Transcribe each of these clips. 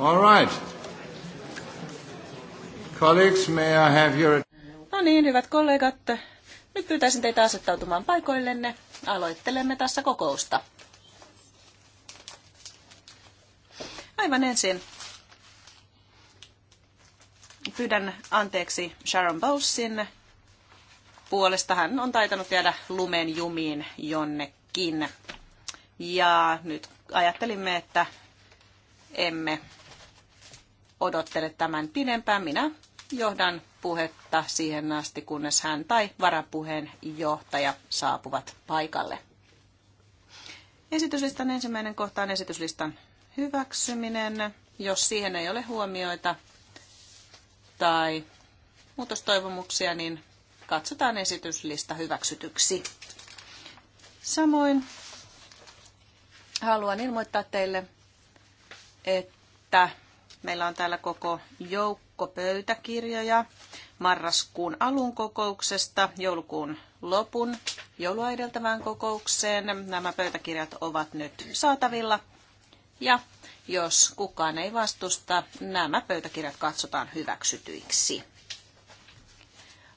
All right. Colleagues, may I have your... No niin, hyvät kollegat. Nyt pyytäisin teitä asettautumaan paikoillenne. Aloittelemme tässä kokousta. Aivan ensin pyydän anteeksi Sharon Bowsin puolesta. Hän on taitanut jäädä lumen jumiin jonnekin. Ja nyt ajattelimme, että emme odottele tämän pidempään. Minä johdan puhetta siihen asti, kunnes hän tai johtaja saapuvat paikalle. Esityslistan ensimmäinen kohta on esityslistan hyväksyminen. Jos siihen ei ole huomioita tai muutostoivomuksia, niin katsotaan esityslista hyväksytyksi. Samoin haluan ilmoittaa teille, että Meillä on täällä koko joukko pöytäkirjoja marraskuun alun kokouksesta, joulukuun lopun joulua edeltävään kokoukseen. Nämä pöytäkirjat ovat nyt saatavilla. Ja jos kukaan ei vastusta, nämä pöytäkirjat katsotaan hyväksytyiksi.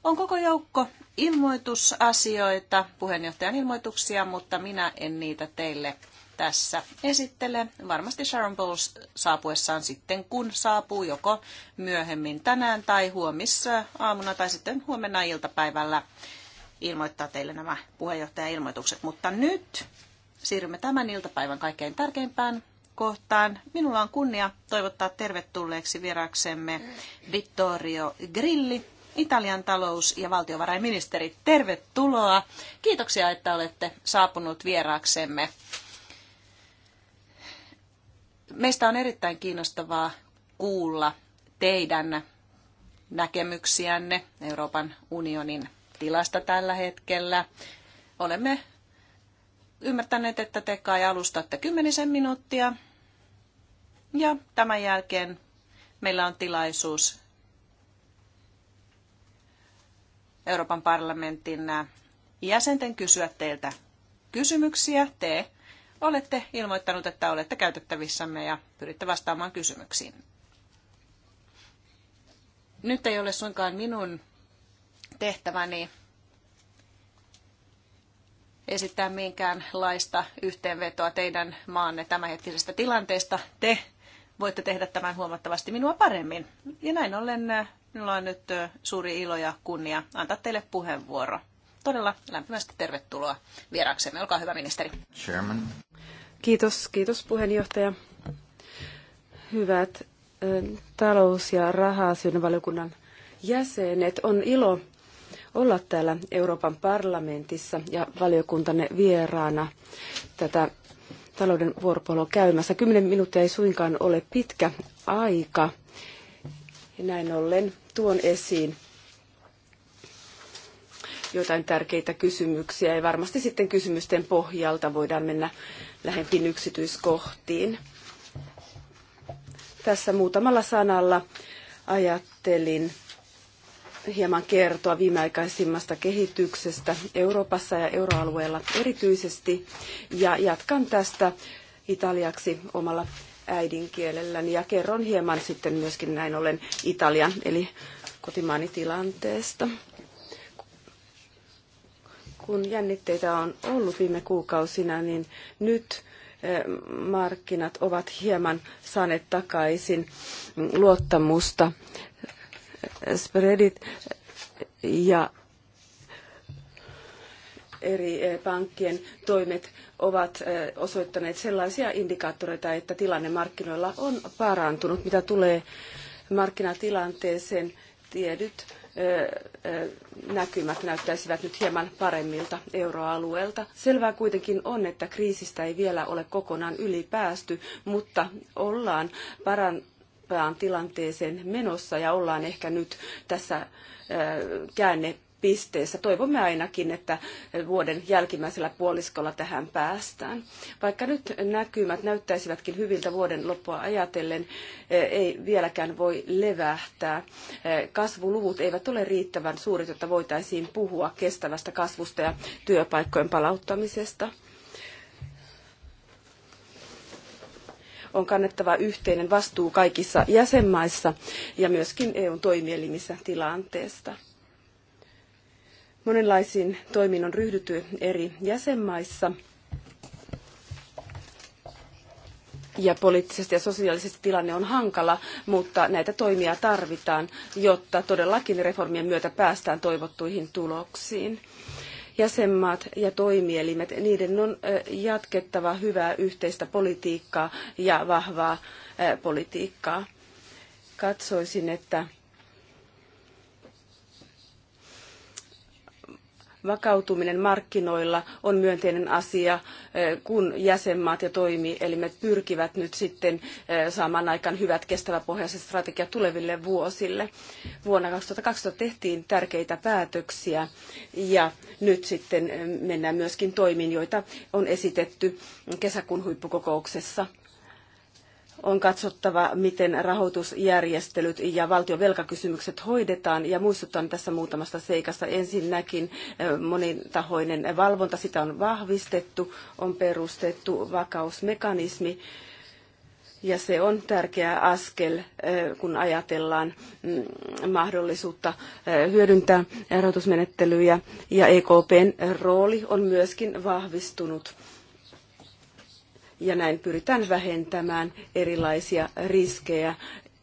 On koko joukko ilmoitusasioita, puheenjohtajan ilmoituksia, mutta minä en niitä teille tässä esittelee. Varmasti Sharon Bowles saapuessaan sitten, kun saapuu joko myöhemmin tänään tai huomissa aamuna tai sitten huomenna iltapäivällä ilmoittaa teille nämä puheenjohtajailmoitukset. Mutta nyt siirrymme tämän iltapäivän kaikkein tärkeimpään kohtaan. Minulla on kunnia toivottaa tervetulleeksi vieraksemme Vittorio Grilli, Italian talous- ja valtiovarainministeri. Tervetuloa. Kiitoksia, että olette saapunut vieraaksemme Meistä on erittäin kiinnostavaa kuulla teidän näkemyksiänne Euroopan unionin tilasta tällä hetkellä. Olemme ymmärtäneet, että te kai alustatte kymmenisen minuuttia. Ja tämän jälkeen meillä on tilaisuus Euroopan parlamentin jäsenten kysyä teiltä kysymyksiä. Te olette ilmoittanut, että olette käytettävissämme ja pyritte vastaamaan kysymyksiin. Nyt ei ole suinkaan minun tehtäväni esittää minkäänlaista yhteenvetoa teidän maanne tämänhetkisestä tilanteesta. Te voitte tehdä tämän huomattavasti minua paremmin. Ja näin ollen äh, minulla on nyt äh, suuri ilo ja kunnia antaa teille puheenvuoro todella lämpimästi tervetuloa vieraaksemme. Olkaa hyvä, ministeri. Chairman. Kiitos, kiitos puheenjohtaja. Hyvät talous- ja raha valiokunnan jäsenet, on ilo olla täällä Euroopan parlamentissa ja valiokuntanne vieraana tätä talouden vuoropuhelua käymässä. Kymmenen minuuttia ei suinkaan ole pitkä aika. Ja näin ollen tuon esiin jotain tärkeitä kysymyksiä ja varmasti sitten kysymysten pohjalta voidaan mennä lähempiin yksityiskohtiin. Tässä muutamalla sanalla ajattelin hieman kertoa viimeaikaisimmasta kehityksestä Euroopassa ja euroalueella erityisesti. Ja jatkan tästä italiaksi omalla äidinkielelläni ja kerron hieman sitten myöskin näin ollen Italian eli kotimaani tilanteesta. Kun jännitteitä on ollut viime kuukausina, niin nyt eh, markkinat ovat hieman saaneet takaisin luottamusta. Spreadit ja eri eh, pankkien toimet ovat eh, osoittaneet sellaisia indikaattoreita, että tilanne markkinoilla on parantunut. Mitä tulee markkinatilanteeseen, tiedyt näkymät näyttäisivät nyt hieman paremmilta euroalueelta. Selvää kuitenkin on, että kriisistä ei vielä ole kokonaan ylipäästy, mutta ollaan parempaan tilanteeseen menossa ja ollaan ehkä nyt tässä käänne pisteessä. Toivomme ainakin, että vuoden jälkimmäisellä puoliskolla tähän päästään. Vaikka nyt näkymät näyttäisivätkin hyviltä vuoden loppua ajatellen, eh, ei vieläkään voi levähtää. Eh, kasvuluvut eivät ole riittävän suuret, jotta voitaisiin puhua kestävästä kasvusta ja työpaikkojen palauttamisesta. on kannettava yhteinen vastuu kaikissa jäsenmaissa ja myöskin EUn toimielimissä tilanteesta. Monenlaisiin toimiin on ryhdytty eri jäsenmaissa. ja poliittisesti ja sosiaalisesti tilanne on hankala, mutta näitä toimia tarvitaan, jotta todellakin reformien myötä päästään toivottuihin tuloksiin. Jäsenmaat ja toimielimet, niiden on jatkettava hyvää yhteistä politiikkaa ja vahvaa politiikkaa. Katsoisin, että Vakautuminen markkinoilla on myönteinen asia, eh, kun jäsenmaat ja toimielimet pyrkivät nyt sitten eh, saamaan aikaan hyvät kestäväpohjaiset strategiat tuleville vuosille. Vuonna 2012 tehtiin tärkeitä päätöksiä ja nyt sitten eh, mennään myöskin toimiin, joita on esitetty kesäkuun huippukokouksessa on katsottava, miten rahoitusjärjestelyt ja valtion velkakysymykset hoidetaan. Ja muistutan tässä muutamasta seikasta. Ensinnäkin eh, monitahoinen valvonta, sitä on vahvistettu, on perustettu vakausmekanismi. Ja se on tärkeä askel, eh, kun ajatellaan mm, mahdollisuutta eh, hyödyntää rahoitusmenettelyjä. Ja EKPn rooli on myöskin vahvistunut ja näin pyritään vähentämään erilaisia riskejä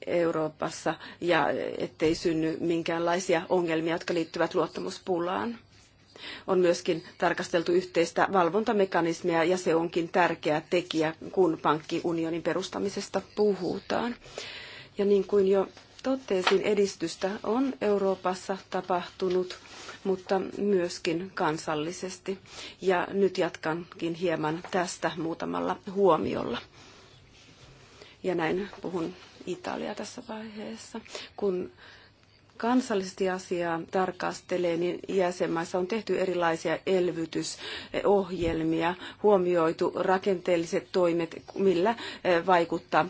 Euroopassa ja ettei synny minkäänlaisia ongelmia, jotka liittyvät luottamuspulaan. On myöskin tarkasteltu yhteistä valvontamekanismia ja se onkin tärkeä tekijä, kun pankkiunionin perustamisesta puhutaan. Ja niin kuin jo totesin, edistystä on Euroopassa tapahtunut, mutta myöskin kansallisesti. Ja nyt jatkankin hieman tästä muutamalla huomiolla. Ja näin puhun Italiaa tässä vaiheessa, kun kansallisesti asiaa tarkastelee, niin jäsenmaissa on tehty erilaisia elvytysohjelmia, huomioitu rakenteelliset toimet, millä eh, vaikuttaa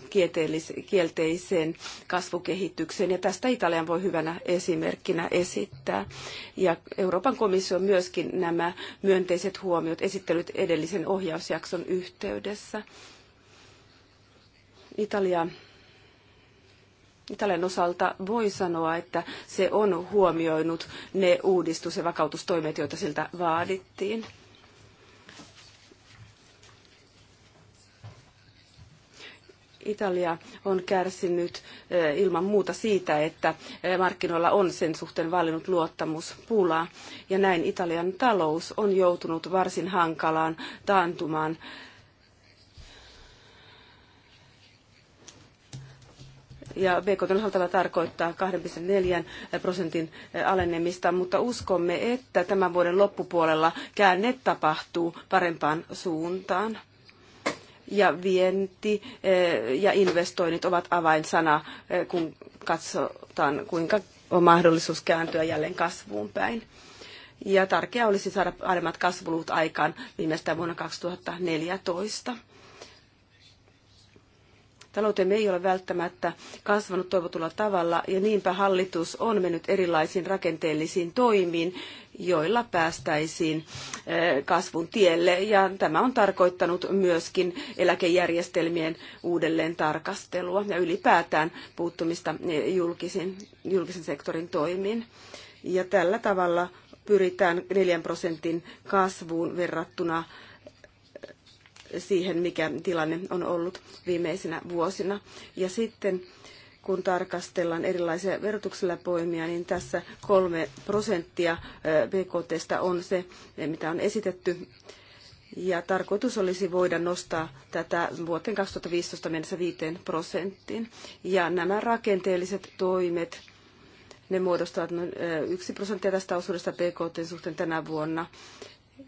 kielteiseen kasvukehitykseen. Ja tästä Italian voi hyvänä esimerkkinä esittää. Ja Euroopan komissio on myöskin nämä myönteiset huomiot esittelyt edellisen ohjausjakson yhteydessä. Italia Italian osalta voi sanoa, että se on huomioinut ne uudistus- ja vakautustoimet, joita siltä vaadittiin. Italia on kärsinyt eh, ilman muuta siitä, että eh, markkinoilla on sen suhteen valinnut luottamuspulaa. Ja näin Italian talous on joutunut varsin hankalaan taantumaan ja BKT osalta tarkoittaa 2,4 prosentin eh, alenemista, mutta uskomme, että tämän vuoden loppupuolella käänne tapahtuu parempaan suuntaan. Ja vienti eh, ja investoinnit ovat avainsana, eh, kun katsotaan, kuinka on mahdollisuus kääntyä jälleen kasvuun päin. Ja tärkeää olisi saada paremmat kasvuluvut aikaan viimeistään vuonna 2014. Taloutemme ei ole välttämättä kasvanut toivotulla tavalla ja niinpä hallitus on mennyt erilaisiin rakenteellisiin toimiin, joilla päästäisiin eh, kasvun tielle. Ja tämä on tarkoittanut myöskin eläkejärjestelmien uudelleen tarkastelua ja ylipäätään puuttumista eh, julkisin, julkisen sektorin toimiin. Ja tällä tavalla pyritään 4 prosentin kasvuun verrattuna siihen, mikä tilanne on ollut viimeisinä vuosina. Ja sitten kun tarkastellaan erilaisia verotuksella poimia, niin tässä kolme prosenttia BKTstä on se, mitä on esitetty. Ja tarkoitus olisi voida nostaa tätä vuoteen 2015 mennessä 5 prosenttiin. Ja nämä rakenteelliset toimet, ne muodostavat noin 1 prosenttia tästä osuudesta BKT suhteen tänä vuonna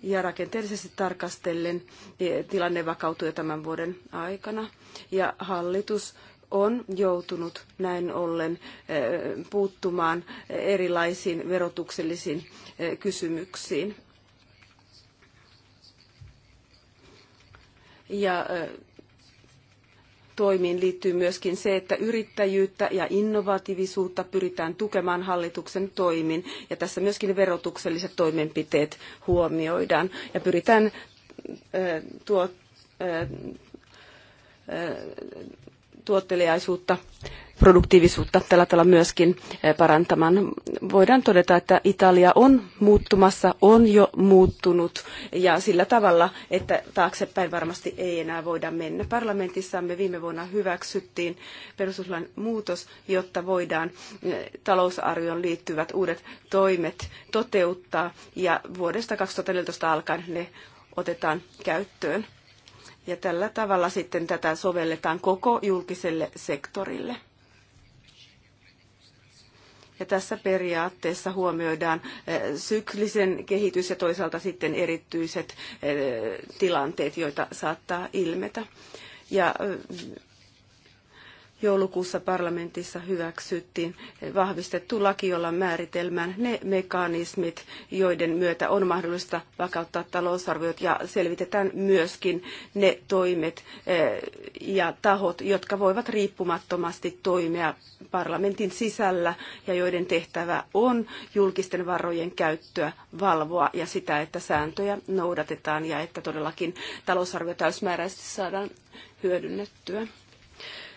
ja rakenteellisesti tarkastellen niin tilanne vakautui jo tämän vuoden aikana. Ja hallitus on joutunut näin ollen eh, puuttumaan erilaisiin verotuksellisiin eh, kysymyksiin. Ja eh, toimiin liittyy myöskin se, että yrittäjyyttä ja innovatiivisuutta pyritään tukemaan hallituksen toimin. Ja tässä myöskin verotukselliset toimenpiteet huomioidaan. Ja pyritään tuo, tuotteliaisuutta produktiivisuutta tällä tavalla myöskin eh, parantamaan. Voidaan todeta, että Italia on muuttumassa, on jo muuttunut ja sillä tavalla, että taaksepäin varmasti ei enää voida mennä. Parlamentissamme viime vuonna hyväksyttiin perustuslain muutos, jotta voidaan eh, talousarvioon liittyvät uudet toimet toteuttaa ja vuodesta 2014 alkaen ne otetaan käyttöön. Ja tällä tavalla sitten tätä sovelletaan koko julkiselle sektorille. Ja tässä periaatteessa huomioidaan eh, syklisen kehitys ja toisaalta sitten erityiset eh, tilanteet, joita saattaa ilmetä. Ja eh, joulukuussa parlamentissa hyväksyttiin vahvistettu laki, jolla määritelmään ne mekanismit, joiden myötä on mahdollista vakauttaa talousarviot ja selvitetään myöskin ne toimet eh, ja tahot, jotka voivat riippumattomasti toimia parlamentin sisällä ja joiden tehtävä on julkisten varojen käyttöä valvoa ja sitä, että sääntöjä noudatetaan ja että todellakin talousarvio täysmääräisesti saadaan hyödynnettyä.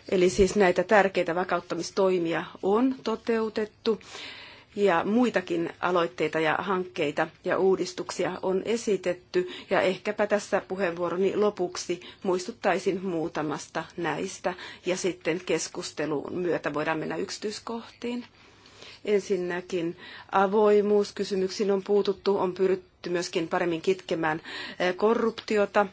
Eli siis näitä tärkeitä vakauttamistoimia on toteutettu ja muitakin aloitteita ja hankkeita ja uudistuksia on esitetty. Ja ehkäpä tässä puheenvuoroni lopuksi muistuttaisin muutamasta näistä ja sitten keskustelun myötä voidaan mennä yksityiskohtiin. Ensinnäkin avoimuuskysymyksiin on puututtu, on pyritty myöskin paremmin kitkemään eh, korruptiota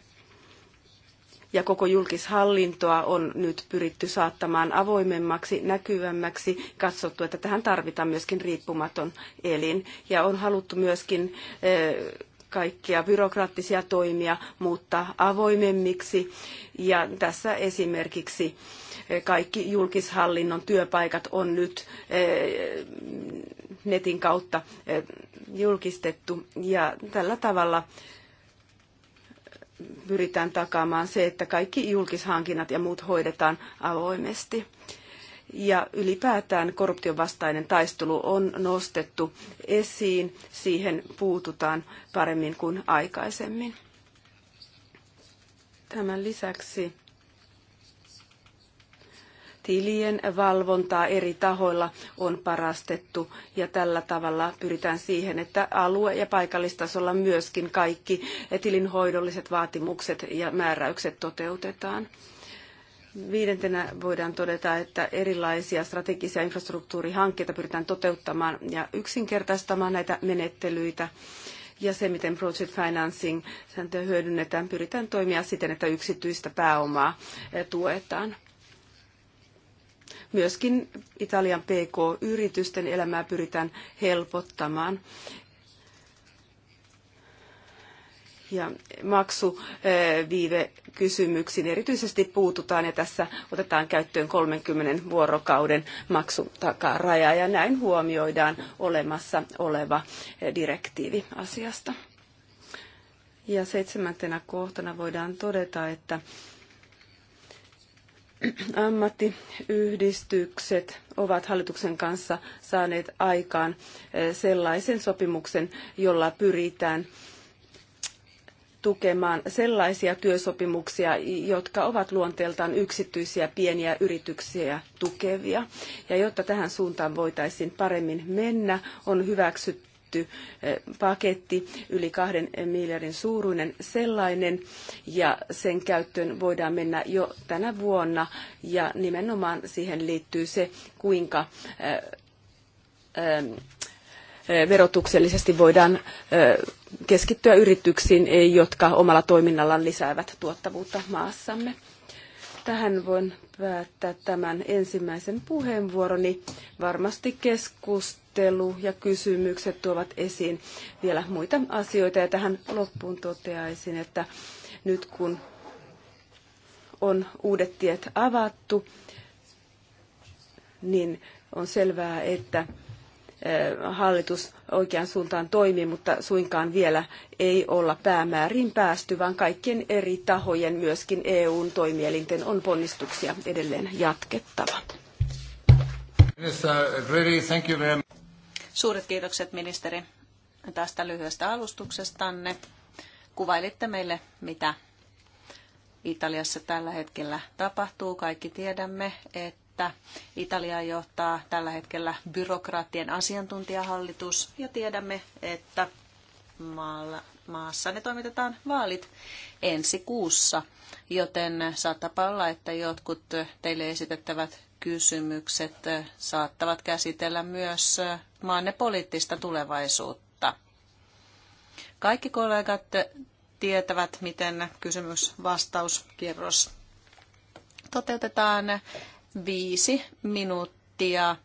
ja koko julkishallintoa on nyt pyritty saattamaan avoimemmaksi, näkyvämmäksi, katsottu, että tähän tarvitaan myöskin riippumaton elin. Ja on haluttu myöskin eh, kaikkia byrokraattisia toimia muuttaa avoimemmiksi. Ja tässä esimerkiksi eh, kaikki julkishallinnon työpaikat on nyt eh, netin kautta julkistettu ja tällä tavalla pyritään takaamaan se, että kaikki julkishankinnat ja muut hoidetaan avoimesti. Ja ylipäätään korruption vastainen taistelu on nostettu esiin, siihen puututaan paremmin kuin aikaisemmin. Tämän lisäksi tilien valvontaa eri tahoilla on parastettu ja tällä tavalla pyritään siihen, että alue- ja paikallistasolla myöskin kaikki tilinhoidolliset vaatimukset ja määräykset toteutetaan. Viidentenä voidaan todeta, että erilaisia strategisia infrastruktuurihankkeita pyritään toteuttamaan ja yksinkertaistamaan näitä menettelyitä ja se, miten project financing sääntöä hyödynnetään, pyritään toimia siten, että yksityistä pääomaa tuetaan myöskin Italian PK-yritysten elämää pyritään helpottamaan. ja maksuviivekysymyksiin eh, erityisesti puututaan ja tässä otetaan käyttöön 30 vuorokauden maksutakaraja ja näin huomioidaan olemassa oleva eh, direktiivi asiasta. Ja seitsemäntenä kohtana voidaan todeta, että ammattiyhdistykset ovat hallituksen kanssa saaneet aikaan eh, sellaisen sopimuksen, jolla pyritään tukemaan sellaisia työsopimuksia, jotka ovat luonteeltaan yksityisiä pieniä yrityksiä tukevia. Ja jotta tähän suuntaan voitaisiin paremmin mennä, on hyväksytty esitetty eh, paketti, yli kahden miljardin suuruinen sellainen, ja sen käyttöön voidaan mennä jo tänä vuonna, ja nimenomaan siihen liittyy se, kuinka eh, eh, verotuksellisesti voidaan keskittyä yrityksiin, jotka omalla toiminnallaan lisäävät tuottavuutta maassamme. Tähän voin päättää tämän ensimmäisen puheenvuoroni. Varmasti keskustelu ja kysymykset tuovat esiin vielä muita asioita. Ja tähän loppuun toteaisin, että nyt kun on uudet tiet avattu, niin on selvää, että hallitus oikean suuntaan toimii, mutta suinkaan vielä ei olla päämäärin päästy, vaan kaikkien eri tahojen, myöskin EUn toimielinten, on ponnistuksia edelleen jatkettava. Suuret kiitokset ministeri tästä lyhyestä alustuksestanne. Kuvailitte meille, mitä Italiassa tällä hetkellä tapahtuu. Kaikki tiedämme, että että Italia johtaa tällä hetkellä byrokraattien asiantuntijahallitus ja tiedämme, että maalla, maassa ne toimitetaan vaalit ensi kuussa, joten saattaa olla, että jotkut teille esitettävät kysymykset saattavat käsitellä myös maanne poliittista tulevaisuutta. Kaikki kollegat tietävät, miten kysymys-vastauskierros toteutetaan viisi minuuttia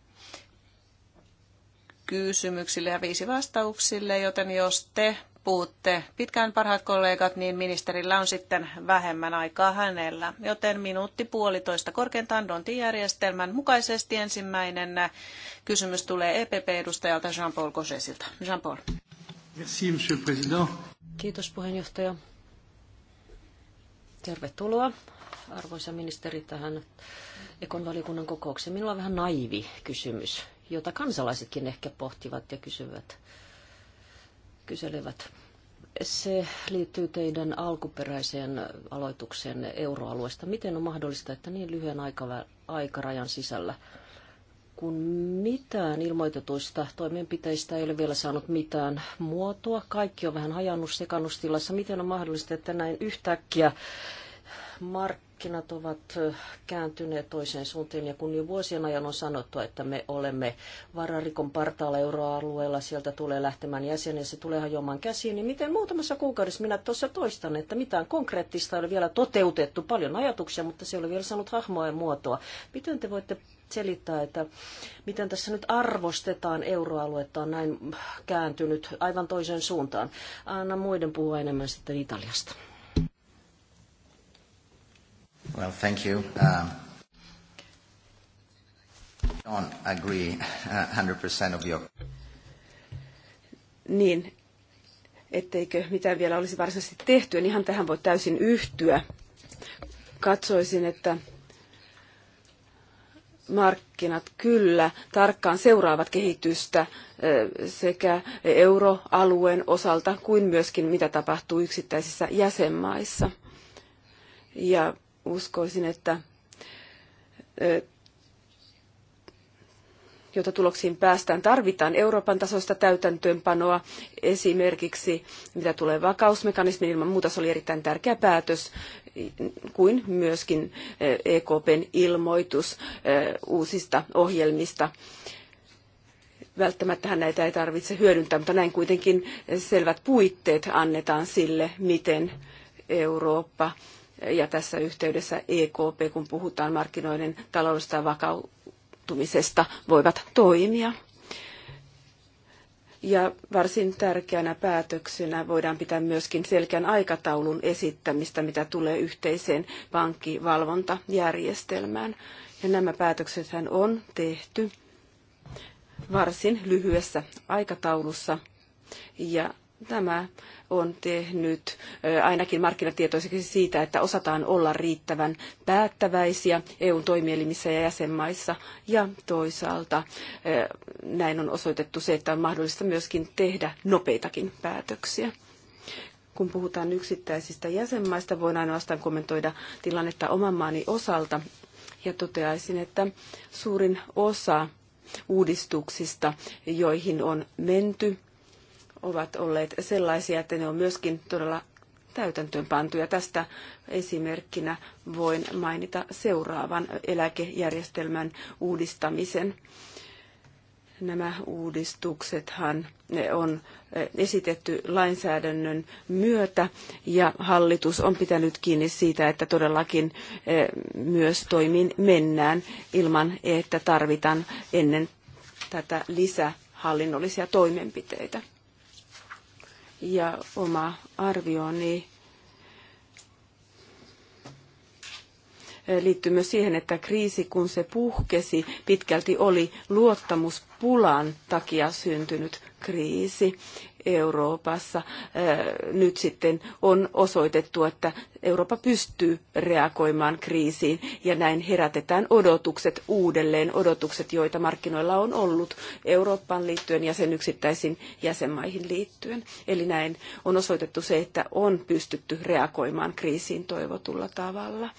kysymyksille ja viisi vastauksille, joten jos te puhutte pitkään parhaat kollegat, niin ministerillä on sitten vähemmän aikaa hänellä. Joten minuutti puolitoista korkeintaan Dontin järjestelmän mukaisesti ensimmäinen kysymys tulee EPP-edustajalta Jean-Paul Gossesilta. Jean-Paul. Merci, monsieur président. Kiitos puheenjohtaja. Tervetuloa arvoisa ministeri tähän Ekon valiokunnan kokoukseen. Minulla on vähän naivi kysymys, jota kansalaisetkin ehkä pohtivat ja kysyvät, kyselevät. Se liittyy teidän alkuperäiseen aloitukseen euroalueesta. Miten on mahdollista, että niin lyhyen aikarajan sisällä kun mitään ilmoitetuista toimenpiteistä ei ole vielä saanut mitään muotoa. Kaikki on vähän hajannut sekannustilassa. Miten on mahdollista, että näin yhtäkkiä mark- markkinat ovat kääntyneet toiseen suuntaan ja kun jo vuosien ajan on sanottu, että me olemme vararikon partaalla euroalueella, sieltä tulee lähtemään jäsen ja se tulee hajoamaan käsiin, niin miten muutamassa kuukaudessa minä tuossa toistan, että mitään konkreettista ei ole vielä toteutettu, paljon ajatuksia, mutta se ei ole vielä saanut hahmoa ja muotoa. Miten te voitte selittää, että miten tässä nyt arvostetaan euroaluetta on näin kääntynyt aivan toiseen suuntaan. Anna muiden puhua enemmän sitten Italiasta. Well, thank you. Um, don't agree 100% uh, of your... Niin, etteikö mitään vielä olisi varsinaisesti tehty, niin ihan tähän voi täysin yhtyä. Katsoisin, että markkinat kyllä tarkkaan seuraavat kehitystä sekä euroalueen osalta kuin myöskin mitä tapahtuu yksittäisissä jäsenmaissa. Ja uskoisin, että jota tuloksiin päästään, tarvitaan Euroopan tasoista täytäntöönpanoa. Esimerkiksi mitä tulee vakausmekanismiin, ilman muuta se oli erittäin tärkeä päätös, kuin myöskin EKPn ilmoitus uusista ohjelmista. Välttämättä näitä ei tarvitse hyödyntää, mutta näin kuitenkin selvät puitteet annetaan sille, miten Eurooppa ja tässä yhteydessä EKP, kun puhutaan markkinoiden taloudesta ja vakautumisesta, voivat toimia. Ja varsin tärkeänä päätöksenä voidaan pitää myöskin selkeän aikataulun esittämistä, mitä tulee yhteiseen pankkivalvontajärjestelmään. Ja nämä päätöksethän on tehty varsin lyhyessä aikataulussa ja Tämä on tehnyt ainakin markkinatietoiseksi siitä, että osataan olla riittävän päättäväisiä EUn toimielimissä ja jäsenmaissa. Ja toisaalta näin on osoitettu se, että on mahdollista myöskin tehdä nopeitakin päätöksiä kun puhutaan yksittäisistä jäsenmaista, voin ainoastaan kommentoida tilannetta oman maani osalta. Ja toteaisin, että suurin osa uudistuksista, joihin on menty, ovat olleet sellaisia, että ne on myöskin todella täytäntöönpantuja. Tästä esimerkkinä voin mainita seuraavan eläkejärjestelmän uudistamisen. Nämä uudistuksethan on esitetty lainsäädännön myötä ja hallitus on pitänyt kiinni siitä, että todellakin myös toimiin mennään ilman, että tarvitaan ennen tätä lisähallinnollisia toimenpiteitä ja oma arvioni liittyy myös siihen, että kriisi, kun se puhkesi, pitkälti oli luottamuspulan takia syntynyt kriisi. Euroopassa nyt sitten on osoitettu, että Eurooppa pystyy reagoimaan kriisiin ja näin herätetään odotukset uudelleen, odotukset, joita markkinoilla on ollut Eurooppaan liittyen ja sen yksittäisiin jäsenmaihin liittyen. Eli näin on osoitettu se, että on pystytty reagoimaan kriisiin toivotulla tavalla.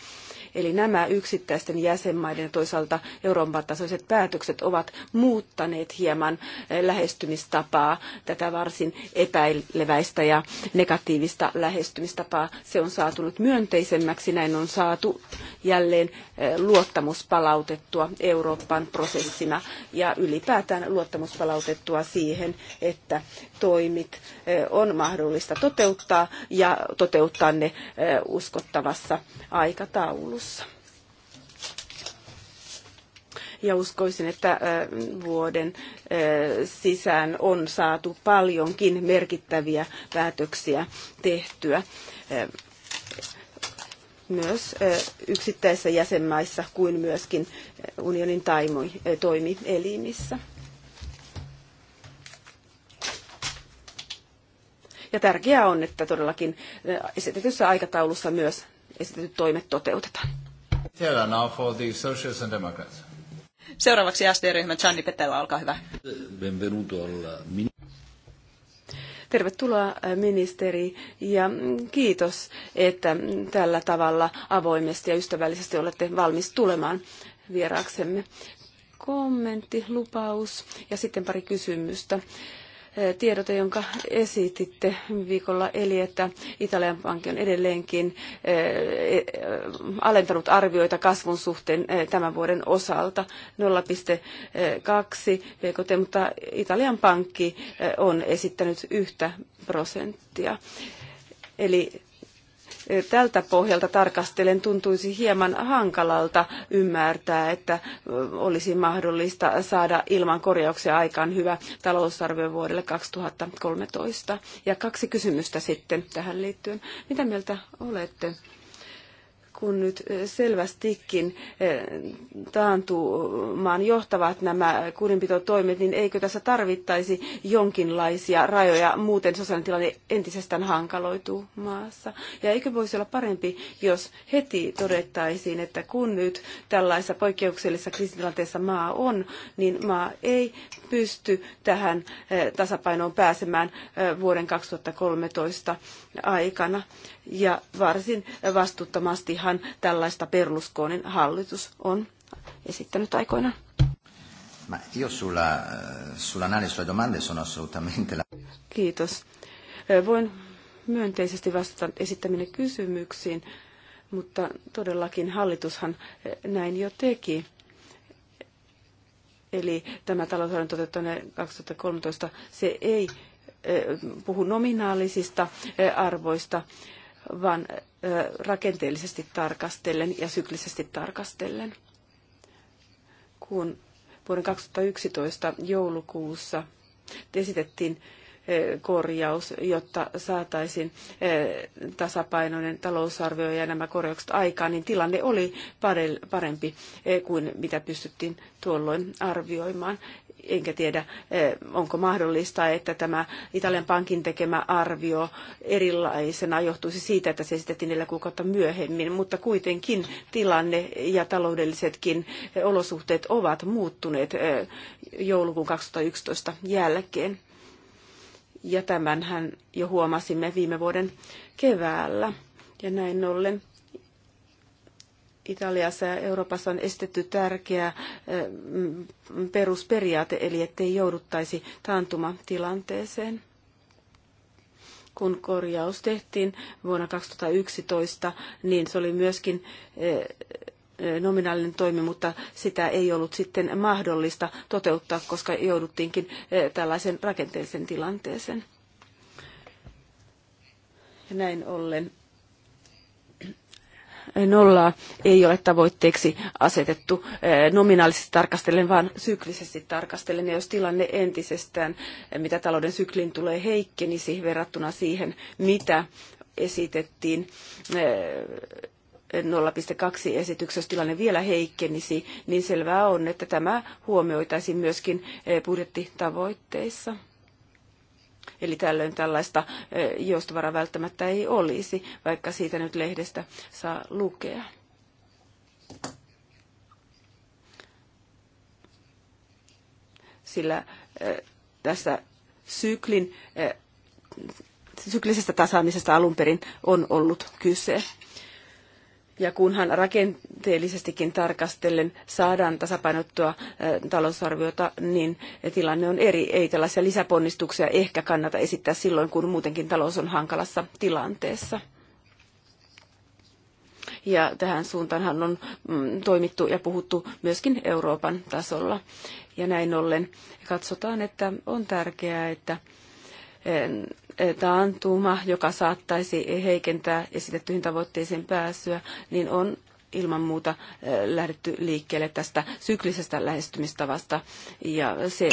Eli nämä yksittäisten jäsenmaiden ja toisaalta Euroopan tasoiset päätökset ovat muuttaneet hieman eh, lähestymistapaa, tätä varsin epäileväistä ja negatiivista lähestymistapaa. Se on saatu nyt myönteisemmäksi, näin on saatu jälleen eh, luottamus palautettua Euroopan prosessina ja ylipäätään luottamus palautettua siihen, että toimit eh, on mahdollista toteuttaa ja toteuttaa ne uskottavassa aikataulussa kanssa. Ja uskoisin, että vuoden sisään on saatu paljonkin merkittäviä päätöksiä tehtyä myös yksittäisissä jäsenmaissa kuin myöskin unionin toimielimissä. Ja tärkeää on, että todellakin esitetyssä aikataulussa myös esitetyt toimet toteutetaan. Seuraavaksi SD-ryhmä Gianni Petella, olkaa hyvä. Tervetuloa ministeri ja kiitos, että tällä tavalla avoimesti ja ystävällisesti olette valmis tulemaan vieraaksemme. Kommentti, lupaus ja sitten pari kysymystä tiedote, jonka esititte viikolla, eli että Italian pankki on edelleenkin e, alentanut arvioita kasvun suhteen tämän vuoden osalta 0,2 BKT, mutta Italian pankki on esittänyt yhtä prosenttia. Eli tältä pohjalta tarkastelen tuntuisi hieman hankalalta ymmärtää, että olisi mahdollista saada ilman korjauksia aikaan hyvä talousarvio vuodelle 2013. Ja kaksi kysymystä sitten tähän liittyen. Mitä mieltä olette? kun nyt eh, selvästikin eh, taantumaan johtavat nämä kurinpitotoimet, niin eikö tässä tarvittaisi jonkinlaisia rajoja, muuten sosiaalinen tilanne entisestään hankaloituu maassa. Ja eikö voisi olla parempi, jos heti todettaisiin, että kun nyt tällaisessa poikkeuksellisessa kriisitilanteessa maa on, niin maa ei pysty tähän eh, tasapainoon pääsemään vuoden 2013 aikana. Ja varsin vastuuttomastihan tällaista Berlusconin hallitus on esittänyt aikoinaan. Ma io sulla, sull'analisi sulle domande sono assolutamente la... Kiitos. Voin myönteisesti vastata esittäminen kysymyksiin, mutta todellakin hallitushan näin jo teki. Eli tämä talousarvion toteuttaminen 2013, se ei puhu nominaalisista arvoista, vaan rakenteellisesti tarkastellen ja syklisesti tarkastellen. Kun vuoden 2011 joulukuussa esitettiin korjaus, jotta saataisiin tasapainoinen talousarvio ja nämä korjaukset aikaan, niin tilanne oli parempi kuin mitä pystyttiin tuolloin arvioimaan enkä tiedä, eh, onko mahdollista, että tämä Italian pankin tekemä arvio erilaisena johtuisi siitä, että se esitettiin neljä kuukautta myöhemmin, mutta kuitenkin tilanne ja taloudellisetkin eh, olosuhteet ovat muuttuneet eh, joulukuun 2011 jälkeen. Ja tämänhän jo huomasimme viime vuoden keväällä. Ja näin ollen Italiassa ja Euroopassa on estetty tärkeä eh, mm, perusperiaate, eli ettei jouduttaisi taantumatilanteeseen. Kun korjaus tehtiin vuonna 2011, niin se oli myöskin eh, eh, nominaalinen toimi, mutta sitä ei ollut sitten mahdollista toteuttaa, koska jouduttiinkin tällaisen rakenteellisen tilanteeseen. Ja näin ollen nollaa ei ole tavoitteeksi asetettu eh, nominaalisesti tarkastellen, vaan syklisesti tarkastellen. Ja jos tilanne entisestään, eh, mitä talouden sykliin tulee, heikkenisi verrattuna siihen, mitä esitettiin 0,2 eh, esityksessä tilanne vielä heikkenisi, niin selvää on, että tämä huomioitaisiin myöskin budjettitavoitteissa. Eli tällöin tällaista joustovaraa välttämättä ei olisi, vaikka siitä nyt lehdestä saa lukea. Sillä tässä syklin, syklisestä tasaamisesta alun perin on ollut kyse. Ja kunhan rakenteellisestikin tarkastellen saadaan tasapainottua äh, talousarviota, niin tilanne on eri. Ei tällaisia lisäponnistuksia ehkä kannata esittää silloin, kun muutenkin talous on hankalassa tilanteessa. Ja tähän suuntaanhan on mm, toimittu ja puhuttu myöskin Euroopan tasolla. Ja näin ollen katsotaan, että on tärkeää, että äh, taantuma, joka saattaisi heikentää esitettyihin tavoitteisiin pääsyä, niin on ilman muuta lähdetty liikkeelle tästä syklisestä lähestymistavasta, ja se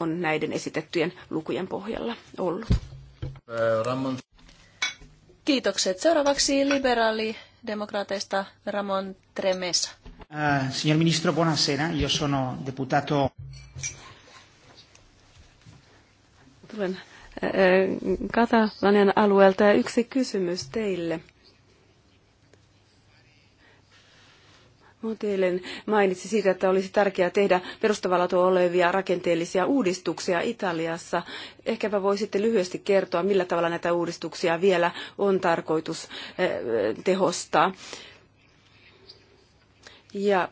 on näiden esitettyjen lukujen pohjalla ollut. Ramon. Kiitokset. Seuraavaksi liberaali demokraateista Ramon Tremesa. Uh, eh, signor Ministro, buonasera. Io sono deputato... Tulen Katalanian alueelta ja yksi kysymys teille. Motiilen mainitsi siitä, että olisi tärkeää tehdä perustavalla olevia rakenteellisia uudistuksia Italiassa. Ehkäpä voisitte lyhyesti kertoa, millä tavalla näitä uudistuksia vielä on tarkoitus eh, tehostaa. Ja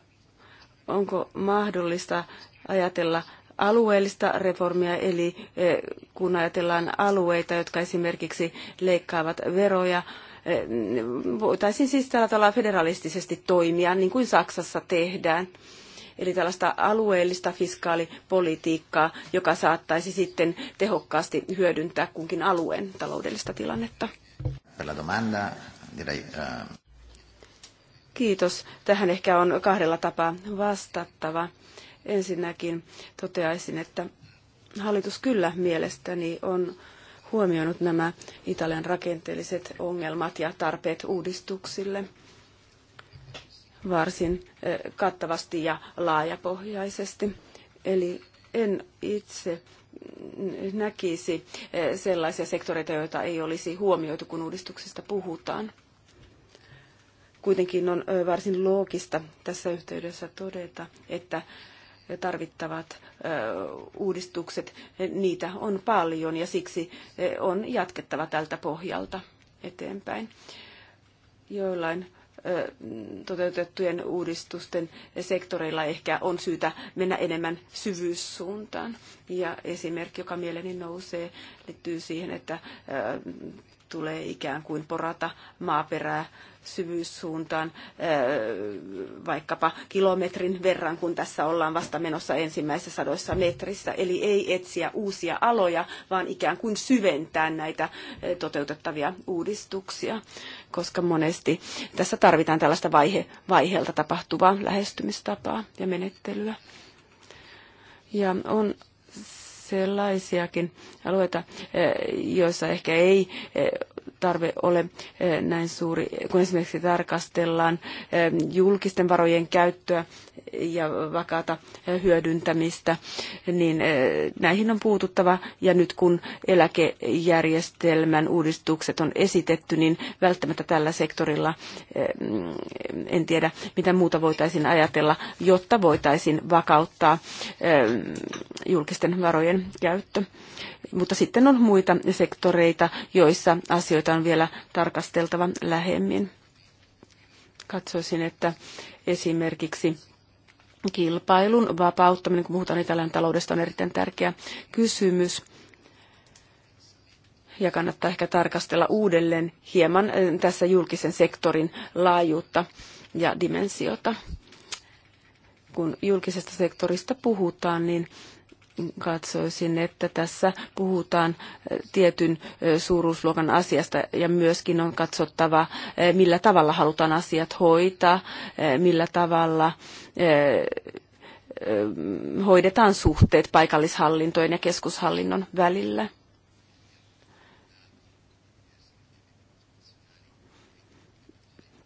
onko mahdollista ajatella alueellista reformia, eli e, kun ajatellaan alueita, jotka esimerkiksi leikkaavat veroja, e, voitaisiin siis tällä tavalla federalistisesti toimia, niin kuin Saksassa tehdään. Eli tällaista alueellista fiskaalipolitiikkaa, joka saattaisi sitten tehokkaasti hyödyntää kunkin alueen taloudellista tilannetta. Eh, Kiitos. Tähän ehkä on kahdella tapaa vastattava. Ensinnäkin toteaisin, että hallitus kyllä mielestäni on huomioinut nämä Italian rakenteelliset ongelmat ja tarpeet uudistuksille varsin eh, kattavasti ja laajapohjaisesti. Eli en itse näkisi eh, sellaisia sektoreita, joita ei olisi huomioitu, kun uudistuksesta puhutaan. Kuitenkin on eh, varsin loogista tässä yhteydessä todeta, että tarvittavat uudistukset, niitä on paljon ja siksi on jatkettava tältä pohjalta eteenpäin. Joillain toteutettujen uudistusten sektoreilla ehkä on syytä mennä enemmän syvyyssuuntaan. Ja esimerkki, joka mieleeni nousee, liittyy siihen, että tulee ikään kuin porata maaperää syvyyssuuntaan äh, vaikkapa kilometrin verran, kun tässä ollaan vasta menossa ensimmäisessä sadoissa metrissä. Eli ei etsiä uusia aloja, vaan ikään kuin syventää näitä äh, toteutettavia uudistuksia, koska monesti tässä tarvitaan tällaista vaihe, vaiheelta tapahtuvaa lähestymistapaa ja menettelyä. Ja on sellaisiakin alueita, äh, joissa ehkä ei tarve ole eh, näin suuri, kun esimerkiksi tarkastellaan eh, julkisten varojen käyttöä ja vakaata hyödyntämistä, niin eh, näihin on puututtava. Ja nyt kun eläkejärjestelmän uudistukset on esitetty, niin välttämättä tällä sektorilla eh, en tiedä, mitä muuta voitaisiin ajatella, jotta voitaisiin vakauttaa eh, julkisten varojen käyttö. Mutta sitten on muita sektoreita, joissa asioita on vielä tarkasteltava lähemmin. Katsoisin, että esimerkiksi Kilpailun vapauttaminen, kun puhutaan Italian taloudesta, on erittäin tärkeä kysymys ja kannattaa ehkä tarkastella uudelleen hieman eh, tässä julkisen sektorin laajuutta ja dimensiota. Kun julkisesta sektorista puhutaan, niin katsoisin, että tässä puhutaan tietyn suuruusluokan asiasta ja myöskin on katsottava, millä tavalla halutaan asiat hoitaa, millä tavalla hoidetaan suhteet paikallishallintojen ja keskushallinnon välillä.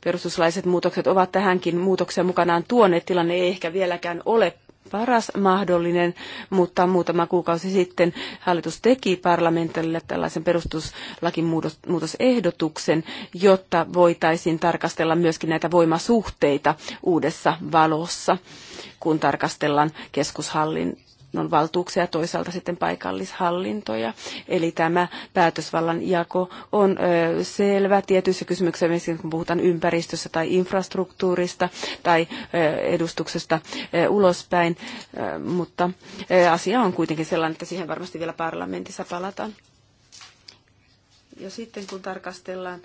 perustuslaiset muutokset ovat tähänkin muutokseen mukanaan tuoneet. Tilanne ei ehkä vieläkään ole paras mahdollinen, mutta muutama kuukausi sitten hallitus teki parlamentille tällaisen perustuslakimuutosehdotuksen, jotta voitaisiin tarkastella myöskin näitä voimasuhteita uudessa valossa, kun tarkastellaan keskushallintoa on valtuuksia, toisaalta sitten paikallishallintoja. Eli tämä päätösvallan jako on selvä tietyissä kysymyksissä, kun puhutaan ympäristössä tai infrastruktuurista tai edustuksesta ulospäin, mutta asia on kuitenkin sellainen, että siihen varmasti vielä parlamentissa palataan. Ja sitten kun tarkastellaan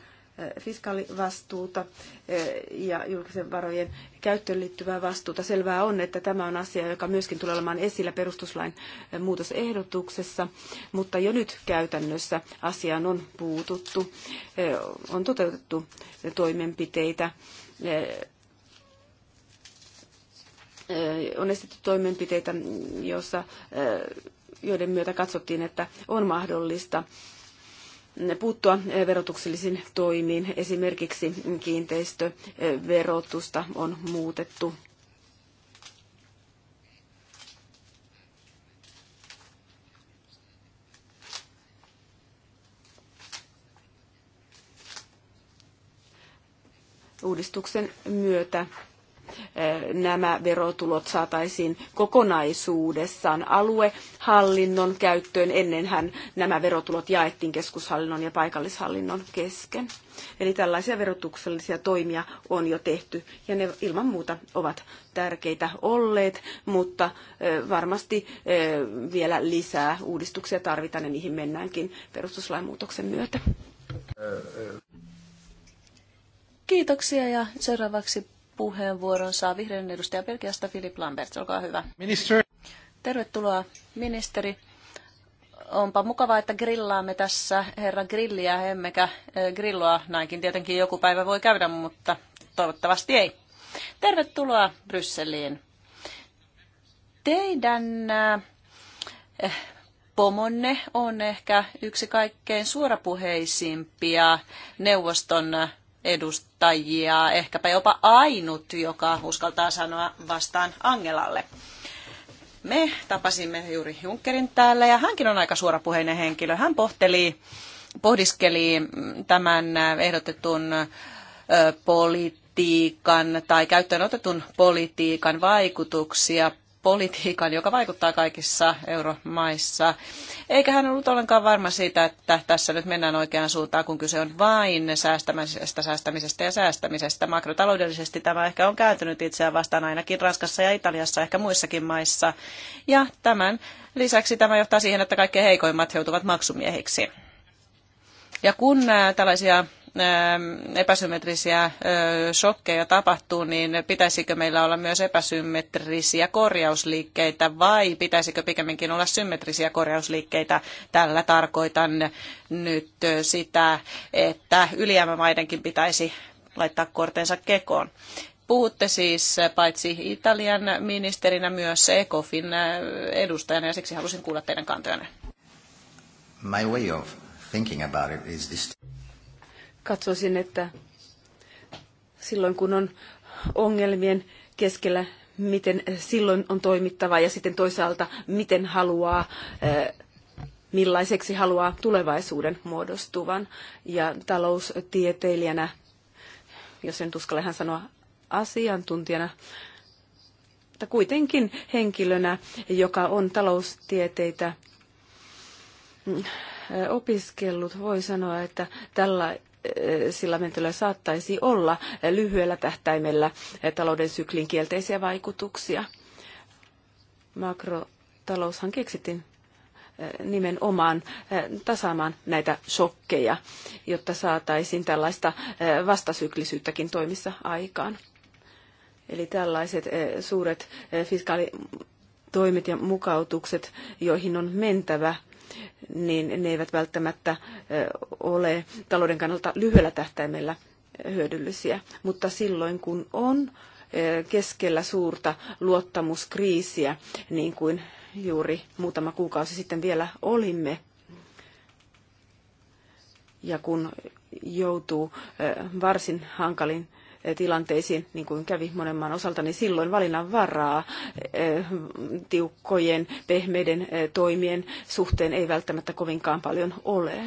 fiskaalivastuuta eh, ja julkisen varojen käyttöön liittyvää vastuuta. Selvää on, että tämä on asia, joka myöskin tulee olemaan esillä perustuslain eh, muutosehdotuksessa, mutta jo nyt käytännössä asiaan on puututtu, eh, on toteutettu toimenpiteitä on esitetty toimenpiteitä, joissa, joiden myötä katsottiin, että on mahdollista puuttua eh, verotuksellisiin toimiin. Esimerkiksi kiinteistöverotusta on muutettu. Uudistuksen myötä nämä verotulot saataisiin kokonaisuudessaan aluehallinnon käyttöön. Ennenhän nämä verotulot jaettiin keskushallinnon ja paikallishallinnon kesken. Eli tällaisia verotuksellisia toimia on jo tehty ja ne ilman muuta ovat tärkeitä olleet, mutta varmasti vielä lisää uudistuksia tarvitaan ja niihin mennäänkin perustuslain muutoksen myötä. Kiitoksia ja seuraavaksi puheenvuoron saa vihreän edustaja Belgiasta Filip Lambert. Olkaa hyvä. Minister. Tervetuloa ministeri. Onpa mukavaa, että grillaamme tässä herra grilliä, emmekä e, grilloa. Näinkin tietenkin joku päivä voi käydä, mutta toivottavasti ei. Tervetuloa Brysseliin. Teidän e, eh, pomonne on ehkä yksi kaikkein suorapuheisimpia neuvoston edustajia, ehkäpä jopa ainut, joka uskaltaa sanoa vastaan Angelalle. Me tapasimme juuri Junckerin täällä ja hänkin on aika suorapuheinen henkilö. Hän pohteli, pohdiskeli tämän ehdotetun politiikan tai käyttöön otetun politiikan vaikutuksia politiikan, joka vaikuttaa kaikissa euromaissa. Eikä hän ollut ollenkaan varma siitä, että tässä nyt mennään oikeaan suuntaan, kun kyse on vain säästämisestä, säästämisestä ja säästämisestä. Makrotaloudellisesti tämä ehkä on kääntynyt itseään vastaan ainakin Ranskassa ja Italiassa, ehkä muissakin maissa. Ja tämän lisäksi tämä johtaa siihen, että kaikkein heikoimmat joutuvat maksumiehiksi. Ja kun tällaisia Ähm, epäsymmetrisiä shokkeja tapahtuu, niin pitäisikö meillä olla myös epäsymmetrisiä korjausliikkeitä vai pitäisikö pikemminkin olla symmetrisiä korjausliikkeitä? Tällä tarkoitan nyt sitä, että ylijäämämaidenkin pitäisi laittaa kortensa kekoon. Puhutte siis paitsi Italian ministerinä myös ECOFin edustajana ja siksi halusin kuulla teidän kantojanne. My way of thinking about it is this... Katsoisin, että silloin kun on ongelmien keskellä, miten silloin on toimittava ja sitten toisaalta miten haluaa millaiseksi haluaa tulevaisuuden muodostuvan. Ja taloustieteilijänä, jos en uskalla hän sanoa asiantuntijana, mutta kuitenkin henkilönä, joka on taloustieteitä mm, opiskellut, voi sanoa, että tällä Eh, sillä mentöllä saattaisi olla lyhyellä tähtäimellä talouden syklin kielteisiä vaikutuksia. Makrotaloushan keksittiin eh, nimenomaan eh, tasaamaan näitä shokkeja, jotta saataisiin tällaista vastasyklisyyttäkin toimissa aikaan. Eli tällaiset suuret fiskaalitoimet ja mukautukset, joihin on mentävä, niin ne eivät välttämättä ole talouden kannalta lyhyellä tähtäimellä hyödyllisiä. Mutta silloin kun on keskellä suurta luottamuskriisiä, niin kuin juuri muutama kuukausi sitten vielä olimme, ja kun joutuu varsin hankalin tilanteisiin, niin kuin kävi monen maan osalta, niin silloin valinnan varaa eh, tiukkojen, pehmeiden eh, toimien suhteen ei välttämättä kovinkaan paljon ole.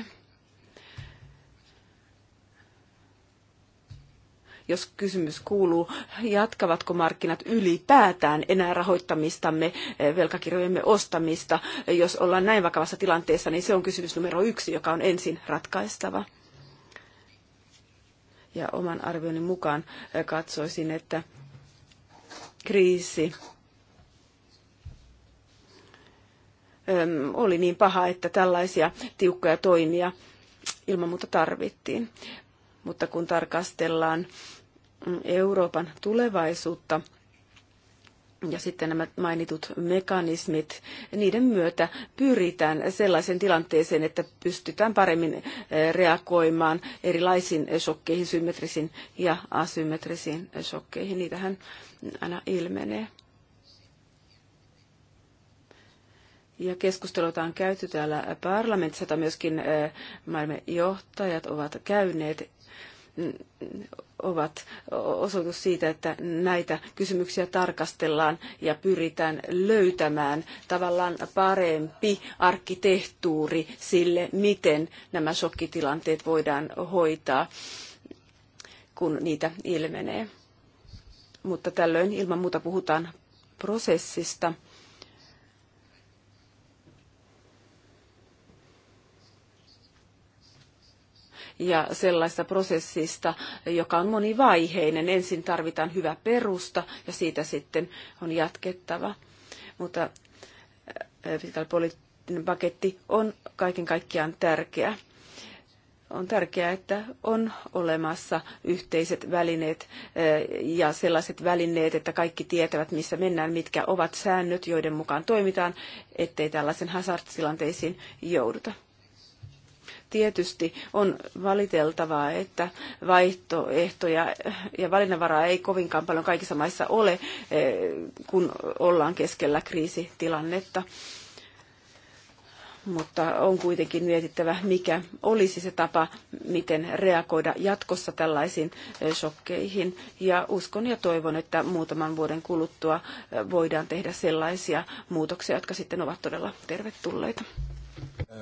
jos kysymys kuuluu, jatkavatko markkinat ylipäätään enää rahoittamistamme, eh, velkakirjojemme ostamista. Jos ollaan näin vakavassa tilanteessa, niin se on kysymys numero yksi, joka on ensin ratkaistava ja oman arvioni mukaan eh, katsoisin, että kriisi oli niin paha, että tällaisia tiukkoja toimia ilman muuta tarvittiin. Mutta kun tarkastellaan mm, Euroopan tulevaisuutta, ja sitten nämä mainitut mekanismit, niiden myötä pyritään sellaisen tilanteeseen, että pystytään paremmin eh, reagoimaan erilaisiin eh, shokkeihin, symmetrisiin ja asymmetrisiin eh, shokkeihin. Niitähän aina ilmenee. Ja keskusteluita on käyty täällä parlamentissa, jota myöskin maailman johtajat ovat käyneet mm, ovat osoitus siitä, että näitä kysymyksiä tarkastellaan ja pyritään löytämään tavallaan parempi arkkitehtuuri sille, miten nämä shokkitilanteet voidaan hoitaa, kun niitä ilmenee. Mutta tällöin ilman muuta puhutaan prosessista ja sellaista prosessista, joka on monivaiheinen. Ensin tarvitaan hyvä perusta ja siitä sitten on jatkettava. Mutta äh, fiskaalipoliittinen paketti on kaiken kaikkiaan tärkeä. On tärkeää, että on olemassa yhteiset välineet äh, ja sellaiset välineet, että kaikki tietävät, missä mennään, mitkä ovat säännöt, joiden mukaan toimitaan, ettei tällaisen hazard-tilanteisiin jouduta. Tietysti on valiteltavaa, että vaihtoehtoja ja valinnanvaraa ei kovinkaan paljon kaikissa maissa ole, eh, kun ollaan keskellä kriisitilannetta mutta on kuitenkin mietittävä, mikä olisi se tapa, miten reagoida jatkossa tällaisiin eh, shokkeihin. Ja uskon ja toivon, että muutaman vuoden kuluttua eh, voidaan tehdä sellaisia muutoksia, jotka sitten ovat todella tervetulleita.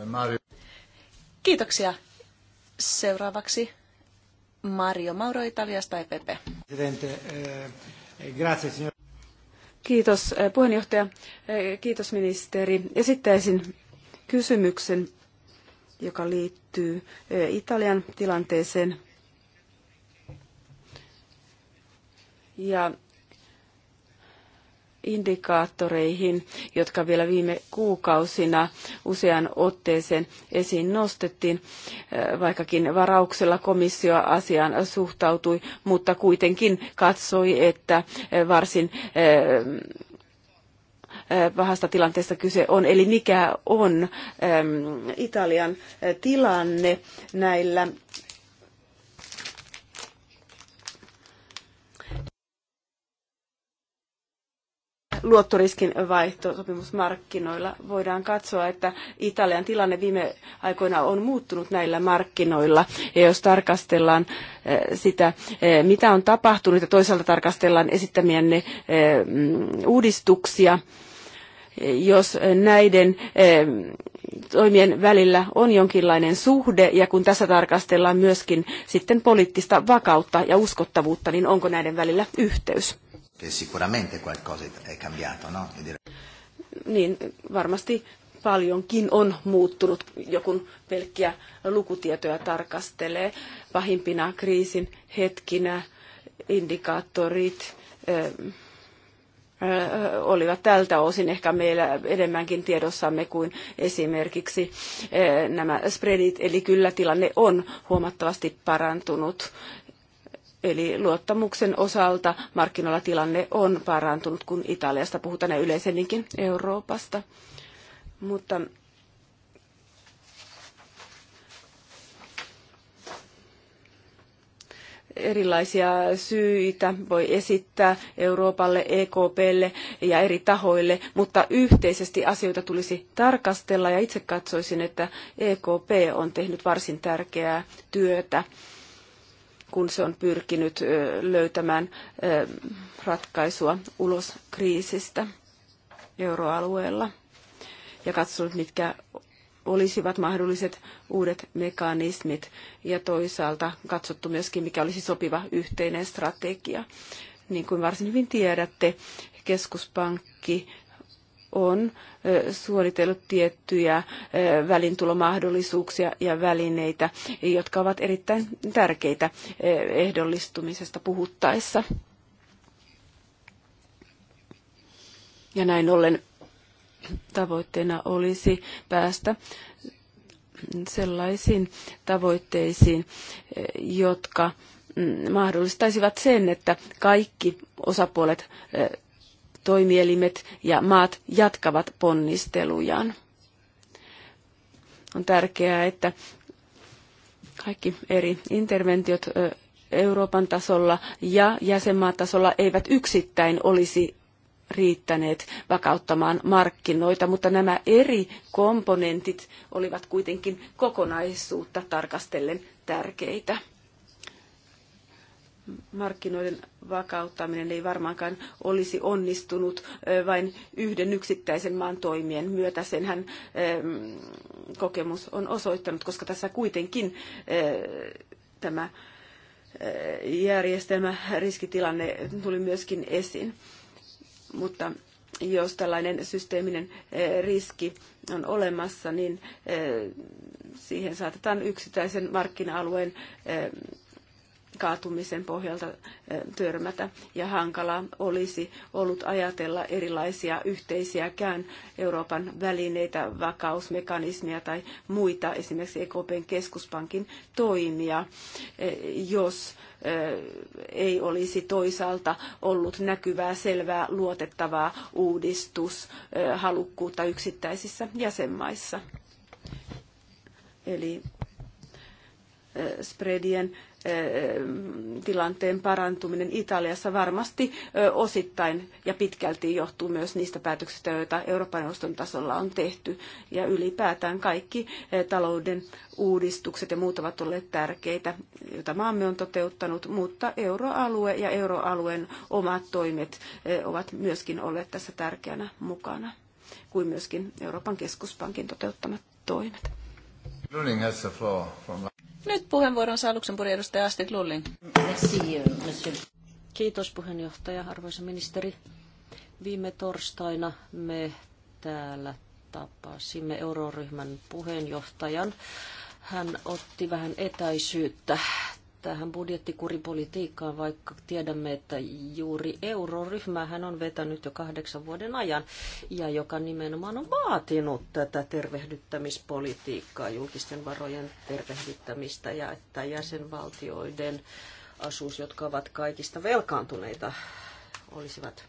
Mario. Kiitoksia. Seuraavaksi Mario Mauro Italiasta EPP. Eh, eh, kiitos eh, puheenjohtaja. Kiitos ministeri. Esittäisin kysymyksen, joka liittyy Italian tilanteeseen. Ja indikaattoreihin, jotka vielä viime kuukausina usean otteeseen esiin nostettiin, äh, vaikkakin varauksella komissio asiaan suhtautui, mutta kuitenkin katsoi, että äh, varsin äh, pahasta tilanteesta kyse on. Eli mikä on ähm, Italian tilanne näillä luottoriskin vaihtosopimusmarkkinoilla. Voidaan katsoa, että Italian tilanne viime aikoina on muuttunut näillä markkinoilla. Ja jos tarkastellaan eh, sitä, eh, mitä on tapahtunut ja toisaalta tarkastellaan esittämienne eh, mm, uudistuksia, jos näiden toimien välillä on jonkinlainen suhde ja kun tässä tarkastellaan myöskin sitten poliittista vakautta ja uskottavuutta, niin onko näiden välillä yhteys? che sicuramente qualcosa è cambiato, no? Niin, varmasti paljonkin on muuttunut, joku pelkkiä lukutietoja tarkastelee. Pahimpina kriisin hetkinä indikaattorit olivat tältä osin ehkä meillä enemmänkin tiedossamme kuin esimerkiksi nämä spreadit. Eli kyllä tilanne on huomattavasti parantunut Eli luottamuksen osalta markkinoilla tilanne on parantunut, kun Italiasta puhutaan ja yleisemminkin Euroopasta. Mutta erilaisia syitä voi esittää Euroopalle, EKPlle ja eri tahoille, mutta yhteisesti asioita tulisi tarkastella ja itse katsoisin, että EKP on tehnyt varsin tärkeää työtä kun se on pyrkinyt löytämään ratkaisua ulos kriisistä euroalueella ja katsonut, mitkä olisivat mahdolliset uudet mekanismit ja toisaalta katsottu myöskin, mikä olisi sopiva yhteinen strategia. Niin kuin varsin hyvin tiedätte, keskuspankki on suoritellut tiettyjä välintulomahdollisuuksia ja välineitä, jotka ovat erittäin tärkeitä ehdollistumisesta puhuttaessa. Ja näin ollen tavoitteena olisi päästä sellaisiin tavoitteisiin, jotka mm, mahdollistaisivat sen, että kaikki osapuolet toimielimet ja maat jatkavat ponnistelujaan. On tärkeää, että kaikki eri interventiot Euroopan tasolla ja jäsenmaatasolla eivät yksittäin olisi riittäneet vakauttamaan markkinoita, mutta nämä eri komponentit olivat kuitenkin kokonaisuutta tarkastellen tärkeitä markkinoiden vakauttaminen ei varmaankaan olisi onnistunut vain yhden yksittäisen maan toimien myötä. Senhän kokemus on osoittanut, koska tässä kuitenkin tämä järjestelmä, riskitilanne tuli myöskin esiin. Mutta jos tällainen systeeminen riski on olemassa, niin siihen saatetaan yksittäisen markkina-alueen kaatumisen pohjalta törmätä ja hankala olisi ollut ajatella erilaisia yhteisiäkään Euroopan välineitä, vakausmekanismia tai muita, esimerkiksi EKPn keskuspankin toimia, e, jos ei olisi toisaalta ollut näkyvää, selvää, luotettavaa uudistushalukkuutta yksittäisissä jäsenmaissa. Eli spreadien tilanteen parantuminen Italiassa varmasti osittain ja pitkälti johtuu myös niistä päätöksistä, joita Euroopan neuvoston tasolla on tehty. Ja ylipäätään kaikki talouden uudistukset ja muut ovat olleet tärkeitä, joita maamme on toteuttanut, mutta euroalue ja euroalueen omat toimet ovat myöskin olleet tässä tärkeänä mukana, kuin myöskin Euroopan keskuspankin toteuttamat toimet. Luning has the floor from nyt puheenvuoron saa Luxemburgin edustaja Astrid Lullin. Euh, Kiitos puheenjohtaja, arvoisa ministeri. Viime torstaina me täällä tapasimme euroryhmän puheenjohtajan. Hän otti vähän etäisyyttä tähän budjettikuripolitiikkaan, vaikka tiedämme, että juuri hän on vetänyt jo kahdeksan vuoden ajan ja joka nimenomaan on vaatinut tätä tervehdyttämispolitiikkaa, julkisten varojen tervehdyttämistä ja että jäsenvaltioiden asuus, jotka ovat kaikista velkaantuneita, olisivat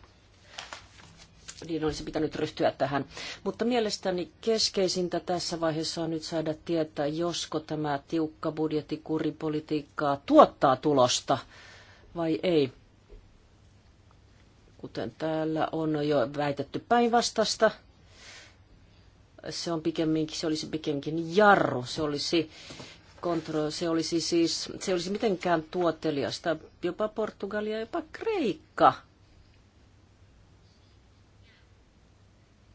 niin olisi pitänyt ryhtyä tähän. Mutta mielestäni keskeisintä tässä vaiheessa on nyt saada tietää, josko tämä tiukka budjettikuripolitiikkaa tuottaa tulosta vai ei. Kuten täällä on jo väitetty päinvastasta, se, on pikemminkin, se olisi pikemminkin jarru, se olisi kontro, se olisi siis, se olisi mitenkään tuoteliasta, jopa Portugalia, jopa Kreikka –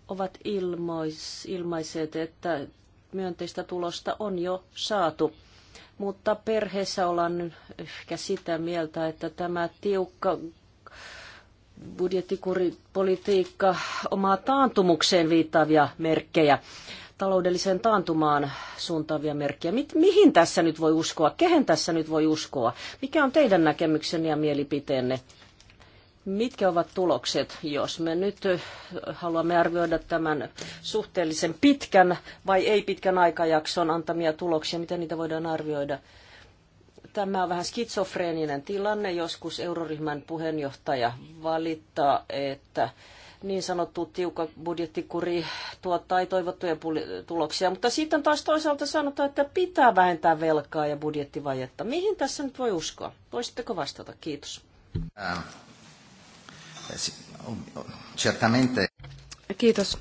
ovat ilmois, ilmaiset, että myönteistä tulosta on jo saatu. Mutta perheessä ollaan ehkä sitä mieltä, että tämä tiukka budjettikuripolitiikka omaa taantumukseen viittaavia merkkejä, taloudelliseen taantumaan suuntaavia merkkejä. mihin tässä nyt voi uskoa? Kehen tässä nyt voi uskoa? Mikä on teidän näkemyksenne ja mielipiteenne Mitkä ovat tulokset, jos me nyt haluamme arvioida tämän suhteellisen pitkän vai ei pitkän aikajakson antamia tuloksia, miten niitä voidaan arvioida? Tämä on vähän skitsofreeninen tilanne. Joskus euroryhmän puheenjohtaja valittaa, että niin sanottu tiukka budjettikuri tuottaa ei toivottuja tuloksia, mutta sitten taas toisaalta sanotaan, että pitää vähentää velkaa ja budjettivajetta. Mihin tässä nyt voi uskoa? Voisitteko vastata? Kiitos. Ähm, Eh, oh, oh, certamente. Kiitos.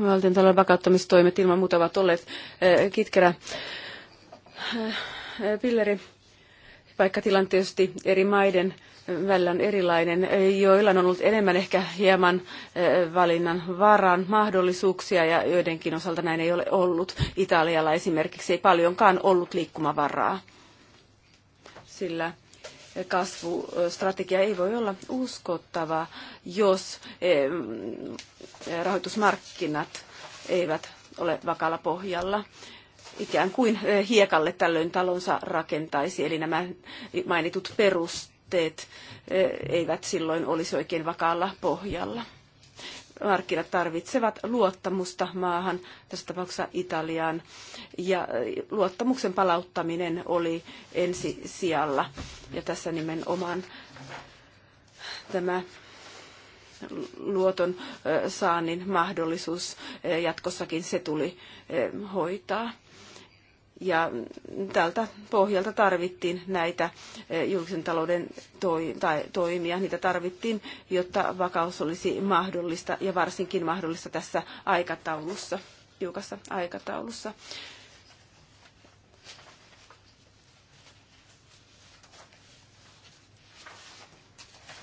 Valtiontalouden vakauttamistoimet ilman muuta ovat olleet eh, kitkerä eh, pilleri, vaikka tilanne tietysti eri maiden välillä on erilainen. Joilla on ollut enemmän ehkä hieman valinnan varan mahdollisuuksia ja joidenkin osalta näin ei ole ollut. Italialla esimerkiksi ei paljonkaan ollut liikkumavaraa sillä kasvustrategia ei voi olla uskottava, jos eh, rahoitusmarkkinat eivät ole vakalla pohjalla. Ikään kuin eh, hiekalle tällöin talonsa rakentaisi, eli nämä mainitut perusteet eh, eivät silloin olisi oikein vakaalla pohjalla markkinat tarvitsevat luottamusta maahan, tässä tapauksessa Italiaan, ja äh, luottamuksen palauttaminen oli ensi sijalla. Ja tässä nimenomaan tämä luoton äh, saannin mahdollisuus äh, jatkossakin se tuli hoitaa. Ja tältä pohjalta tarvittiin näitä eh, julkisen talouden toi, tai toimia. Niitä tarvittiin, jotta vakaus olisi mahdollista ja varsinkin mahdollista tässä aikataulussa, tiukassa aikataulussa.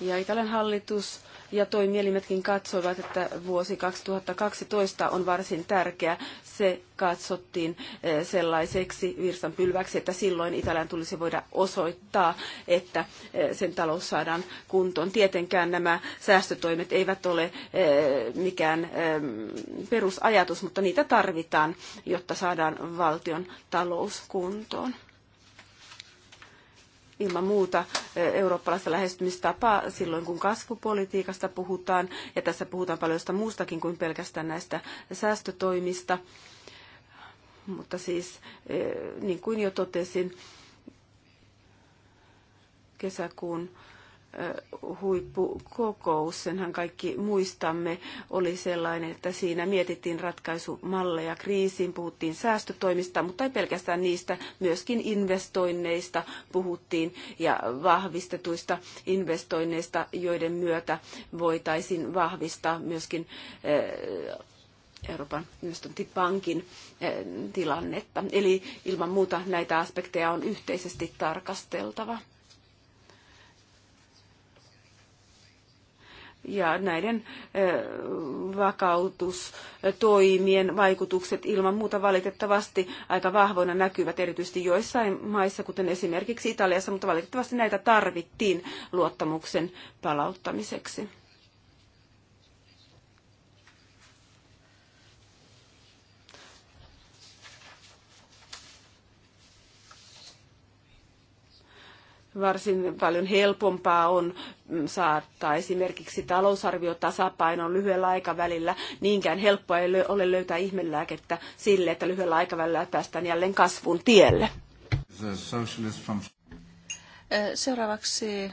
Ja Italian hallitus ja toimielimetkin katsoivat, että vuosi 2012 on varsin tärkeä. Se katsottiin eh, sellaiseksi virsanpylväksi, että silloin Italian tulisi voida osoittaa, että eh, sen talous saadaan kuntoon. Tietenkään nämä säästötoimet eivät ole eh, mikään perusajatus, mutta niitä tarvitaan, jotta saadaan valtion talous kuntoon ilman muuta e, eurooppalaista lähestymistapaa silloin, kun kasvupolitiikasta puhutaan, ja tässä puhutaan paljon sitä muustakin kuin pelkästään näistä säästötoimista. Mutta siis, e, niin kuin jo totesin, kesäkuun huippukokous, senhän kaikki muistamme, oli sellainen, että siinä mietittiin ratkaisumalleja kriisiin, puhuttiin säästötoimista, mutta ei pelkästään niistä, myöskin investoinneista puhuttiin ja vahvistetuista investoinneista, joiden myötä voitaisiin vahvistaa myöskin eh, Euroopan investointipankin eh, tilannetta. Eli ilman muuta näitä aspekteja on yhteisesti tarkasteltava. ja näiden vakautustoimien vaikutukset ilman muuta valitettavasti aika vahvoina näkyvät erityisesti joissain maissa, kuten esimerkiksi Italiassa, mutta valitettavasti näitä tarvittiin luottamuksen palauttamiseksi. varsin paljon helpompaa on mm, saattaa esimerkiksi talousarvio tasapainoon lyhyellä aikavälillä. Niinkään helppoa ei ole löytää ihmelääkettä sille, että lyhyellä aikavälillä päästään jälleen kasvun tielle. Seuraavaksi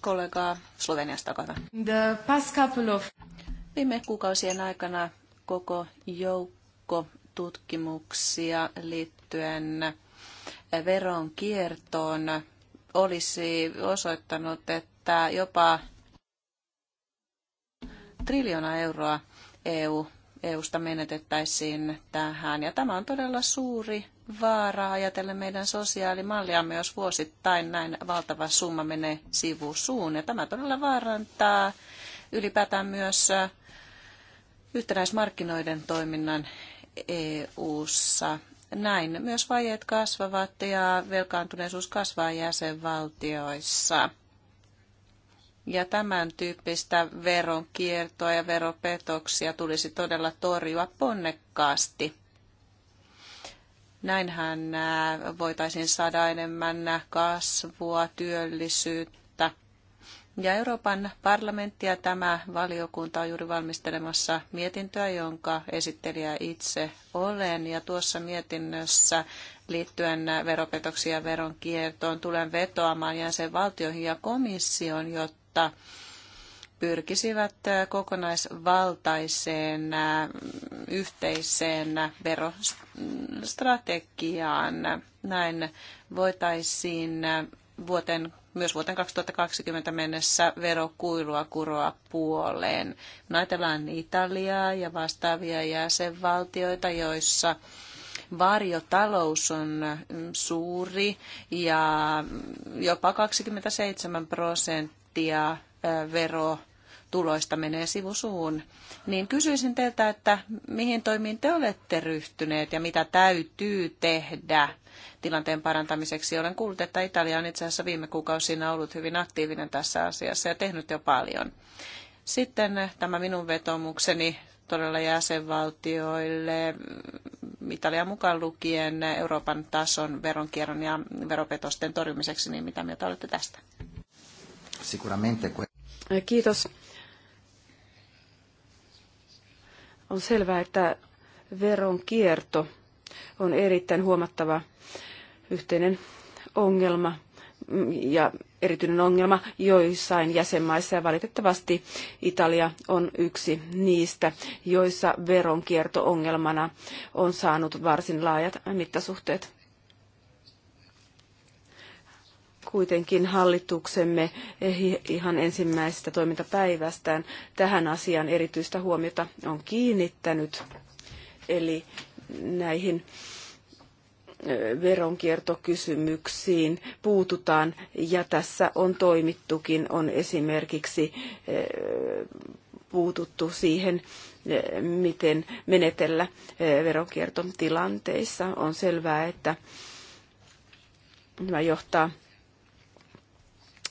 kollega Sloveniasta, kata. The past couple of... Viime kuukausien aikana koko joukko tutkimuksia liittyen veronkiertoon olisi osoittanut, että jopa triljoona euroa EU, EUsta menetettäisiin tähän. Ja tämä on todella suuri vaara ajatellen meidän sosiaalimalliamme, jos vuosittain näin valtava summa menee sivusuun. Ja tämä todella vaarantaa ylipäätään myös äh, yhtenäismarkkinoiden toiminnan EUssa. Näin myös vajeet kasvavat ja velkaantuneisuus kasvaa jäsenvaltioissa. Ja tämän tyyppistä veronkiertoa ja veropetoksia tulisi todella torjua ponnekkaasti. Näinhän voitaisiin saada enemmän kasvua, työllisyyttä ja Euroopan parlamentti ja tämä valiokunta on juuri valmistelemassa mietintöä, jonka esittelijä itse olen. Ja tuossa mietinnössä liittyen veropetoksiin ja veronkiertoon tulen vetoamaan jäsenvaltioihin ja komission, jotta pyrkisivät kokonaisvaltaiseen äh, yhteiseen verostrategiaan. Näin voitaisiin vuoteen myös vuoteen 2020 mennessä verokuilua kuroa puoleen. Me no, ajatellaan Italiaa ja vastaavia jäsenvaltioita, joissa varjotalous on mm, suuri ja jopa 27 prosenttia vero tuloista menee sivusuun, niin kysyisin teiltä, että mihin toimiin te olette ryhtyneet ja mitä täytyy tehdä tilanteen parantamiseksi. Olen kuullut, että Italia on itse asiassa viime kuukausina ollut hyvin aktiivinen tässä asiassa ja tehnyt jo paljon. Sitten tämä minun vetomukseni todella jäsenvaltioille, mm, Italia mukaan lukien Euroopan tason veronkierron ja veropetosten torjumiseksi, niin mitä mieltä olette tästä? Kiitos. On selvää, että veronkierto on erittäin huomattava yhteinen ongelma ja erityinen ongelma joissain jäsenmaissa ja valitettavasti Italia on yksi niistä, joissa veronkierto-ongelmana on saanut varsin laajat mittasuhteet. Kuitenkin hallituksemme ihan ensimmäisestä toimintapäivästään tähän asiaan erityistä huomiota on kiinnittänyt. Eli näihin veronkiertokysymyksiin puututaan ja tässä on toimittukin, on esimerkiksi puututtu siihen, miten menetellä veronkiertotilanteissa. On selvää, että tämä johtaa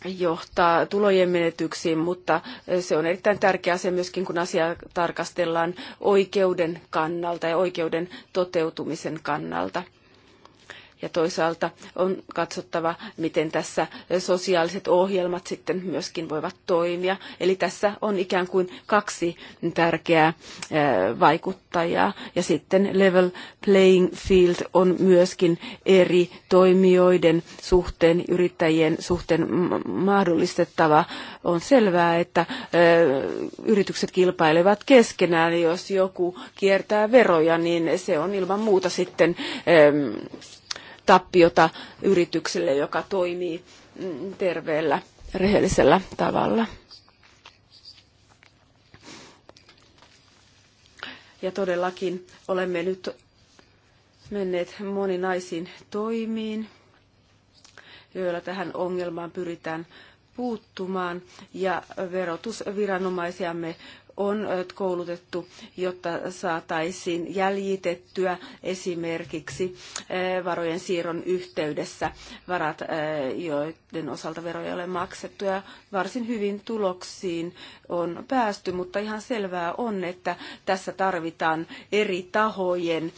johtaa tulojen menetyksiin, mutta se on erittäin tärkeä asia myöskin, kun asiaa tarkastellaan oikeuden kannalta ja oikeuden toteutumisen kannalta ja toisaalta on katsottava, miten tässä sosiaaliset ohjelmat sitten myöskin voivat toimia. Eli tässä on ikään kuin kaksi tärkeää vaikuttajaa ja sitten level playing field on myöskin eri toimijoiden suhteen, yrittäjien suhteen mahdollistettava. On selvää, että yritykset kilpailevat keskenään, jos joku kiertää veroja, niin se on ilman muuta sitten tappiota yritykselle, joka toimii mm, terveellä, rehellisellä tavalla. Ja todellakin olemme nyt menneet moninaisiin toimiin, joilla tähän ongelmaan pyritään puuttumaan ja verotusviranomaisiamme on koulutettu, jotta saataisiin jäljitettyä esimerkiksi varojen siirron yhteydessä varat, joiden osalta veroja ei ole maksettu. Ja varsin hyvin tuloksiin on päästy, mutta ihan selvää on, että tässä tarvitaan eri tahojen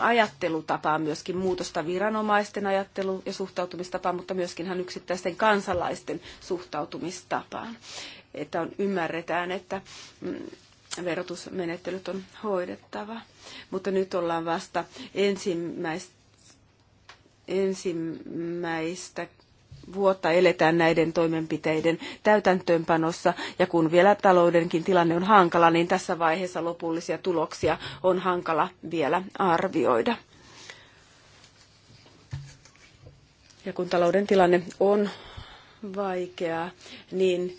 ajattelutapaa myöskin muutosta viranomaisten ajattelu- ja suhtautumistapaan, mutta myöskin yksittäisten kansalaisten suhtautumistapaan että on ymmärretään, että mm, verotusmenettelyt on hoidettava. Mutta nyt ollaan vasta ensimmäistä, ensimmäistä vuotta eletään näiden toimenpiteiden täytäntöönpanossa, ja kun vielä taloudenkin tilanne on hankala, niin tässä vaiheessa lopullisia tuloksia on hankala vielä arvioida. Ja kun talouden tilanne on vaikea, niin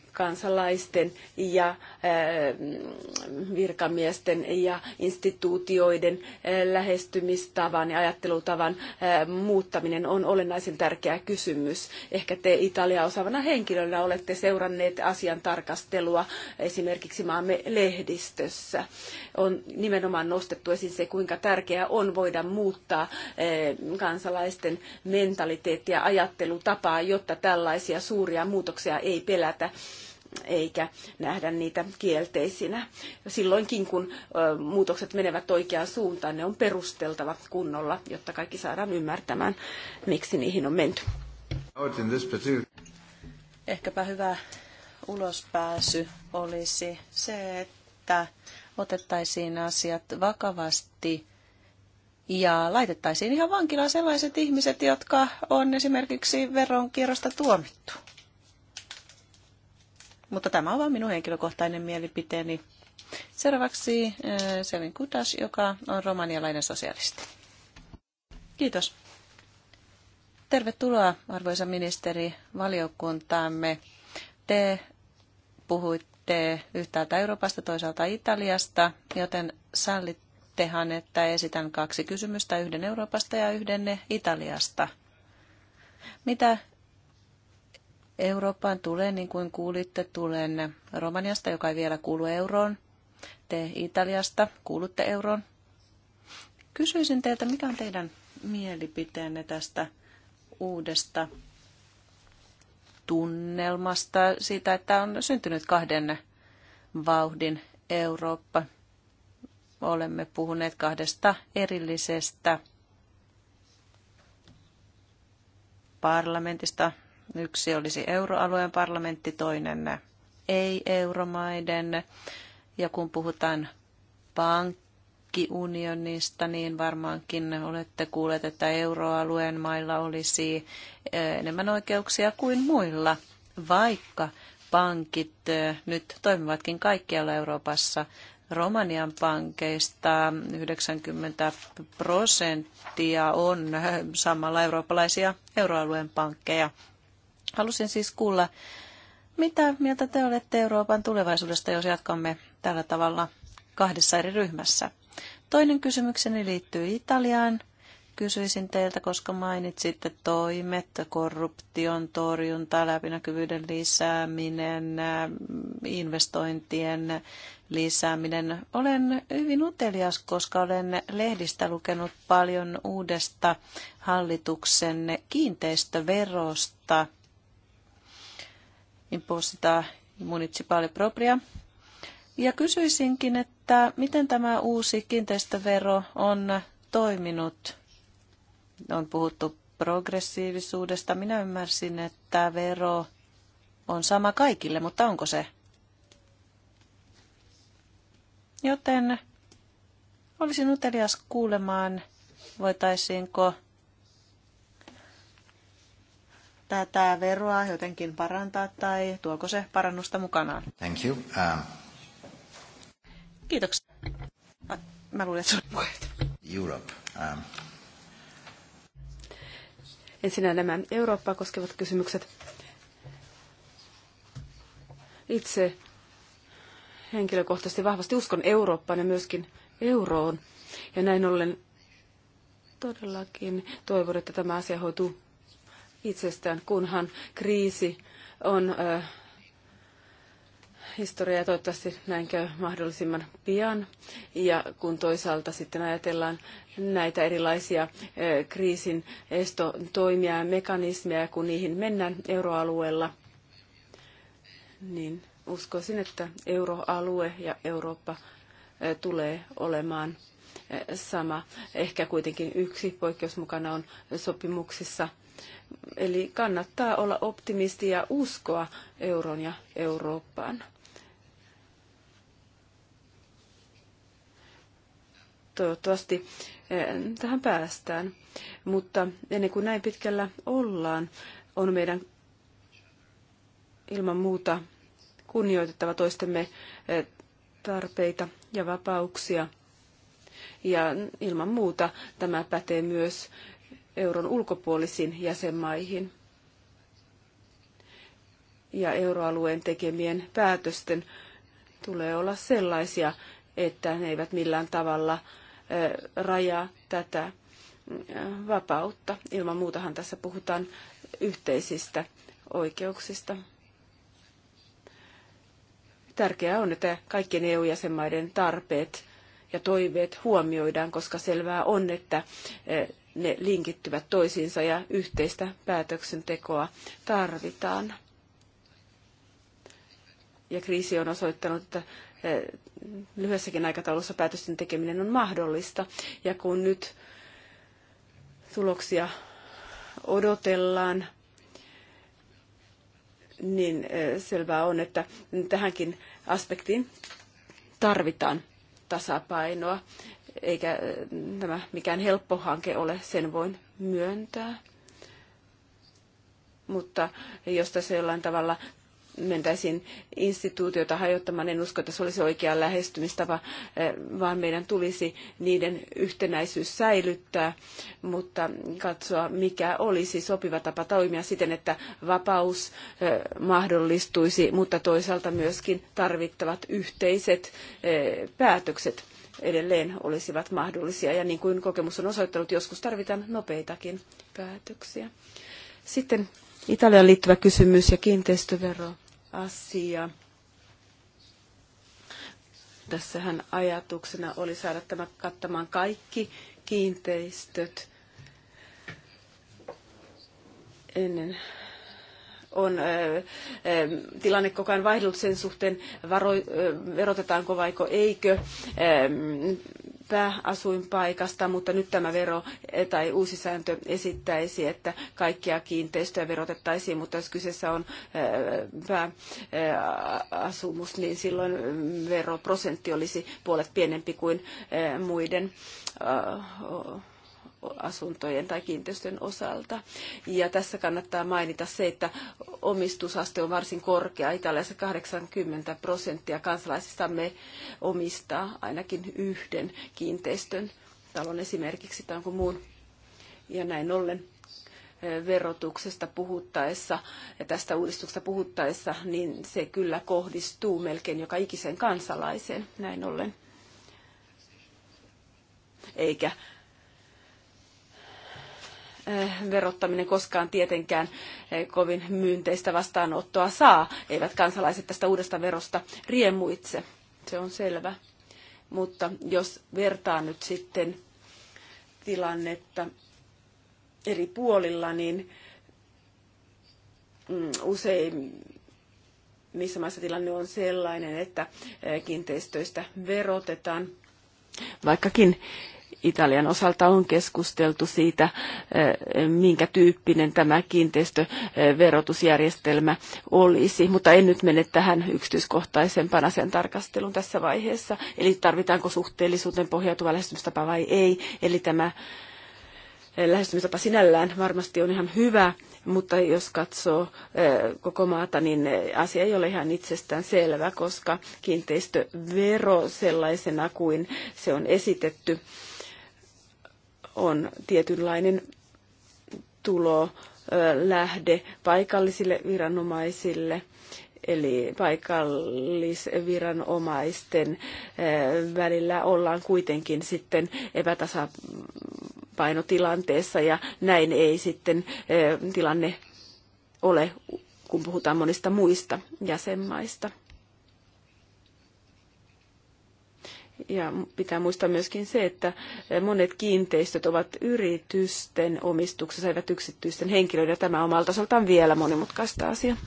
kansalaisten ja virkamiesten ja instituutioiden lähestymistavan ja ajattelutavan muuttaminen on olennaisen tärkeä kysymys. Ehkä te Italiaa osaavana henkilönä olette seuranneet asian tarkastelua esimerkiksi maamme lehdistössä. On nimenomaan nostettu esiin se, kuinka tärkeää on voida muuttaa kansalaisten mentaliteettia ja ajattelutapaa, jotta tällaisia suuria muutoksia ei pelätä eikä nähdä niitä kielteisinä. Silloinkin, kun muutokset menevät oikeaan suuntaan, ne on perusteltava kunnolla, jotta kaikki saadaan ymmärtämään, miksi niihin on menty. Ehkäpä hyvä ulospääsy olisi se, että otettaisiin asiat vakavasti ja laitettaisiin ihan vankilaan sellaiset ihmiset, jotka on esimerkiksi veronkierrosta tuomittu. Mutta tämä on vain minun henkilökohtainen mielipiteeni. Seuraavaksi eh, Selin Kutas, joka on romanialainen sosialisti. Kiitos. Tervetuloa, arvoisa ministeri, valiokuntaamme. Te puhuitte yhtäältä Euroopasta, toisaalta Italiasta, joten sallittehan, että esitän kaksi kysymystä, yhden Euroopasta ja yhden Italiasta. Mitä Eurooppaan tulee niin kuin kuulitte, tulen Romaniasta, joka ei vielä kuulu euroon. Te Italiasta kuulutte euroon. Kysyisin teiltä, mikä on teidän mielipiteenne tästä uudesta tunnelmasta, siitä, että on syntynyt kahden vauhdin Eurooppa. Olemme puhuneet kahdesta erillisestä parlamentista, Yksi olisi euroalueen parlamentti, toinen ei-euromaiden. Ja kun puhutaan pankkiunionista, niin varmaankin olette kuulleet, että euroalueen mailla olisi eh, enemmän oikeuksia kuin muilla, vaikka pankit eh, nyt toimivatkin kaikkialla Euroopassa. Romanian pankeista 90 prosenttia on eh, samalla eurooppalaisia euroalueen pankkeja. Halusin siis kuulla, mitä mieltä te olette Euroopan tulevaisuudesta, jos jatkamme tällä tavalla kahdessa eri ryhmässä? Toinen kysymykseni liittyy Italiaan. Kysyisin teiltä, koska mainitsitte toimet, korruption torjunta, läpinäkyvyyden lisääminen, äh, investointien lisääminen. Olen hyvin utelias, koska olen lehdistä lukenut paljon uudesta hallituksen kiinteistöverosta – imposta municipale propria. Ja kysyisinkin, että miten tämä uusi kiinteistövero on toiminut? On puhuttu progressiivisuudesta. Minä ymmärsin, että vero on sama kaikille, mutta onko se? Joten olisin utelias kuulemaan, voitaisiinko tämä veroa jotenkin parantaa tai tuoko se parannusta mukanaan? Thank you. Uh... Kiitoksia. Mä luulen, että se oli Europe. Um... Ensin nämä Eurooppaa koskevat kysymykset. Itse henkilökohtaisesti vahvasti uskon Eurooppaan ja myöskin euroon. Ja näin ollen todellakin toivon, että tämä asia hoituu itsestään, kunhan kriisi on ö, historia ja toivottavasti näin käy mahdollisimman pian. Ja kun toisaalta sitten ajatellaan näitä erilaisia ö, kriisin estotoimia ja mekanismeja, kun niihin mennään euroalueella, niin uskoisin, että euroalue ja Eurooppa tulee olemaan sama. Ehkä kuitenkin yksi poikkeus mukana on sopimuksissa – Eli kannattaa olla optimisti ja uskoa euron ja Eurooppaan. Toivottavasti eh, tähän päästään. Mutta ennen kuin näin pitkällä ollaan, on meidän ilman muuta kunnioitettava toistemme eh, tarpeita ja vapauksia. Ja ilman muuta tämä pätee myös euron ulkopuolisiin jäsenmaihin ja euroalueen tekemien päätösten tulee olla sellaisia, että ne eivät millään tavalla rajaa tätä vapautta. Ilman muutahan tässä puhutaan yhteisistä oikeuksista. Tärkeää on, että kaikkien EU-jäsenmaiden tarpeet ja toiveet huomioidaan, koska selvää on, että ne linkittyvät toisiinsa ja yhteistä päätöksentekoa tarvitaan. Ja kriisi on osoittanut, että eh, lyhyessäkin aikataulussa päätösten tekeminen on mahdollista. Ja kun nyt tuloksia odotellaan, niin eh, selvää on, että tähänkin aspektiin tarvitaan tasapainoa eikä tämä mikään helppo hanke ole, sen voin myöntää. Mutta jos tässä jollain tavalla mentäisiin instituutiota hajottamaan, en usko, että se olisi oikea lähestymistapa, vaan meidän tulisi niiden yhtenäisyys säilyttää, mutta katsoa, mikä olisi sopiva tapa toimia siten, että vapaus mahdollistuisi, mutta toisaalta myöskin tarvittavat yhteiset päätökset edelleen olisivat mahdollisia. Ja niin kuin kokemus on osoittanut, joskus tarvitaan nopeitakin päätöksiä. Sitten Italian liittyvä kysymys ja kiinteistöveroasia. Tässähän ajatuksena oli saada tämä kattamaan kaikki kiinteistöt ennen on tilanne koko ajan vaihdellut sen suhteen, varo, verotetaanko vaiko eikö pääasuinpaikasta, mutta nyt tämä vero tai uusi sääntö esittäisi, että kaikkia kiinteistöjä verotettaisiin, mutta jos kyseessä on pääasumus, niin silloin veroprosentti olisi puolet pienempi kuin muiden asuntojen tai kiinteistön osalta. Ja tässä kannattaa mainita se, että omistusaste on varsin korkea. Italiassa 80 prosenttia kansalaisistamme omistaa ainakin yhden kiinteistön talon esimerkiksi tai jonkun muun. Ja näin ollen verotuksesta puhuttaessa ja tästä uudistuksesta puhuttaessa, niin se kyllä kohdistuu melkein joka ikisen kansalaiseen näin ollen. Eikä Eh, verottaminen koskaan tietenkään eh, kovin myynteistä vastaanottoa saa. Eivät kansalaiset tästä uudesta verosta riemuitse, se on selvä. Mutta jos vertaa nyt sitten tilannetta eri puolilla, niin mm, usein missä maissa tilanne on sellainen, että eh, kiinteistöistä verotetaan, vaikkakin Italian osalta on keskusteltu siitä, eh, minkä tyyppinen tämä kiinteistöverotusjärjestelmä eh, olisi, mutta en nyt mene tähän yksityiskohtaisempana sen tarkastelun tässä vaiheessa. Eli tarvitaanko suhteellisuuteen pohjautuva lähestymistapa vai ei. Eli tämä eh, lähestymistapa sinällään varmasti on ihan hyvä, mutta jos katsoo koko maata, niin asia ei ole ihan itsestään selvä, koska kiinteistövero sellaisena kuin se on esitetty on tietynlainen tulo lähde paikallisille viranomaisille, eli paikallisviranomaisten välillä ollaan kuitenkin sitten epätasapainotilanteessa ja näin ei sitten tilanne ole, kun puhutaan monista muista jäsenmaista. Ja pitää muistaa myöskin se, että eh, monet kiinteistöt ovat yritysten omistuksessa, eivät yksityisten henkilöiden. Tämä omalta osaltaan vielä monimutkaista asiaa.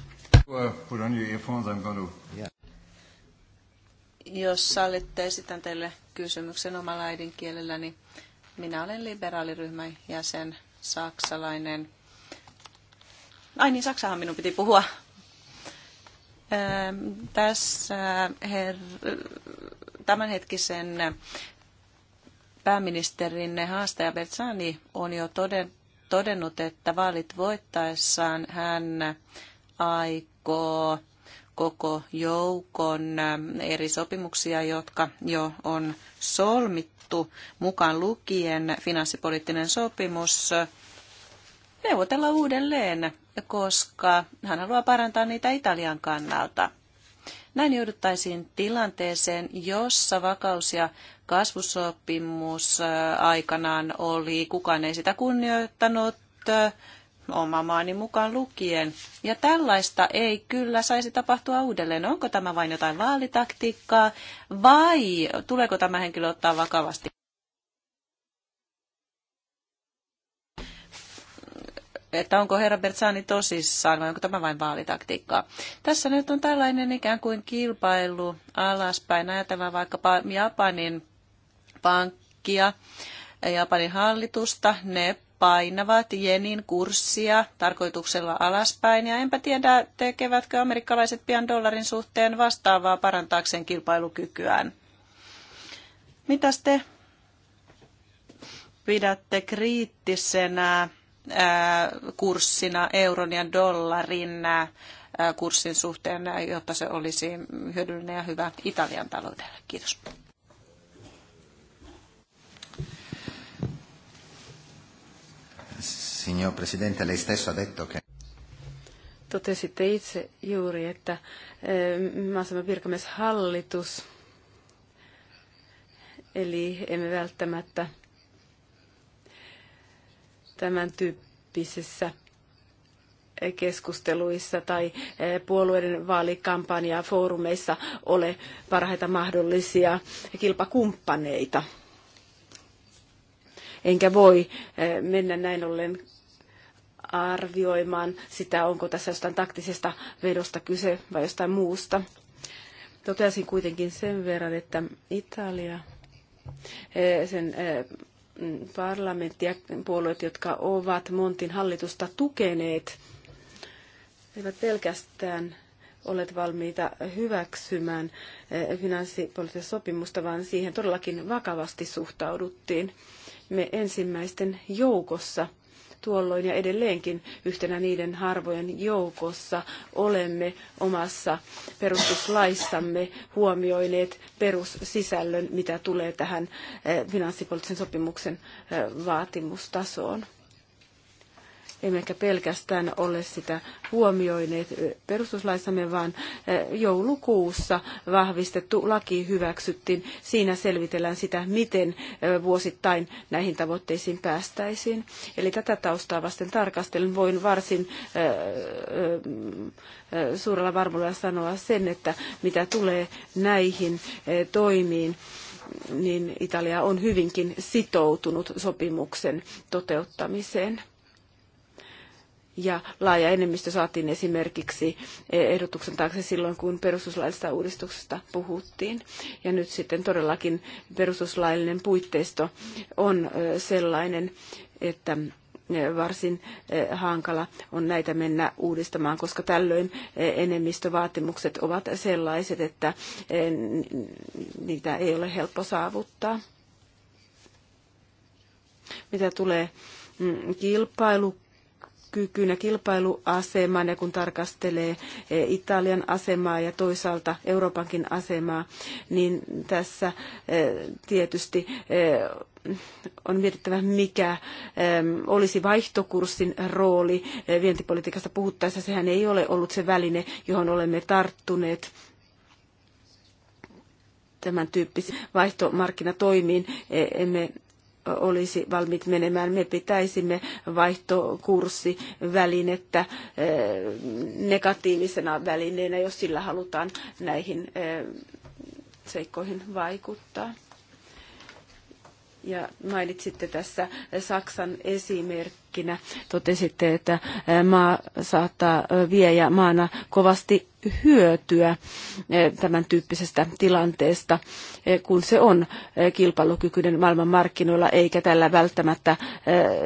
Jos sallitte, esitän teille kysymyksen omalla äidinkielelläni. minä olen liberaaliryhmän jäsen, saksalainen. Ai niin, Saksahan minun piti puhua. Ää, ehm, tässä her, tämänhetkisen pääministerin haastaja Bersani on jo todennut, että vaalit voittaessaan hän aikoo koko joukon eri sopimuksia, jotka jo on solmittu, mukaan lukien finanssipoliittinen sopimus, neuvotella uudelleen, koska hän haluaa parantaa niitä Italian kannalta. Näin jouduttaisiin tilanteeseen, jossa vakaus- ja kasvusopimus äh, aikanaan oli, kukaan ei sitä kunnioittanut, äh, oma maani mukaan lukien. Ja tällaista ei kyllä saisi tapahtua uudelleen. Onko tämä vain jotain vaalitaktiikkaa vai tuleeko tämä henkilö ottaa vakavasti? että onko herra Bertsani tosissaan vai onko tämä vain vaalitaktiikkaa. Tässä nyt on tällainen ikään kuin kilpailu alaspäin. Ajatellaan vaikkapa Japanin pankkia, Japanin hallitusta. Ne painavat jenin kurssia tarkoituksella alaspäin ja enpä tiedä tekevätkö amerikkalaiset pian dollarin suhteen vastaavaa parantaakseen kilpailukykyään. Mitäs te pidätte kriittisenä kurssina euron ja dollarin kurssin suhteen, jotta se olisi hyödyllinen ja hyvä Italian taloudelle. Kiitos. Signor Presidente, lei stesso ha detto che... Totesitte itse juuri, että maassamme virkamieshallitus, eli emme välttämättä tämän tyyppisissä keskusteluissa tai eh, puolueiden vaalikampanja foorumeissa ole parhaita mahdollisia kilpakumppaneita. Enkä voi eh, mennä näin ollen arvioimaan sitä, onko tässä jostain taktisesta vedosta kyse vai jostain muusta. Toteasin kuitenkin sen verran, että Italia eh, sen parlamentti ja puolueet, jotka ovat Montin hallitusta tukeneet, eivät pelkästään olet valmiita hyväksymään eh, finanssipoliittista sopimusta, vaan siihen todellakin vakavasti suhtauduttiin. Me ensimmäisten joukossa – tuolloin ja edelleenkin yhtenä niiden harvojen joukossa olemme omassa perustuslaissamme huomioineet perussisällön, mitä tulee tähän eh, finanssipoliittisen sopimuksen eh, vaatimustasoon. Emmekä pelkästään ole sitä huomioineet perustuslaissamme, vaan eh, joulukuussa vahvistettu laki hyväksyttiin. Siinä selvitellään sitä, miten eh, vuosittain näihin tavoitteisiin päästäisiin. Eli tätä taustaa vasten tarkastelun voin varsin eh, suurella varmuudella sanoa sen, että mitä tulee näihin toimiin, niin Italia on hyvinkin sitoutunut sopimuksen toteuttamiseen ja laaja enemmistö saatiin esimerkiksi ehdotuksen taakse silloin, kun perustuslaillisesta uudistuksesta puhuttiin. Ja nyt sitten todellakin perustuslaillinen puitteisto on sellainen, että varsin hankala on näitä mennä uudistamaan, koska tällöin enemmistövaatimukset ovat sellaiset, että niitä ei ole helppo saavuttaa. Mitä tulee mm, kilpailu kilpailukykyyn ja kilpailuasemaan ja kun tarkastelee e, Italian asemaa ja toisaalta Euroopankin asemaa, niin tässä e, tietysti e, on mietittävä, mikä olisi vaihtokurssin rooli vientipolitiikasta puhuttaessa. Sehän ei ole ollut se väline, johon olemme tarttuneet tämän tyyppisiin vaihtomarkkinatoimiin. Emme olisi valmiit menemään. Me pitäisimme vaihtokurssivälinettä eh, negatiivisena välineenä, jos sillä halutaan näihin eh, seikkoihin vaikuttaa. Ja mainitsitte tässä Saksan esimerkkinä, totesitte, että maa saattaa viejä maana kovasti hyötyä tämän tyyppisestä tilanteesta, kun se on kilpailukykyinen maailmanmarkkinoilla, eikä, tällä välttämättä,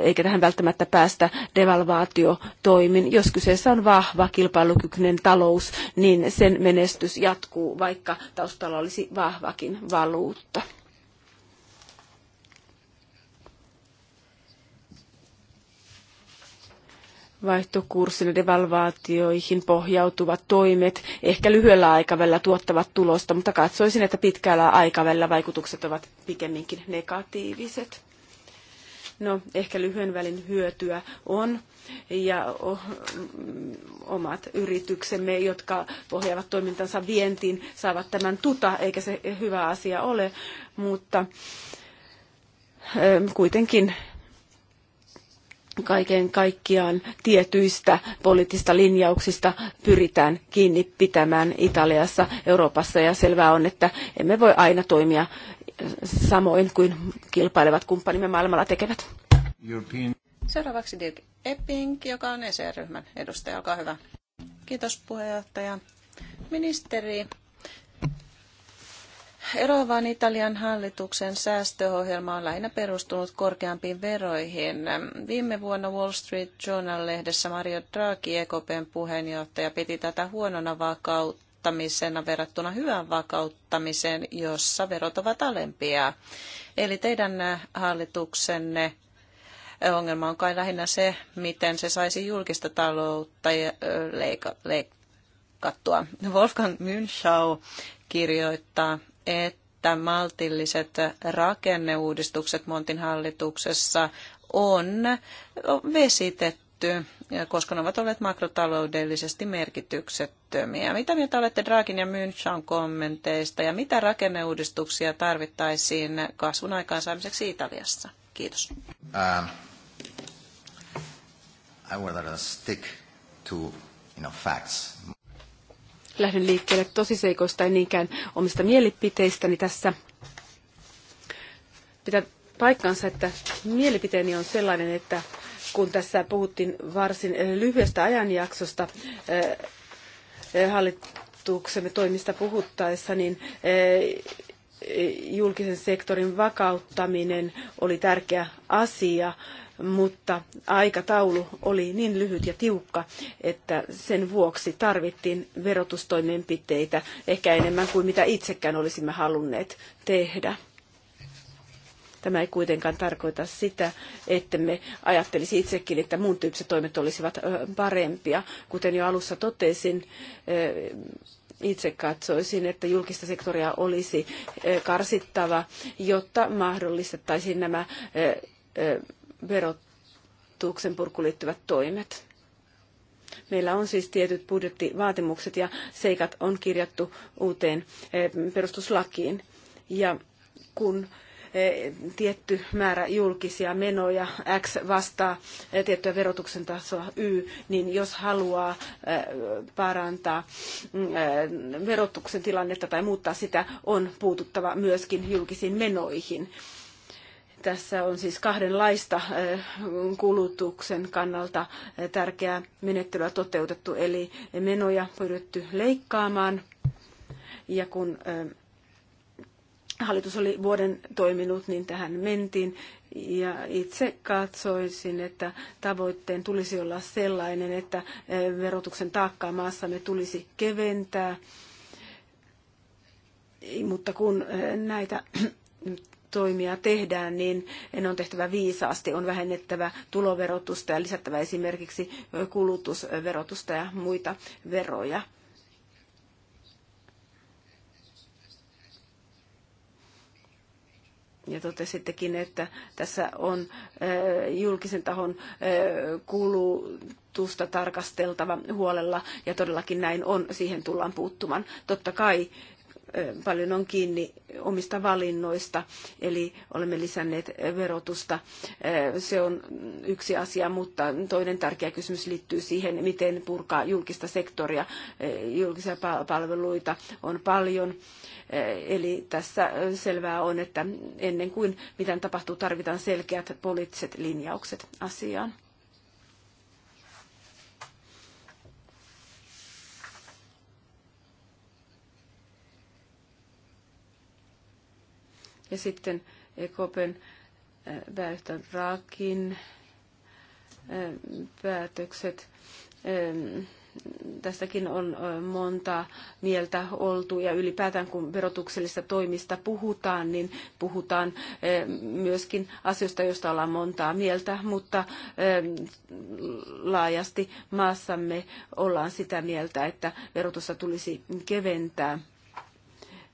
eikä tähän välttämättä päästä devalvaatiotoimin. Jos kyseessä on vahva kilpailukykyinen talous, niin sen menestys jatkuu, vaikka taustalla olisi vahvakin valuutta. vaihtokurssin ja devalvaatioihin pohjautuvat toimet ehkä lyhyellä aikavälillä tuottavat tulosta, mutta katsoisin, että pitkällä aikavälillä vaikutukset ovat pikemminkin negatiiviset. No, ehkä lyhyen välin hyötyä on ja oh, mm, omat yrityksemme, jotka pohjaavat toimintansa vientiin, saavat tämän tuta, eikä se hyvä asia ole, mutta kuitenkin kaiken kaikkiaan tietyistä poliittista linjauksista pyritään kiinni pitämään Italiassa, Euroopassa ja selvää on, että emme voi aina toimia samoin kuin kilpailevat kumppanimme maailmalla tekevät. European. Seuraavaksi Dirk Epping, joka on ECR-ryhmän edustaja. Olkaa hyvä. Kiitos puheenjohtaja. Ministeri, Eroavan Italian hallituksen säästöohjelma on lähinnä perustunut korkeampiin veroihin. Viime vuonna Wall Street Journal-lehdessä Mario Draghi, EKPn puheenjohtaja, piti tätä huonona vakauttamisena verrattuna hyvään vakauttamiseen, jossa verot ovat alempia. Eli teidän hallituksenne ongelma on kai lähinnä se, miten se saisi julkista taloutta leikattua. Wolfgang Münchau kirjoittaa että maltilliset rakenneuudistukset Montin hallituksessa on vesitetty, koska ne ovat olleet makrotaloudellisesti merkityksettömiä. Mitä mieltä olette Draakin ja Münchan kommenteista ja mitä rakenneuudistuksia tarvittaisiin kasvun aikaansaamiseksi Italiassa? Kiitos. Um, I would stick to you know, facts lähden liikkeelle tosiseikoista, ja niinkään omista mielipiteistäni tässä. Pitää paikkansa, että mielipiteeni on sellainen, että kun tässä puhuttiin varsin lyhyestä ajanjaksosta eh, eh, hallituksemme toimista puhuttaessa, niin eh, julkisen sektorin vakauttaminen oli tärkeä asia mutta aikataulu oli niin lyhyt ja tiukka, että sen vuoksi tarvittiin verotustoimenpiteitä ehkä enemmän kuin mitä itsekään olisimme halunneet tehdä. Tämä ei kuitenkaan tarkoita sitä, että me ajattelisi itsekin, että muun tyyppiset toimet olisivat parempia. Kuten jo alussa totesin, itse katsoisin, että julkista sektoria olisi karsittava, jotta mahdollistettaisiin nämä verotuksen purkuun liittyvät toimet. Meillä on siis tietyt budjettivaatimukset ja seikat on kirjattu uuteen eh, perustuslakiin. Ja kun eh, tietty määrä julkisia menoja, X vastaa eh, tiettyä verotuksen tasoa Y, niin jos haluaa parantaa mm, verotuksen tilannetta tai muuttaa sitä, on puututtava myöskin julkisiin menoihin. Tässä on siis kahdenlaista äh, kulutuksen kannalta äh, tärkeää menettelyä toteutettu, eli menoja pyritty leikkaamaan. Ja kun äh, hallitus oli vuoden toiminut, niin tähän mentiin. Ja itse katsoisin, että tavoitteen tulisi olla sellainen, että verotuksen taakkaa maassamme tulisi keventää. Mutta kun näitä toimia tehdään, niin en on tehtävä viisaasti. On vähennettävä tuloverotusta ja lisättävä esimerkiksi kulutusverotusta ja muita veroja. ja totesittekin, että tässä on eh, julkisen tahon eh, kulutusta tarkasteltava huolella, ja todellakin näin on, siihen tullaan puuttumaan. Totta kai paljon on kiinni omista valinnoista, eli olemme lisänneet verotusta. Se on yksi asia, mutta toinen tärkeä kysymys liittyy siihen, miten purkaa julkista sektoria. Julkisia palveluita on paljon, eli tässä selvää on, että ennen kuin mitään tapahtuu, tarvitaan selkeät poliittiset linjaukset asiaan. Ja sitten EKPn eh, pääjohtajan eh, Raakin eh, päätökset. Tästäkin on monta mieltä oltu ja ylipäätään kun verotuksellista toimista puhutaan, niin puhutaan myöskin asioista, joista ollaan montaa mieltä, mutta laajasti maassamme ollaan sitä mieltä, että verotusta tulisi keventää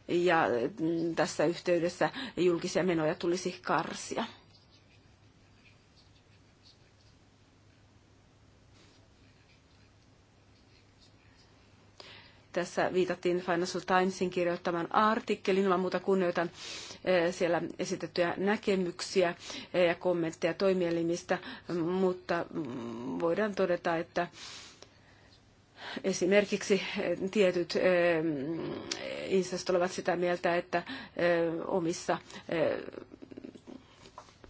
ja mm, tässä yhteydessä julkisia menoja tulisi karsia. tässä viitattiin Financial Timesin kirjoittaman artikkelin, ilman muuta kunnioitan eh, siellä esitettyjä näkemyksiä eh, ja kommentteja toimielimistä, mutta mm, voidaan todeta, että Esimerkiksi eh, tietyt eh, insest olevat sitä mieltä, että eh, omissa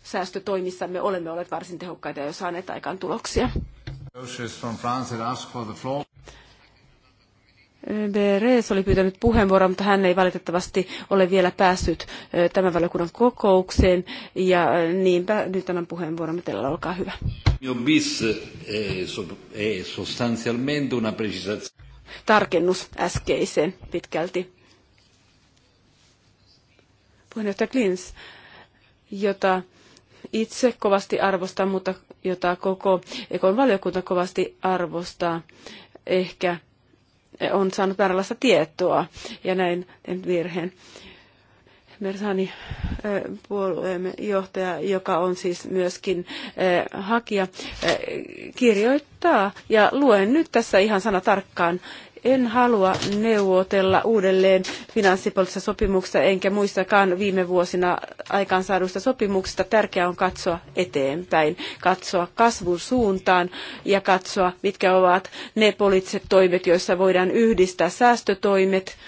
säästötoimissamme olemme olleet varsin tehokkaita ja jo saaneet aikaan tuloksia. Beres oli pyytänyt puheenvuoron, mutta hän ei valitettavasti ole vielä päässyt tämän valiokunnan kokoukseen. Ja niinpä nyt annan puheenvuoron, teillä olkaa hyvä. Tarkennus äskeiseen pitkälti. Puheenjohtaja Klins, jota itse kovasti arvostan, mutta jota koko Ekon valiokunta kovasti arvostaa, ehkä on saanut vääränlaista tietoa ja näin virheen. Mersani puolueemme johtaja, joka on siis myöskin hakija, kirjoittaa. Ja luen nyt tässä ihan sana tarkkaan. En halua neuvotella uudelleen finanssipoliittisesta sopimuksesta enkä muistakaan viime vuosina aikaansaaduista sopimuksista. Tärkeää on katsoa eteenpäin, katsoa kasvun suuntaan ja katsoa, mitkä ovat ne poliittiset toimet, joissa voidaan yhdistää säästötoimet –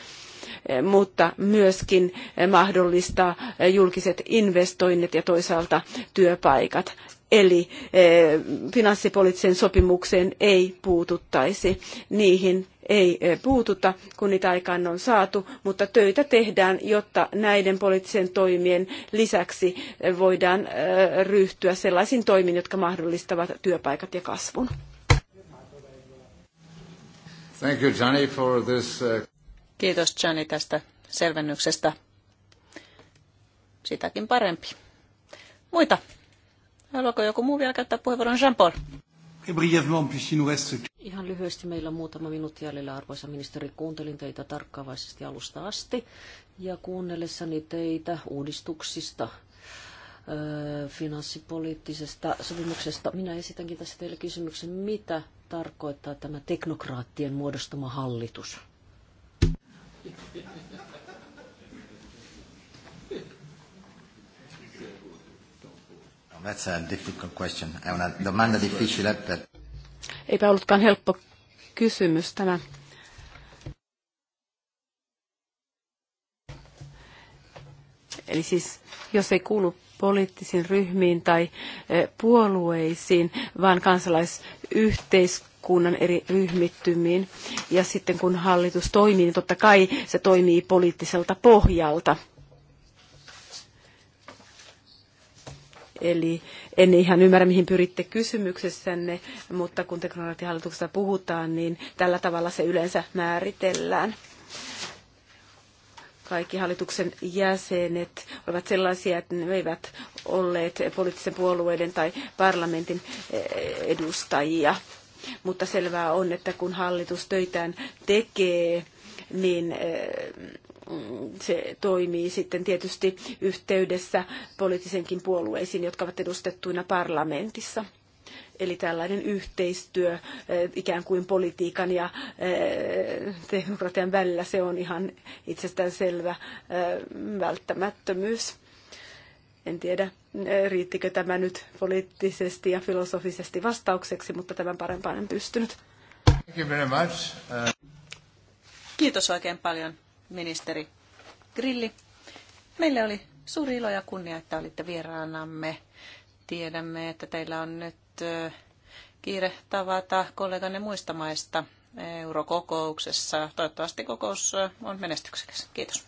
Eh, mutta myöskin eh, mahdollistaa eh, julkiset investoinnit ja toisaalta työpaikat. Eli finanssipoliittiseen sopimukseen ei puututtaisi. Niihin ei puututa, kun niitä aikaan on saatu, mutta töitä tehdään, jotta näiden poliittisen toimien lisäksi voidaan ryhtyä sellaisiin toimiin, jotka mahdollistavat työpaikat ja kasvun. Thank you, Johnny, for this, uh... Kiitos Jani tästä selvennyksestä. Sitäkin parempi. Muita? Haluaako joku muu vielä käyttää puheenvuoron? Jean-Paul. Ihan lyhyesti meillä on muutama minuutti jäljellä, arvoisa ministeri. Kuuntelin teitä tarkkaavaisesti alusta asti ja kuunnellessani teitä uudistuksista, finanssipoliittisesta sopimuksesta. Minä esitänkin tässä teille kysymyksen, mitä tarkoittaa tämä teknokraattien muodostama hallitus? No, that's a difficult question. È una domanda difficile per... Eipä ollutkaan helppo kysymys tämä. Eli siis jos ei kuulu poliittisiin ryhmiin tai eh, puolueisiin, vaan kansalaisyhteiskuntaan, kunnan eri ryhmittymiin. Ja sitten kun hallitus toimii, niin totta kai se toimii poliittiselta pohjalta. Eli en ihan ymmärrä, mihin pyritte kysymyksessänne, mutta kun teknologiahallituksesta puhutaan, niin tällä tavalla se yleensä määritellään. Kaikki hallituksen jäsenet ovat sellaisia, että ne eivät olleet poliittisen puolueiden tai parlamentin eh, edustajia mutta selvää on, että kun hallitus töitään tekee, niin eh, se toimii sitten tietysti yhteydessä poliittisenkin puolueisiin, jotka ovat edustettuina parlamentissa. Eli tällainen yhteistyö eh, ikään kuin politiikan ja eh, demokratian välillä, se on ihan itsestään selvä välttämättömyys. En tiedä, riittikö tämä nyt poliittisesti ja filosofisesti vastaukseksi, mutta tämän parempaan en pystynyt. Thank you very much. Uh... Kiitos oikein paljon, ministeri Grilli. Meille oli suuri ilo ja kunnia, että olitte vieraanamme. Tiedämme, että teillä on nyt kiire tavata kolleganne muista maista eurokokouksessa. Toivottavasti kokous on menestyksekäs. Kiitos.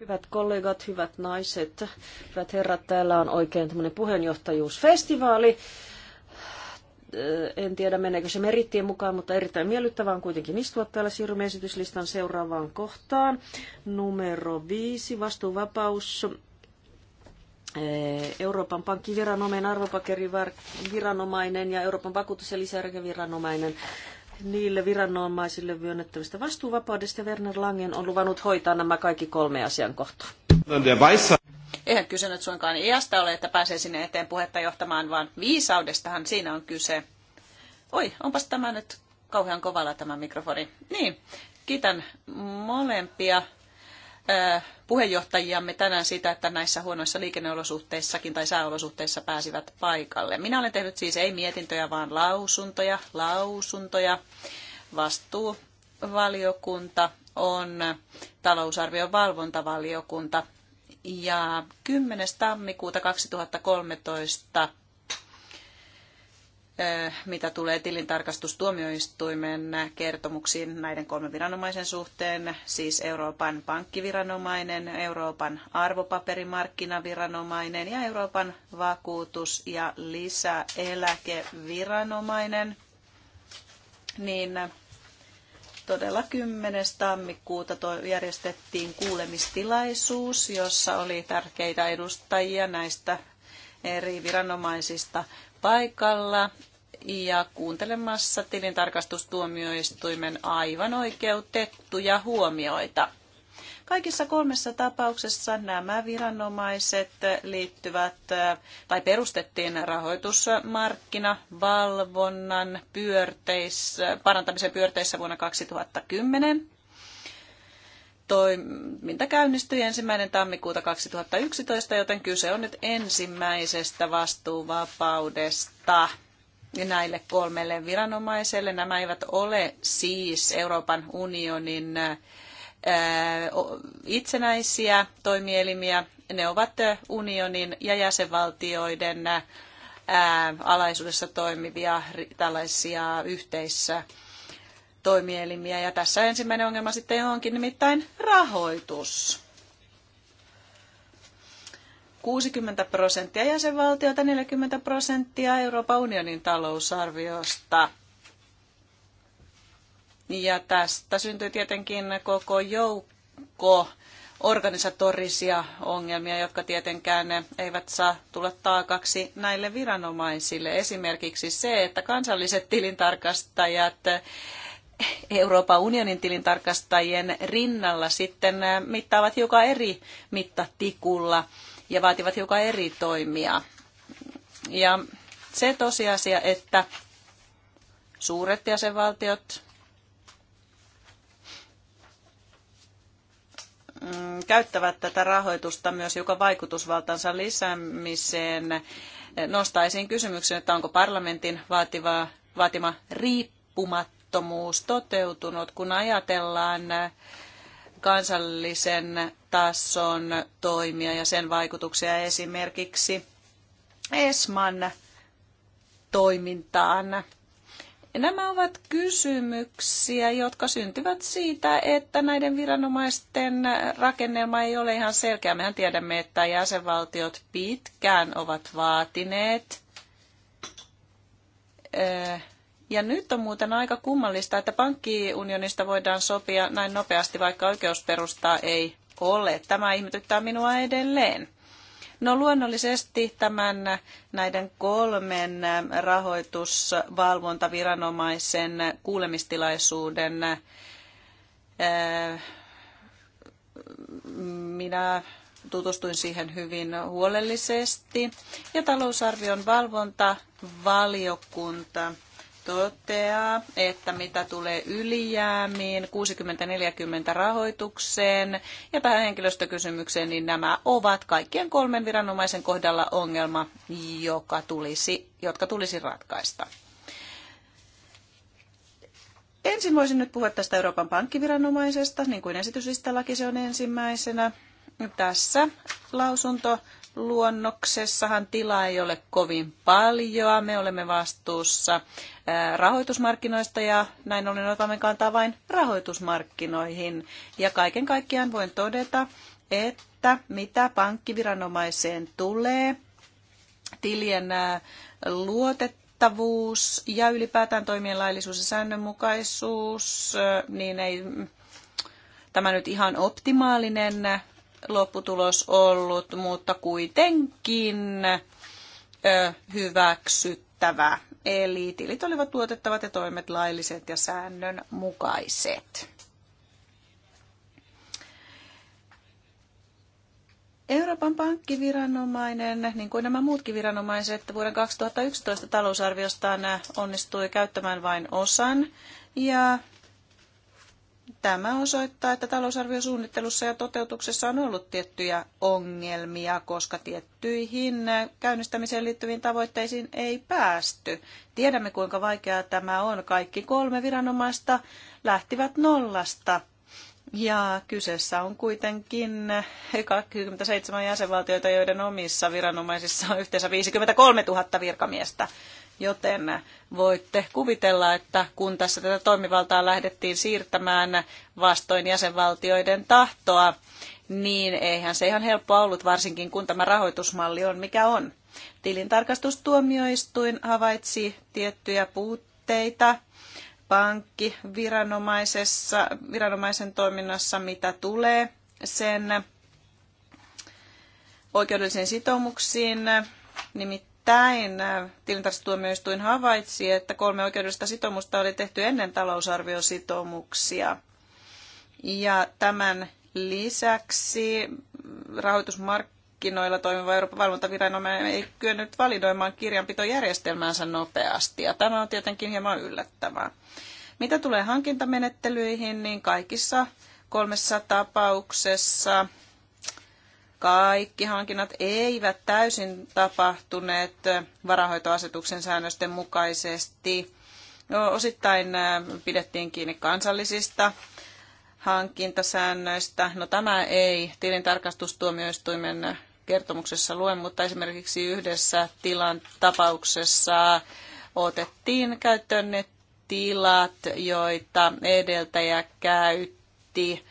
Hyvät kollegat, hyvät naiset, hyvät herrat, täällä on oikein tämmöinen puheenjohtajuusfestivaali. Äh, en tiedä, meneekö se merittien mukaan, mutta erittäin miellyttävää on kuitenkin istua täällä. Siirrymme esityslistan seuraavaan kohtaan. Numero viisi, vastuuvapaus. Äh, Euroopan pankkiviranomainen, arvopakeriviranomainen ja Euroopan vakuutus- ja lisäeläkeviranomainen niille viranomaisille myönnettävistä vastuuvapaudesta. Werner Langen on luvannut hoitaa nämä kaikki kolme asian kohtaa. Eihän kyse nyt suinkaan iästä ole, että pääsee sinne eteen puhetta johtamaan, vaan viisaudestahan siinä on kyse. Oi, onpas tämä nyt kauhean kovalla tämä mikrofoni. Niin, kiitän molempia puheenjohtajiamme tänään sitä, että näissä huonoissa liikenneolosuhteissakin tai sääolosuhteissa pääsivät paikalle. Minä olen tehnyt siis ei mietintöjä, vaan lausuntoja, lausuntoja. Vastuuvaliokunta on talousarvion valvontavaliokunta. Ja 10. tammikuuta 2013 mitä tulee tilintarkastustuomioistuimen kertomuksiin näiden kolmen viranomaisen suhteen, siis Euroopan pankkiviranomainen, Euroopan arvopaperimarkkinaviranomainen ja Euroopan vakuutus- ja lisäeläkeviranomainen, niin todella 10. tammikuuta järjestettiin kuulemistilaisuus, jossa oli tärkeitä edustajia näistä eri viranomaisista paikalla ja kuuntelemassa tilintarkastustuomioistuimen aivan oikeutettuja huomioita. Kaikissa kolmessa tapauksessa nämä viranomaiset liittyvät tai perustettiin rahoitusmarkkinavalvonnan pyörteissä, parantamisen pyörteissä vuonna 2010 toiminta käynnistyi ensimmäinen tammikuuta 2011, joten kyse on nyt ensimmäisestä vastuuvapaudesta näille kolmelle viranomaiselle. Nämä eivät ole siis Euroopan unionin itsenäisiä toimielimiä. Ne ovat unionin ja jäsenvaltioiden alaisuudessa toimivia tällaisia yhteissä toimielimiä. Ja tässä ensimmäinen ongelma sitten onkin nimittäin rahoitus. 60 prosenttia jäsenvaltiota, 40 prosenttia Euroopan unionin talousarviosta. Ja tästä syntyy tietenkin koko joukko organisatorisia ongelmia, jotka tietenkään eivät saa tulla taakaksi näille viranomaisille. Esimerkiksi se, että kansalliset tilintarkastajat Euroopan unionin tilintarkastajien rinnalla sitten mittaavat joka eri mittatikulla – ja vaativat hiukan eri toimia. Ja se tosiasia, että suuret jäsenvaltiot mm, käyttävät tätä rahoitusta myös joka vaikutusvaltansa lisäämiseen. Nostaisin kysymyksen, että onko parlamentin vaativa, vaatima riippumattomuus toteutunut, kun ajatellaan kansallisen tason toimia ja sen vaikutuksia esimerkiksi ESMAN toimintaan. Nämä ovat kysymyksiä, jotka syntyvät siitä, että näiden viranomaisten rakennelma ei ole ihan selkeä. Mehän tiedämme, että jäsenvaltiot pitkään ovat vaatineet eh, ja nyt on muuten aika kummallista, että pankkiunionista voidaan sopia näin nopeasti, vaikka oikeusperustaa ei ole. Tämä ihmetyttää minua edelleen. No luonnollisesti tämän näiden kolmen rahoitusvalvontaviranomaisen kuulemistilaisuuden äh, minä tutustuin siihen hyvin huolellisesti. Ja talousarvion valvontavaliokunta valiokunta toteaa, että mitä tulee ylijäämiin, 60-40 rahoitukseen ja tähän henkilöstökysymykseen, niin nämä ovat kaikkien kolmen viranomaisen kohdalla ongelma, joka tulisi, jotka tulisi ratkaista. Ensin voisin nyt puhua tästä Euroopan pankkiviranomaisesta, niin kuin esityslistallaki se on ensimmäisenä. Tässä lausunto luonnoksessahan tilaa ei ole kovin paljon. Me olemme vastuussa rahoitusmarkkinoista ja näin ollen otamme kantaa vain rahoitusmarkkinoihin. Ja kaiken kaikkiaan voin todeta, että mitä pankkiviranomaiseen tulee, tilien luotettavuus ja ylipäätään toimien laillisuus ja säännönmukaisuus, niin ei tämä nyt ihan optimaalinen lopputulos ollut, mutta kuitenkin hyväksyttävä. Eli tilit olivat tuotettavat ja toimet lailliset ja säännön mukaiset. Euroopan pankkiviranomainen, niin kuin nämä muutkin viranomaiset, vuoden 2011 talousarviostaan onnistui käyttämään vain osan. Ja Tämä osoittaa, että talousarviosuunnittelussa ja toteutuksessa on ollut tiettyjä ongelmia, koska tiettyihin käynnistämiseen liittyviin tavoitteisiin ei päästy. Tiedämme, kuinka vaikeaa tämä on. Kaikki kolme viranomaista lähtivät nollasta. Ja kyseessä on kuitenkin 27 jäsenvaltioita, joiden omissa viranomaisissa on yhteensä 53 000 virkamiestä. Joten voitte kuvitella, että kun tässä tätä toimivaltaa lähdettiin siirtämään vastoin jäsenvaltioiden tahtoa, niin eihän se ihan helppoa ollut, varsinkin kun tämä rahoitusmalli on mikä on. Tilintarkastustuomioistuin havaitsi tiettyjä puutteita pankki viranomaisessa, viranomaisen toiminnassa, mitä tulee sen oikeudellisiin sitoumuksiin, nimittäin Nimittäin äh, tilintarkastustuomioistuin havaitsi, että kolme oikeudellista sitoumusta oli tehty ennen talousarviositoumuksia. Ja tämän lisäksi mm, rahoitusmarkkinoilla toimiva Euroopan valvontaviranomainen ei kyennyt validoimaan kirjanpitojärjestelmäänsä nopeasti, ja tämä on tietenkin hieman yllättävää. Mitä tulee hankintamenettelyihin, niin kaikissa kolmessa tapauksessa kaikki hankinnat eivät täysin tapahtuneet varahoitoasetuksen säännösten mukaisesti. No, osittain pidettiin kiinni kansallisista hankintasäännöistä. No tämä ei tilintarkastustuomioistuimen kertomuksessa lue, mutta esimerkiksi yhdessä tilan tapauksessa otettiin käyttöön ne tilat, joita edeltäjä käytti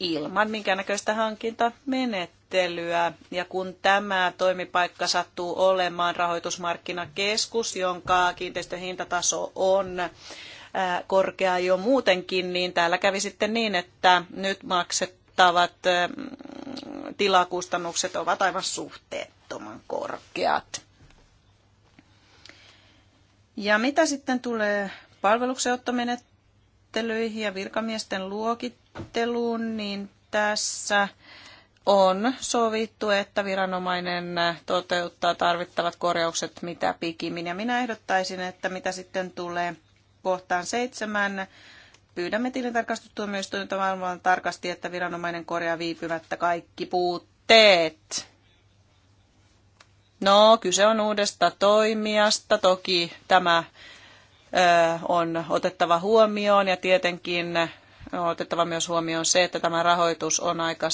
ilman minkäännäköistä hankintamenettelyä. Ja kun tämä toimipaikka sattuu olemaan rahoitusmarkkinakeskus, jonka kiinteistön hintataso on korkea jo muutenkin, niin täällä kävi sitten niin, että nyt maksettavat mm, tilakustannukset ovat aivan suhteettoman korkeat. Ja mitä sitten tulee palveluksenottomenettelyyn? menettelyihin ja virkamiesten luokitteluun, niin tässä on sovittu, että viranomainen toteuttaa tarvittavat korjaukset mitä pikimmin. Ja minä ehdottaisin, että mitä sitten tulee kohtaan seitsemän, pyydämme tilintarkastustuomioistuinta valvomaan tarkasti, että viranomainen korjaa viipymättä kaikki puutteet. No, kyse on uudesta toimijasta. Toki tämä on otettava huomioon ja tietenkin on otettava myös huomioon se, että tämä rahoitus on aika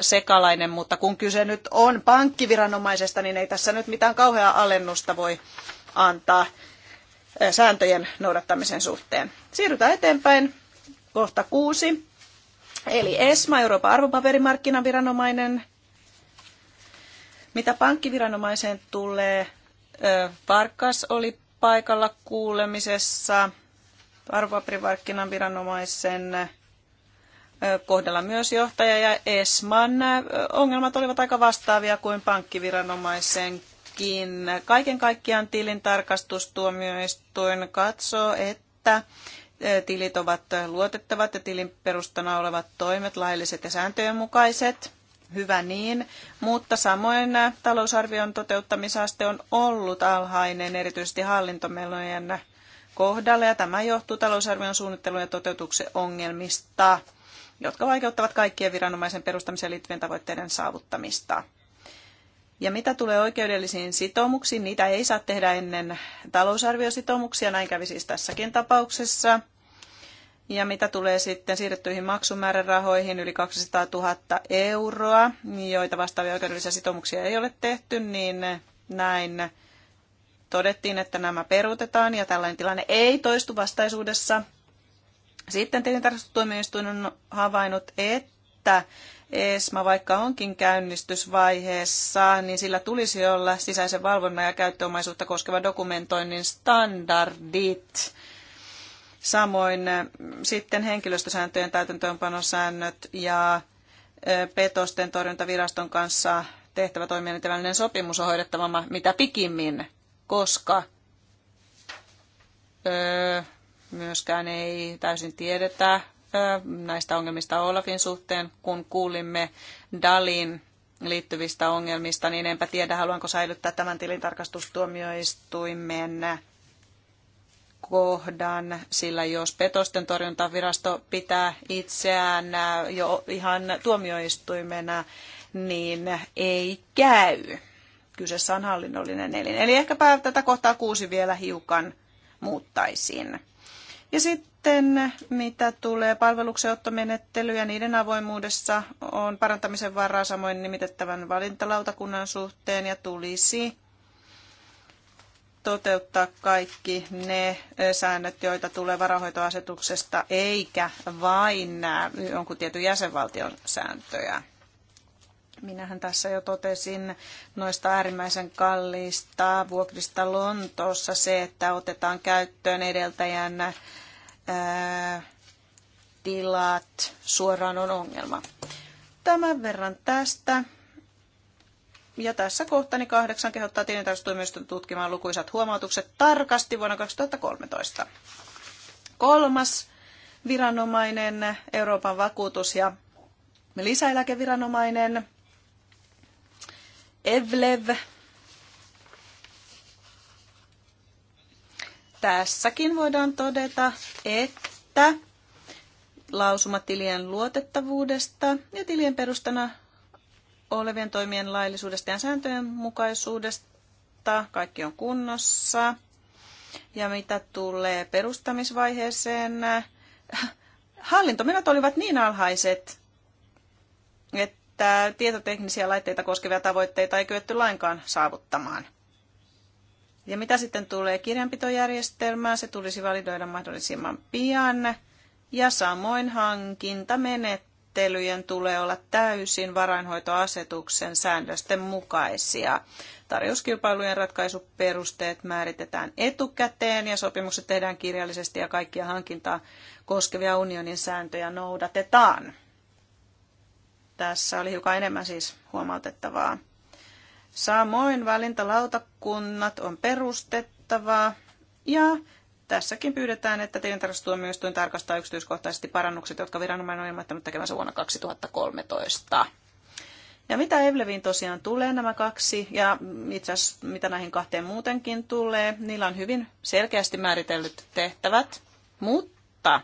sekalainen, mutta kun kyse nyt on pankkiviranomaisesta, niin ei tässä nyt mitään kauheaa alennusta voi antaa sääntöjen noudattamisen suhteen. Siirrytään eteenpäin. Kohta kuusi. Eli ESMA, Euroopan arvopaperimarkkinaviranomainen. Mitä pankkiviranomaiseen tulee, Varkas oli paikalla kuulemisessa arvopaperimarkkinan viranomaisen kohdalla myös johtaja ja Esman. Ongelmat olivat aika vastaavia kuin pankkiviranomaisenkin. Kaiken kaikkiaan tarkastustuomioistuin katsoo, että tilit ovat luotettavat ja tilin perustana olevat toimet lailliset ja sääntöjen mukaiset hyvä niin, mutta samoin talousarvion toteuttamisaste on ollut alhainen, erityisesti hallintomenojen kohdalla, ja tämä johtuu talousarvion suunnittelun ja toteutuksen ongelmista, jotka vaikeuttavat kaikkien viranomaisen perustamiseen liittyvien tavoitteiden saavuttamista. Ja mitä tulee oikeudellisiin sitoumuksiin, niitä ei saa tehdä ennen talousarviositoumuksia, näin kävi siis tässäkin tapauksessa. Ja mitä tulee sitten siirrettyihin maksumäärärahoihin, yli 200 000 euroa, joita vastaavia oikeudellisia sitoumuksia ei ole tehty, niin näin todettiin, että nämä peruutetaan ja tällainen tilanne ei toistu vastaisuudessa. Sitten tilintarkastustuomioistuin on havainnut, että ESMA, vaikka onkin käynnistysvaiheessa, niin sillä tulisi olla sisäisen valvonnan ja käyttöomaisuutta koskeva dokumentoinnin standardit Samoin sitten henkilöstösääntöjen täytäntöönpanosäännöt ja petosten torjuntaviraston kanssa tehtävä toimielinten sopimus on hoidettava mitä pikimmin, koska öö, myöskään ei täysin tiedetä öö, näistä ongelmista Olafin suhteen. Kun kuulimme Dalin liittyvistä ongelmista, niin enpä tiedä, haluanko säilyttää tämän tilintarkastustuomioistuimen kohdan, sillä jos petosten torjuntavirasto pitää itseään jo ihan tuomioistuimena, niin ei käy. Kyseessä on hallinnollinen elin. Eli ehkäpä tätä kohtaa kuusi vielä hiukan muuttaisin. Ja sitten mitä tulee palveluksenottomenettely ja niiden avoimuudessa on parantamisen varaa samoin nimitettävän valintalautakunnan suhteen ja tulisi toteuttaa kaikki ne säännöt, joita tulee varahoitoasetuksesta, eikä vain jonkun tietyn jäsenvaltion sääntöjä. Minähän tässä jo totesin noista äärimmäisen kalliista vuokrista Lontoossa se, että otetaan käyttöön edeltäjän ää, tilat suoraan on ongelma. Tämän verran tästä. Ja tässä kohtani kahdeksan kehottaa tilintarkastustoimiston tutkimaan lukuisat huomautukset tarkasti vuonna 2013. Kolmas viranomainen, Euroopan vakuutus- ja lisäeläkeviranomainen, EVLEV. Tässäkin voidaan todeta, että lausumatilien luotettavuudesta ja tilien perustana olevien toimien laillisuudesta ja sääntöjen mukaisuudesta. Kaikki on kunnossa. Ja mitä tulee perustamisvaiheeseen, hallintomenot olivat niin alhaiset, että tietoteknisiä laitteita koskevia tavoitteita ei kyetty lainkaan saavuttamaan. Ja mitä sitten tulee kirjanpitojärjestelmään, se tulisi validoida mahdollisimman pian. Ja samoin hankintamenet menettelyjen tulee olla täysin varainhoitoasetuksen säännösten mukaisia. Tarjouskilpailujen ratkaisuperusteet määritetään etukäteen ja sopimukset tehdään kirjallisesti ja kaikkia hankintaa koskevia unionin sääntöjä noudatetaan. Tässä oli hiukan enemmän siis huomautettavaa. Samoin valintalautakunnat on perustettava ja Tässäkin pyydetään, että tilintarkastustuomioistuin tarkastaa yksityiskohtaisesti parannukset, jotka viranomainen on ilmoittanut tekemänsä vuonna 2013. Ja mitä Evleviin tosiaan tulee nämä kaksi, ja itse asiassa mitä näihin kahteen muutenkin tulee, niillä on hyvin selkeästi määritellyt tehtävät, mutta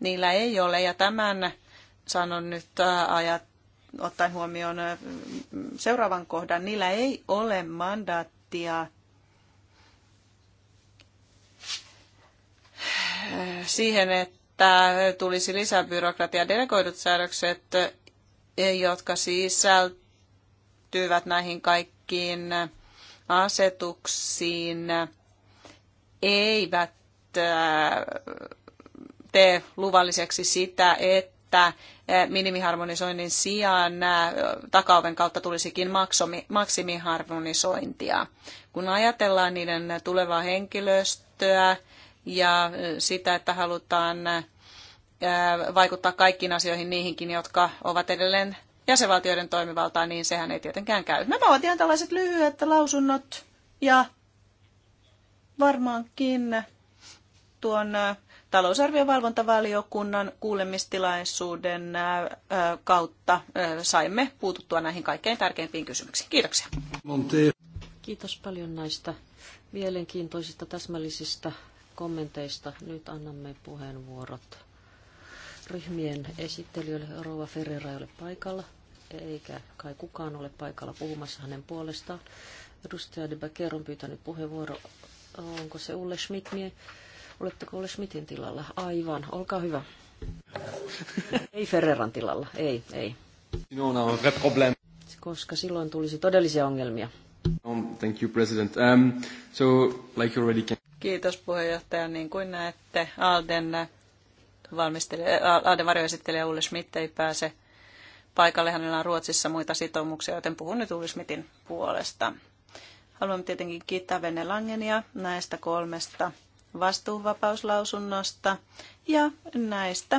niillä ei ole, ja tämän sanon nyt äh, ajat, ottaen huomioon äh, seuraavan kohdan, niillä ei ole mandaattia siihen, että tulisi lisää byrokratia Delegoidut säädökset, jotka sisältyvät näihin kaikkiin asetuksiin, eivät äh, tee luvalliseksi sitä, että äh, minimiharmonisoinnin sijaan äh, takaoven kautta tulisikin maksimiharmonisointia. Kun ajatellaan niiden tulevaa henkilöstöä, ja sitä, että halutaan vaikuttaa kaikkiin asioihin niihinkin, jotka ovat edelleen jäsenvaltioiden toimivaltaa, niin sehän ei tietenkään käy. Nämä ovat ihan tällaiset lyhyet lausunnot ja varmaankin tuon talousarvion valvontavaliokunnan kuulemistilaisuuden kautta saimme puututtua näihin kaikkein tärkeimpiin kysymyksiin. Kiitoksia. Kiitos paljon näistä mielenkiintoisista täsmällisistä kommenteista. Nyt annamme puheenvuorot ryhmien esittelijöille. Rova Ferreira ei ole paikalla, eikä kai kukaan ole paikalla puhumassa hänen puolestaan. Edustaja De Baker on pyytänyt puheenvuoro. Onko se Ulle Schmidt? Oletteko Ulle Schmidtin tilalla? Aivan, olkaa hyvä. ei Ferreran tilalla, ei, ei. Sinun on problem. Koska silloin tulisi todellisia ongelmia. Um, thank you, President. Um, so, like you already can... Kiitos puheenjohtaja. Niin kuin näette, Alden, Alden varjoesittelijä Ulle Schmidt ei pääse paikalle. Hänellä on Ruotsissa muita sitoumuksia, joten puhun nyt Ulle Schmidtin puolesta. Haluan tietenkin kiittää Venne Langenia näistä kolmesta vastuunvapauslausunnosta ja näistä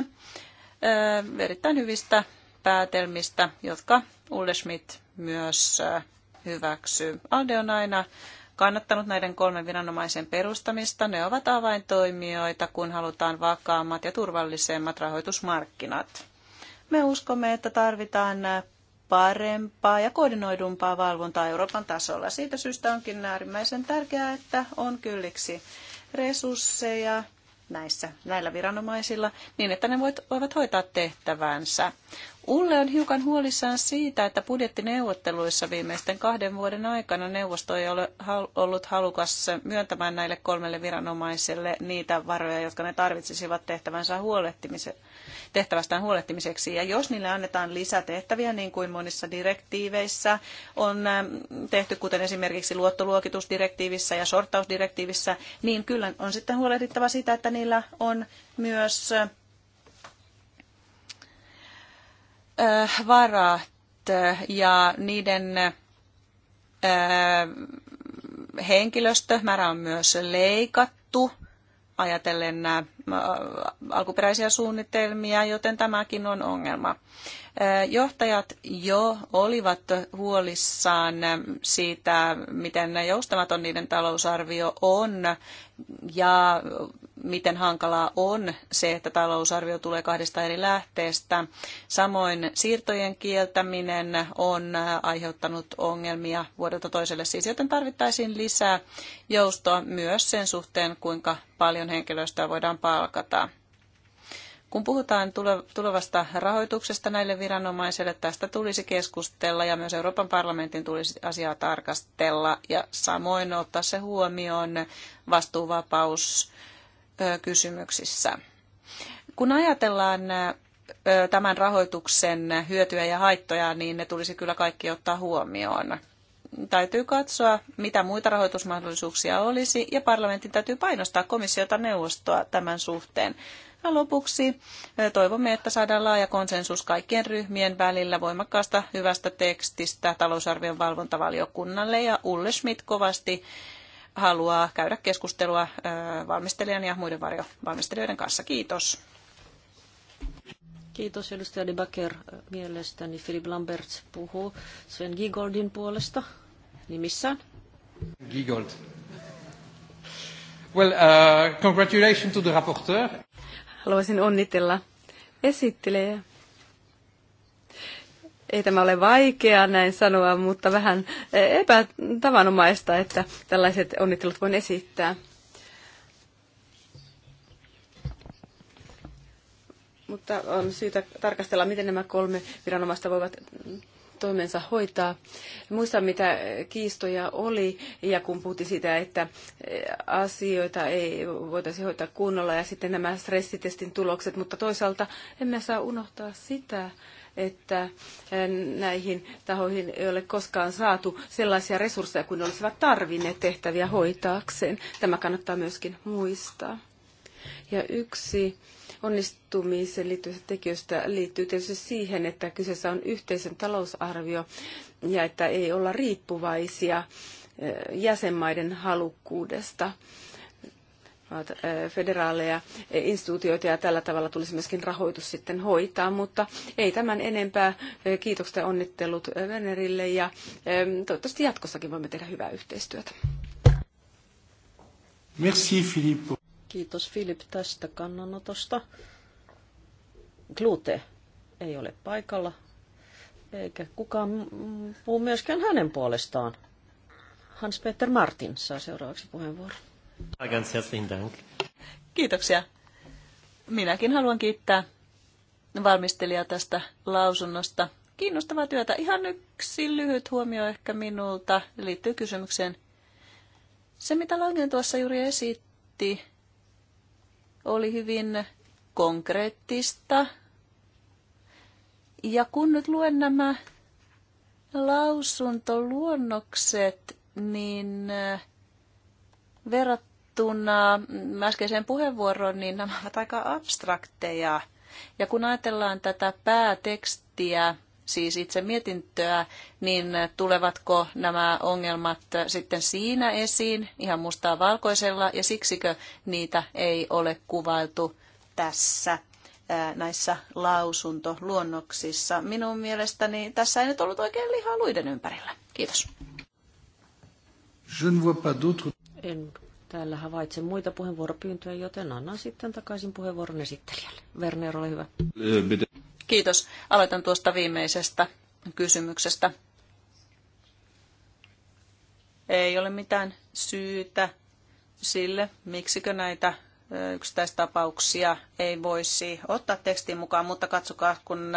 ö, erittäin hyvistä päätelmistä, jotka Ulle Schmidt myös ö, hyväksyy. Alde on aina kannattanut näiden kolmen viranomaisen perustamista. Ne ovat avaintoimijoita, kun halutaan vakaammat ja turvallisemmat rahoitusmarkkinat. Me uskomme, että tarvitaan parempaa ja koordinoidumpaa valvontaa Euroopan tasolla. Siitä syystä onkin äärimmäisen tärkeää, että on kylliksi resursseja näissä, näillä viranomaisilla niin, että ne voit, voivat hoitaa tehtävänsä. Ulle on hiukan huolissaan siitä, että budjettineuvotteluissa viimeisten kahden vuoden aikana neuvosto ei ole ollut halukas myöntämään näille kolmelle viranomaiselle niitä varoja, jotka ne tarvitsisivat tehtävänsä huolehtimiseen tehtävästään huolehtimiseksi. Ja jos niille annetaan lisätehtäviä, niin kuin monissa direktiiveissä on ähm, tehty, kuten esimerkiksi luottoluokitusdirektiivissä ja sortausdirektiivissä, niin kyllä on sitten huolehdittava sitä, että niillä on myös äh, varat ja niiden äh, henkilöstömäärä on myös leikattu ajatellen nämä äh, alkuperäisiä suunnitelmia, joten tämäkin on ongelma. Äh, johtajat jo olivat huolissaan äh, siitä, miten joustamaton niiden talousarvio on, ja miten hankalaa on se, että talousarvio tulee kahdesta eri lähteestä. Samoin siirtojen kieltäminen on äh, aiheuttanut ongelmia vuodelta toiselle siis, joten tarvittaisiin lisää joustoa myös sen suhteen, kuinka paljon henkilöstöä voidaan palkata. Kun puhutaan tulevasta rahoituksesta näille viranomaisille, tästä tulisi keskustella ja myös Euroopan parlamentin tulisi asiaa tarkastella ja samoin ottaa se huomioon vastuuvapaus kysymyksissä. Kun ajatellaan tämän rahoituksen hyötyjä ja haittoja, niin ne tulisi kyllä kaikki ottaa huomioon. Täytyy katsoa, mitä muita rahoitusmahdollisuuksia olisi, ja parlamentin täytyy painostaa komissiota neuvostoa tämän suhteen. Ja lopuksi toivomme, että saadaan laaja konsensus kaikkien ryhmien välillä voimakkaasta hyvästä tekstistä talousarvion valvontavaliokunnalle ja Ulle Schmidt kovasti haluaa käydä keskustelua valmistelijan ja muiden varjovalmistelijoiden kanssa. Kiitos. Kiitos edustaja De Backer. Mielestäni Philip Lambert puhuu Sven Gigoldin puolesta nimissään. Gigold. Well, uh, congratulations to the rapporteur. Haluaisin onnitella esittelijä ei tämä ole vaikeaa näin sanoa, mutta vähän epätavanomaista, että tällaiset onnittelut voin esittää. Mutta on syytä tarkastella, miten nämä kolme viranomaista voivat toimensa hoitaa. Muistan, mitä kiistoja oli, ja kun puhuttiin sitä, että asioita ei voitaisi hoitaa kunnolla, ja sitten nämä stressitestin tulokset, mutta toisaalta emme saa unohtaa sitä, että näihin tahoihin ei ole koskaan saatu sellaisia resursseja kuin olisivat tarvinneet tehtäviä hoitaakseen. Tämä kannattaa myöskin muistaa. Ja yksi onnistumiseen liittyvistä tekijöistä liittyy tietysti siihen, että kyseessä on yhteisen talousarvio ja että ei olla riippuvaisia jäsenmaiden halukkuudesta federaaleja instituutioita ja tällä tavalla tulisi myöskin rahoitus sitten hoitaa, mutta ei tämän enempää. Kiitokset ja onnittelut Wernerille ja toivottavasti jatkossakin voimme tehdä hyvää yhteistyötä. Merci, Filippo. Kiitos Filip tästä kannanotosta. Glute ei ole paikalla, eikä kukaan puhu myöskään hänen puolestaan. Hans-Peter Martin saa seuraavaksi puheenvuoron. Ganz herzlichen Dank. Kiitoksia. Minäkin haluan kiittää valmistelijaa tästä lausunnosta. Kiinnostavaa työtä. Ihan yksi lyhyt huomio ehkä minulta liittyy kysymykseen. Se, mitä Langen tuossa juuri esitti, oli hyvin konkreettista. Ja kun nyt luen nämä lausuntoluonnokset, niin eh, verrat, verrattuna mm, äskeiseen puheenvuoroon, niin nämä ovat aika abstrakteja. Ja kun ajatellaan tätä päätekstiä, siis itse mietintöä, niin tulevatko nämä ongelmat sitten siinä esiin ihan mustaa valkoisella ja siksikö niitä ei ole kuvailtu tässä näissä lausuntoluonnoksissa. Minun mielestäni tässä ei nyt ollut oikein lihaa luiden ympärillä. Kiitos. En Täällä havaitsen muita puheenvuoropyyntöjä, joten annan sitten takaisin puheenvuoron esittelijälle. Werner, ole hyvä. Kiitos. Aloitan tuosta viimeisestä kysymyksestä. Ei ole mitään syytä sille, miksikö näitä yksittäistapauksia ei voisi ottaa tekstiin mukaan, mutta katsokaa, kun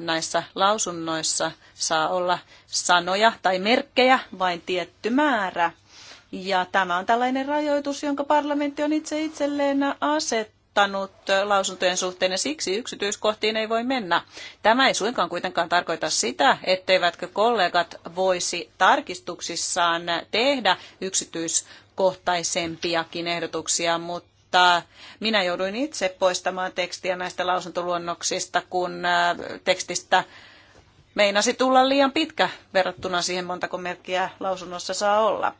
näissä lausunnoissa saa olla sanoja tai merkkejä vain tietty määrä – ja tämä on tällainen rajoitus, jonka parlamentti on itse itselleen asettanut lausuntojen suhteen ja siksi yksityiskohtiin ei voi mennä. Tämä ei suinkaan kuitenkaan tarkoita sitä, etteivätkö kollegat voisi tarkistuksissaan tehdä yksityiskohtaisempiakin ehdotuksia, mutta minä jouduin itse poistamaan tekstiä näistä lausuntoluonnoksista, kun äh, tekstistä meinasi tulla liian pitkä verrattuna siihen montako merkkiä lausunnossa saa olla.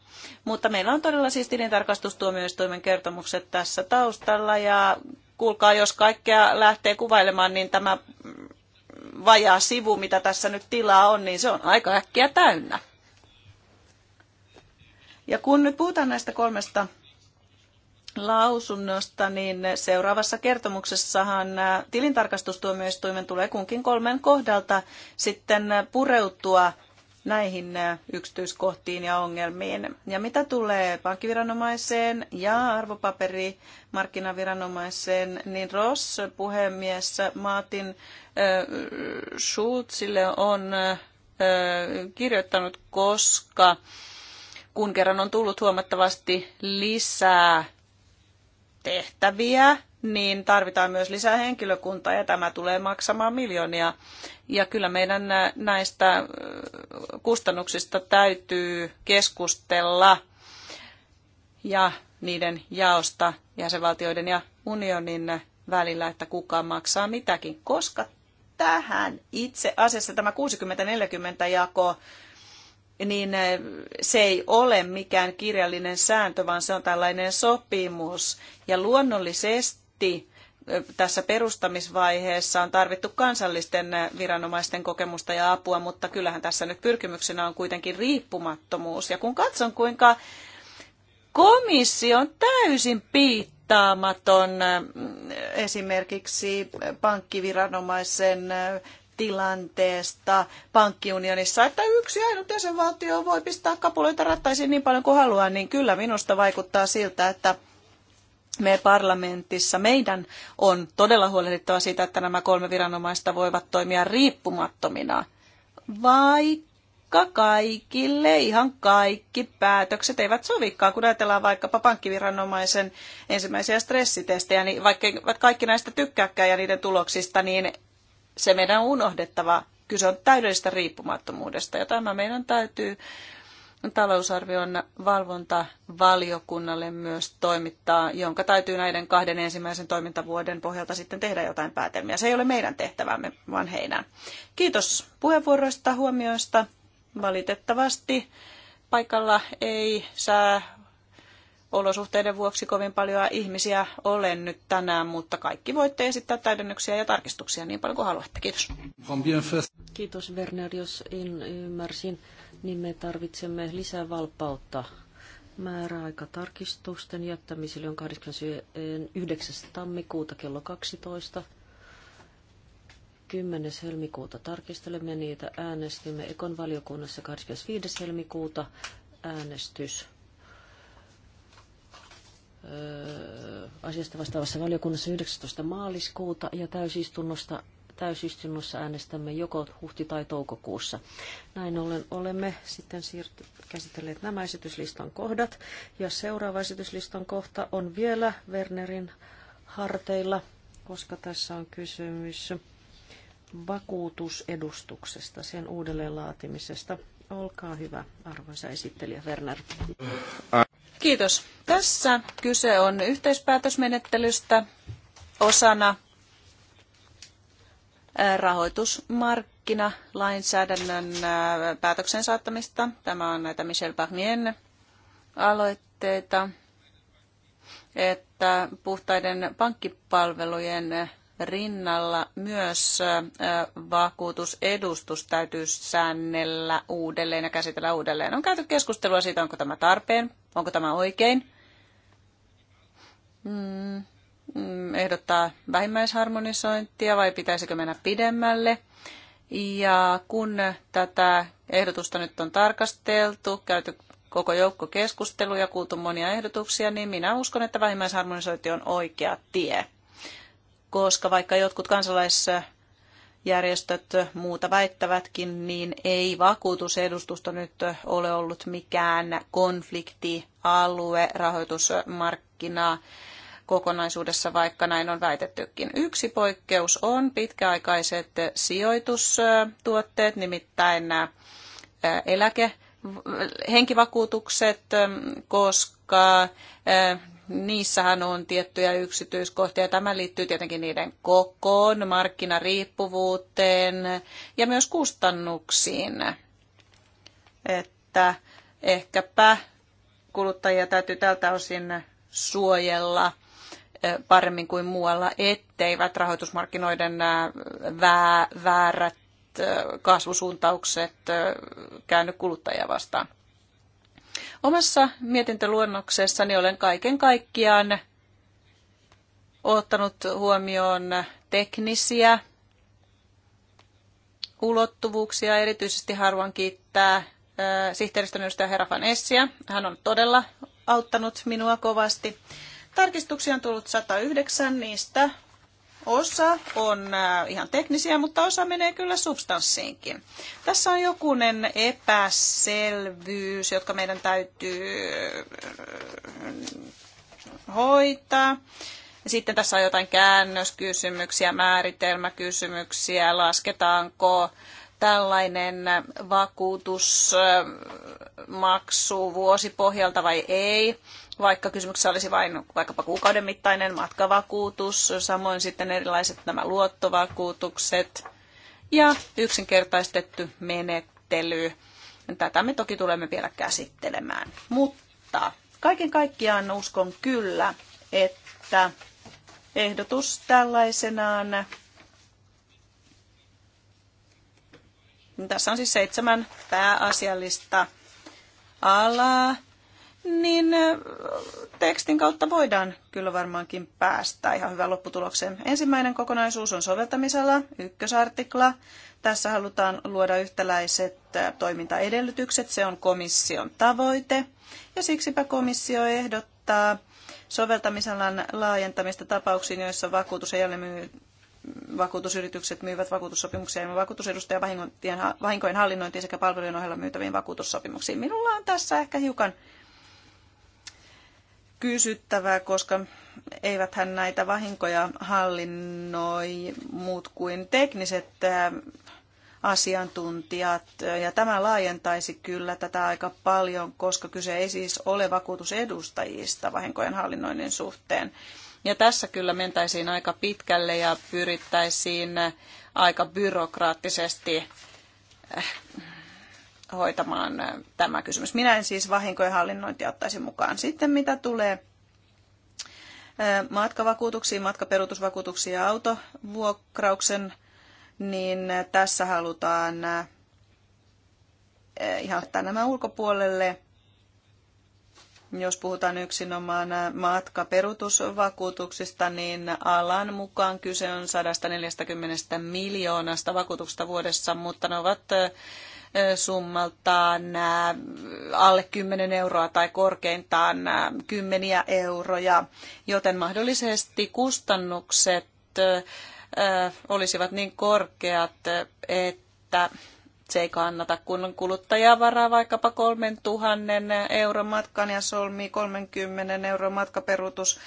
Mutta meillä on todella siis tilintarkastustuomioistuimen kertomukset tässä taustalla ja kuulkaa, jos kaikkea lähtee kuvailemaan, niin tämä vajaa sivu, mitä tässä nyt tilaa on, niin se on aika äkkiä täynnä. Ja kun nyt puhutaan näistä kolmesta lausunnosta, niin seuraavassa kertomuksessahan tilintarkastustuomioistuimen tulee kunkin kolmen kohdalta sitten pureutua näihin yksityiskohtiin ja ongelmiin. Ja mitä tulee pankkiviranomaiseen ja arvopaperimarkkinaviranomaiseen, niin Ross puhemies Martin Schulzille on kirjoittanut, koska kun kerran on tullut huomattavasti lisää tehtäviä, niin tarvitaan myös lisää henkilökuntaa ja tämä tulee maksamaan miljoonia. Ja kyllä meidän äh, näistä äh, kustannuksista täytyy keskustella ja niiden jaosta jäsenvaltioiden ja unionin välillä, että kuka maksaa mitäkin, koska tähän itse asiassa tämä 60-40 jako niin eh, se ei ole mikään kirjallinen sääntö, vaan se on tällainen sopimus. Ja luonnollisesti eh, tässä perustamisvaiheessa on tarvittu kansallisten eh, viranomaisten kokemusta ja apua, mutta kyllähän tässä nyt pyrkimyksenä on kuitenkin riippumattomuus. Ja kun katson, kuinka komissio on täysin piittaamaton esimerkiksi pankkiviranomaisen tilanteesta pankkiunionissa, että yksi ainut jäsenvaltio voi pistää kapuloita rattaisiin niin paljon kuin haluaa, niin kyllä minusta vaikuttaa siltä, että me parlamentissa, meidän on todella huolehdittava siitä, että nämä kolme viranomaista voivat toimia riippumattomina, vaikka kaikille ihan kaikki päätökset eivät sovikaan, kun ajatellaan vaikkapa pankkiviranomaisen ensimmäisiä stressitestejä, niin vaikka kaikki näistä tykkääkään ja niiden tuloksista, niin se meidän on unohdettava. Kyse on täydellisestä riippumattomuudesta ja tämä meidän täytyy talousarvion valvontavaliokunnalle myös toimittaa, jonka täytyy näiden kahden ensimmäisen toimintavuoden pohjalta sitten tehdä jotain päätelmiä. Se ei ole meidän tehtävämme, vaan heidän. Kiitos puheenvuoroista, huomioista. Valitettavasti paikalla ei saa olosuhteiden vuoksi kovin paljon ihmisiä ole nyt tänään, mutta kaikki voitte esittää täydennyksiä ja tarkistuksia niin paljon kuin haluatte. Kiitos. Kiitos Werner, jos en ymmärsin, niin me tarvitsemme lisää valppautta Määräaika tarkistusten jättämiselle on 29. tammikuuta kello 12. 10. helmikuuta tarkistelemme niitä. Äänestimme Ekon valiokunnassa 25. helmikuuta äänestys asiasta vastaavassa valiokunnassa 19. maaliskuuta ja täysistunnosta täysistunnossa äänestämme joko huhti- tai toukokuussa. Näin ollen olemme sitten siirty, käsitelleet nämä esityslistan kohdat. Ja seuraava esityslistan kohta on vielä Wernerin harteilla, koska tässä on kysymys vakuutusedustuksesta, sen uudelleen laatimisesta. Olkaa hyvä, arvoisa esittelijä Werner. Kiitos. Tässä kyse on yhteispäätösmenettelystä osana äh, rahoitusmarkkinalainsäädännön äh, päätöksen saattamista. Tämä on näitä Michel Barnien aloitteita, että puhtaiden pankkipalvelujen rinnalla myös vakuutusedustus täytyy säännellä uudelleen ja käsitellä uudelleen. On käyty keskustelua siitä, onko tämä tarpeen, onko tämä oikein. Mm, mm, ehdottaa vähimmäisharmonisointia vai pitäisikö mennä pidemmälle. Ja kun tätä ehdotusta nyt on tarkasteltu, käyty koko joukko keskusteluja, kuultu monia ehdotuksia, niin minä uskon, että vähimmäisharmonisointi on oikea tie koska vaikka jotkut kansalaisjärjestöt muuta väittävätkin, niin ei vakuutusedustusta nyt ole ollut mikään konfliktialue rahoitusmarkkinaa kokonaisuudessa, vaikka näin on väitettykin. Yksi poikkeus on pitkäaikaiset sijoitustuotteet, nimittäin nämä eläke henkivakuutukset, koska niissähän on tiettyjä yksityiskohtia. Tämä liittyy tietenkin niiden kokoon, markkinariippuvuuteen ja myös kustannuksiin. Että ehkäpä kuluttajia täytyy tältä osin suojella eh, paremmin kuin muualla, etteivät rahoitusmarkkinoiden eh, väärät eh, kasvusuuntaukset käänny kuluttajia vastaan. Omassa mietintöluonnoksessani olen kaiken kaikkiaan ottanut huomioon teknisiä ulottuvuuksia. Erityisesti haluan kiittää sihteeristön edustaja Van Essia. Hän on todella auttanut minua kovasti. Tarkistuksia on tullut 109, niistä Osa on äh, ihan teknisiä, mutta osa menee kyllä substanssiinkin. Tässä on jokunen epäselvyys, jotka meidän täytyy äh, hoitaa. Sitten tässä on jotain käännöskysymyksiä, määritelmäkysymyksiä, lasketaanko tällainen vakuutusmaksu vuosipohjalta vai ei vaikka kysymyksessä olisi vain vaikkapa kuukauden mittainen matkavakuutus, samoin sitten erilaiset nämä luottovakuutukset ja yksinkertaistettu menettely. Tätä me toki tulemme vielä käsittelemään, mutta kaiken kaikkiaan uskon kyllä, että ehdotus tällaisenaan tässä on siis seitsemän pääasiallista alaa niin tekstin kautta voidaan kyllä varmaankin päästä ihan hyvän lopputulokseen. Ensimmäinen kokonaisuus on soveltamisella, ykkösartikla. Tässä halutaan luoda yhtäläiset toimintaedellytykset, se on komission tavoite. Ja siksipä komissio ehdottaa soveltamisalan laajentamista tapauksiin, joissa vakuutus ei ole myy- vakuutusyritykset myyvät vakuutussopimuksia ja vakuutusedustajan vahinkojen hallinnointiin sekä palvelujen ohella myytäviin vakuutussopimuksiin. Minulla on tässä ehkä hiukan kysyttävää, koska eiväthän näitä vahinkoja hallinnoi muut kuin tekniset asiantuntijat. Ja tämä laajentaisi kyllä tätä aika paljon, koska kyse ei siis ole vakuutusedustajista vahinkojen hallinnoinnin suhteen. Ja tässä kyllä mentäisiin aika pitkälle ja pyrittäisiin aika byrokraattisesti eh, hoitamaan äh, tämä kysymys. Minä en siis vahinkojen hallinnointia ottaisi mukaan. Sitten mitä tulee äh, matkavakuutuksiin, matkaperuutusvakuutuksiin ja autovuokrauksen, niin tässä halutaan äh, ihan ottaa nämä ulkopuolelle. Jos puhutaan yksinomaan matkaperutusvakuutuksista, niin alan mukaan kyse on 140 miljoonasta vakuutuksesta vuodessa, mutta ne ovat summaltaan alle 10 euroa tai korkeintaan kymmeniä euroja, joten mahdollisesti kustannukset olisivat niin korkeat, että se ei kannata, kun kuluttaja varaa vaikkapa 3000 euron matkan ja solmii 30 euron matkaperuutus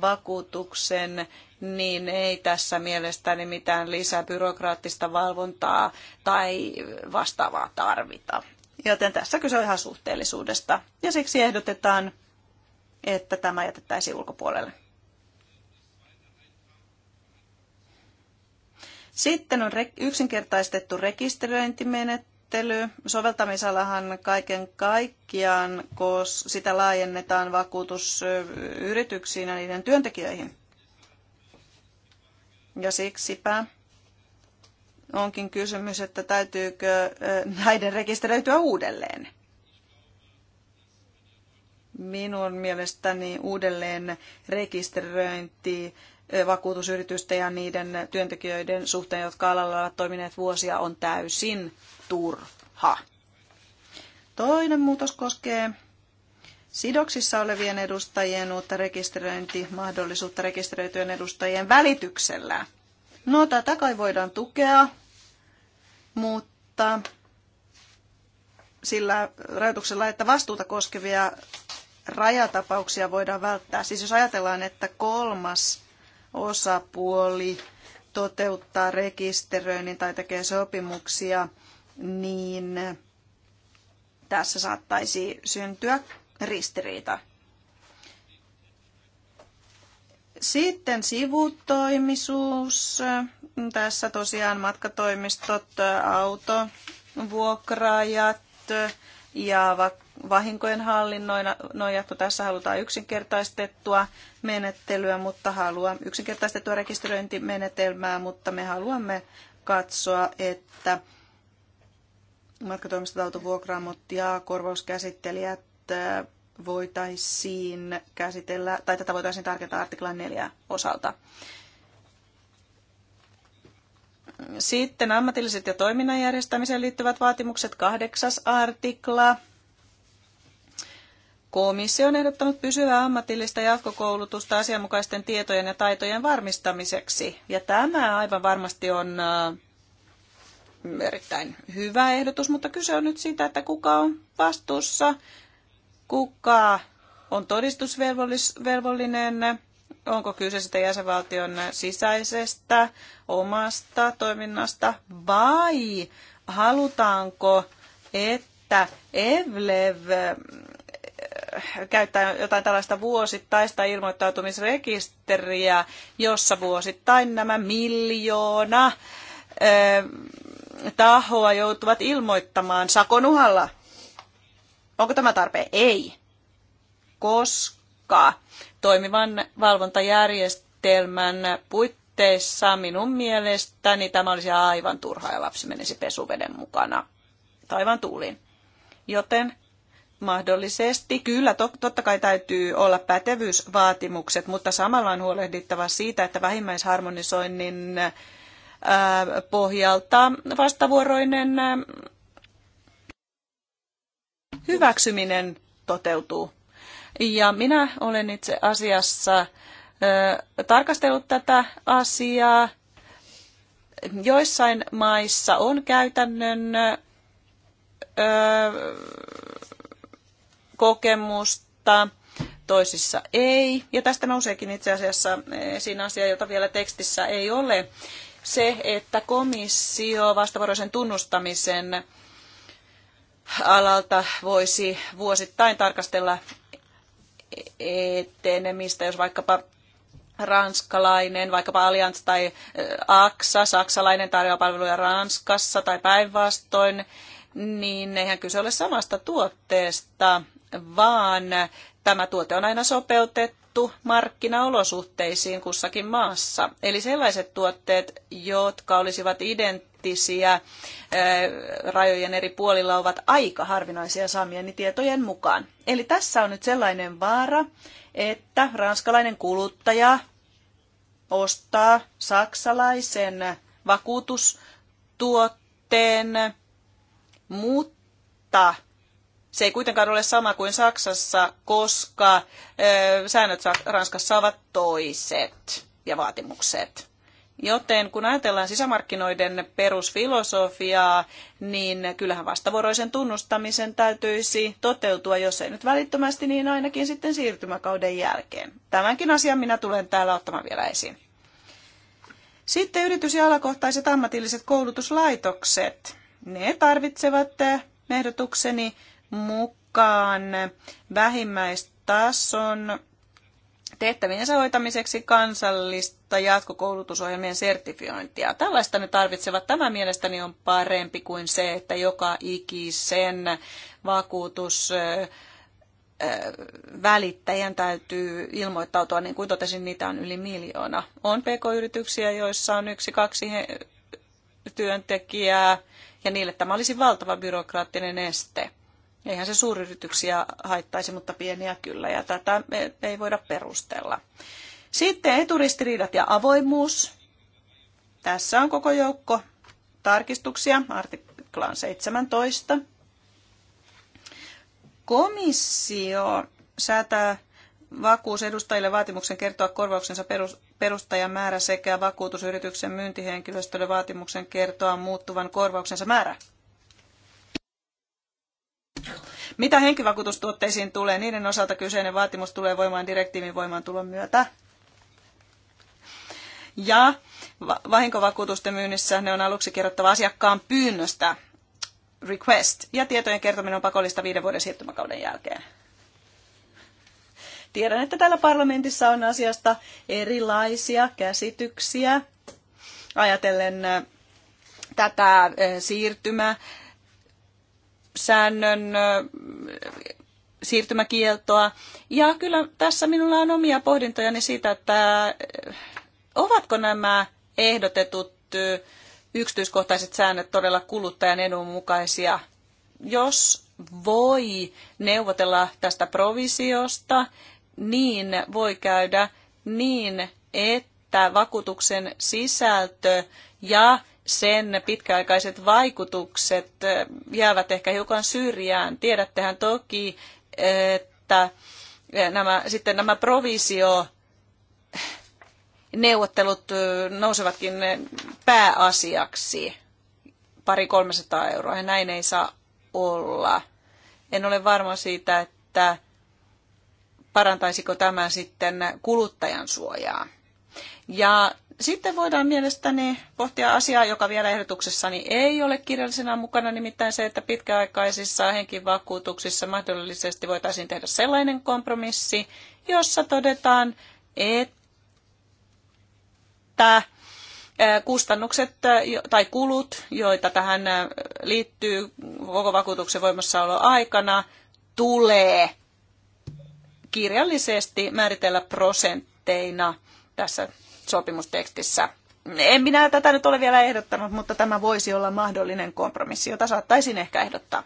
vakuutuksen, niin ei tässä mielestäni mitään lisää byrokraattista valvontaa tai vastaavaa tarvita. Joten tässä kyse on ihan suhteellisuudesta. Ja siksi ehdotetaan, että tämä jätettäisiin ulkopuolelle. Sitten on yksinkertaistettu rekisteröintimenettely sääntely, soveltamisalahan kaiken kaikkiaan, kun sitä laajennetaan vakuutusyrityksiin ja niiden työntekijöihin. Ja siksipä onkin kysymys, että täytyykö näiden rekisteröityä uudelleen. Minun mielestäni uudelleen rekisteröinti vakuutusyritysten ja niiden työntekijöiden suhteen, jotka alalla ovat toimineet vuosia, on täysin turha. Toinen muutos koskee sidoksissa olevien edustajien uutta rekisteröintimahdollisuutta rekisteröityjen edustajien välityksellä. No, tätä kai voidaan tukea, mutta sillä rajoituksella, että vastuuta koskevia rajatapauksia voidaan välttää. Siis jos ajatellaan, että kolmas osapuoli toteuttaa rekisteröinnin tai tekee sopimuksia niin tässä saattaisi syntyä ristiriita. Sitten sivutoimisuus. Tässä tosiaan matkatoimistot, auto, vuokraajat ja vahinkojen hallinnoijat. No, tässä halutaan yksinkertaistettua menettelyä, mutta haluamme yksinkertaistettua rekisteröintimenetelmää, mutta me haluamme katsoa, että matkatoimistoautovuokraamot ja korvauskäsittelijät äh, voitaisiin käsitellä, tai tätä voitaisiin tarkentaa artiklan 4 osalta. Sitten ammatilliset ja toiminnan järjestämiseen liittyvät vaatimukset, kahdeksas artikla. Komissio on ehdottanut pysyvää ammatillista jatkokoulutusta asianmukaisten tietojen ja taitojen varmistamiseksi. Ja tämä aivan varmasti on äh, erittäin hyvä ehdotus, mutta kyse on nyt siitä, että kuka on vastuussa, kuka on todistusvelvollinen, onko kyse sitä jäsenvaltion sisäisestä omasta toiminnasta vai halutaanko, että EVLEV eh, käyttää jotain tällaista vuosittaista ilmoittautumisrekisteriä, jossa vuosittain nämä miljoona eh, tahoa joutuvat ilmoittamaan sakon uhalla. Onko tämä tarpeen? Ei. Koska toimivan valvontajärjestelmän puitteissa minun mielestäni tämä olisi aivan turha ja lapsi menisi pesuveden mukana taivaan tuuliin. Joten mahdollisesti. Kyllä, totta kai täytyy olla pätevyysvaatimukset, mutta samalla on huolehdittava siitä, että vähimmäisharmonisoinnin pohjalta vastavuoroinen hyväksyminen toteutuu. Ja minä olen itse asiassa tarkastellut tätä asiaa. Joissain maissa on käytännön kokemusta, toisissa ei. Ja tästä nouseekin itse asiassa esiin asia, jota vielä tekstissä ei ole se, että komissio vastavuoroisen tunnustamisen alalta voisi vuosittain tarkastella etenemistä, jos vaikkapa ranskalainen, vaikkapa Allianz tai äh, AXA, saksalainen tarjoaa palveluja Ranskassa tai päinvastoin, niin eihän kyse ole samasta tuotteesta, vaan tämä tuote on aina sopeutettu sidottu markkinaolosuhteisiin kussakin maassa. Eli sellaiset tuotteet, jotka olisivat identtisiä eh, rajojen eri puolilla, ovat aika harvinaisia saamieni tietojen mukaan. Eli tässä on nyt sellainen vaara, että ranskalainen kuluttaja ostaa saksalaisen vakuutustuotteen, mutta se ei kuitenkaan ole sama kuin Saksassa, koska säännöt Ranskassa ovat toiset ja vaatimukset. Joten kun ajatellaan sisämarkkinoiden perusfilosofiaa, niin kyllähän vastavuoroisen tunnustamisen täytyisi toteutua, jos ei nyt välittömästi, niin ainakin sitten siirtymäkauden jälkeen. Tämänkin asian minä tulen täällä ottamaan vielä esiin. Sitten yritys- ja alakohtaiset ammatilliset koulutuslaitokset. Ne tarvitsevat ehdotukseni mukaan vähimmäistason tehtäviensä hoitamiseksi kansallista jatkokoulutusohjelmien sertifiointia. Tällaista ne tarvitsevat. Tämä mielestäni on parempi kuin se, että joka ikisen vakuutus välittäjän täytyy ilmoittautua, niin kuin totesin, niitä on yli miljoona. On pk-yrityksiä, joissa on yksi, kaksi työntekijää, ja niille tämä olisi valtava byrokraattinen este. Eihän se suuryrityksiä haittaisi, mutta pieniä kyllä, ja tätä ei voida perustella. Sitten eturistiriidat ja avoimuus. Tässä on koko joukko tarkistuksia artiklaan 17. Komissio säätää vakuusedustajille vaatimuksen kertoa korvauksensa määrä sekä vakuutusyrityksen myyntihenkilöstölle vaatimuksen kertoa muuttuvan korvauksensa määrä. Mitä henkivakuutustuotteisiin tulee, niiden osalta kyseinen vaatimus tulee voimaan direktiivin voimaantulon myötä. Ja vahinkovakuutusten myynnissä ne on aluksi kerrottava asiakkaan pyynnöstä request, ja tietojen kertominen on pakollista viiden vuoden siirtymäkauden jälkeen. Tiedän, että täällä parlamentissa on asiasta erilaisia käsityksiä. Ajatellen äh, tätä äh, siirtymä säännön siirtymäkieltoa. Ja kyllä tässä minulla on omia pohdintojani siitä, että ovatko nämä ehdotetut yksityiskohtaiset säännöt todella kuluttajan edun mukaisia. Jos voi neuvotella tästä provisiosta, niin voi käydä niin, että vakuutuksen sisältö ja sen pitkäaikaiset vaikutukset eh, jäävät ehkä hiukan syrjään. Tiedättehän toki, että eh, nämä, sitten nämä provisio neuvottelut eh, nousevatkin pääasiaksi pari 300 euroa ja näin ei saa olla. En ole varma siitä, että parantaisiko tämä sitten kuluttajan suojaa. Ja sitten voidaan mielestäni pohtia asiaa, joka vielä ehdotuksessani ei ole kirjallisena mukana, nimittäin se, että pitkäaikaisissa henkivakuutuksissa mahdollisesti voitaisiin tehdä sellainen kompromissi, jossa todetaan, että kustannukset tai kulut, joita tähän liittyy koko vakuutuksen aikana tulee kirjallisesti määritellä prosentteina tässä sopimustekstissä. En minä tätä nyt ole vielä ehdottanut, mutta tämä voisi olla mahdollinen kompromissi, jota saattaisin ehkä ehdottaa.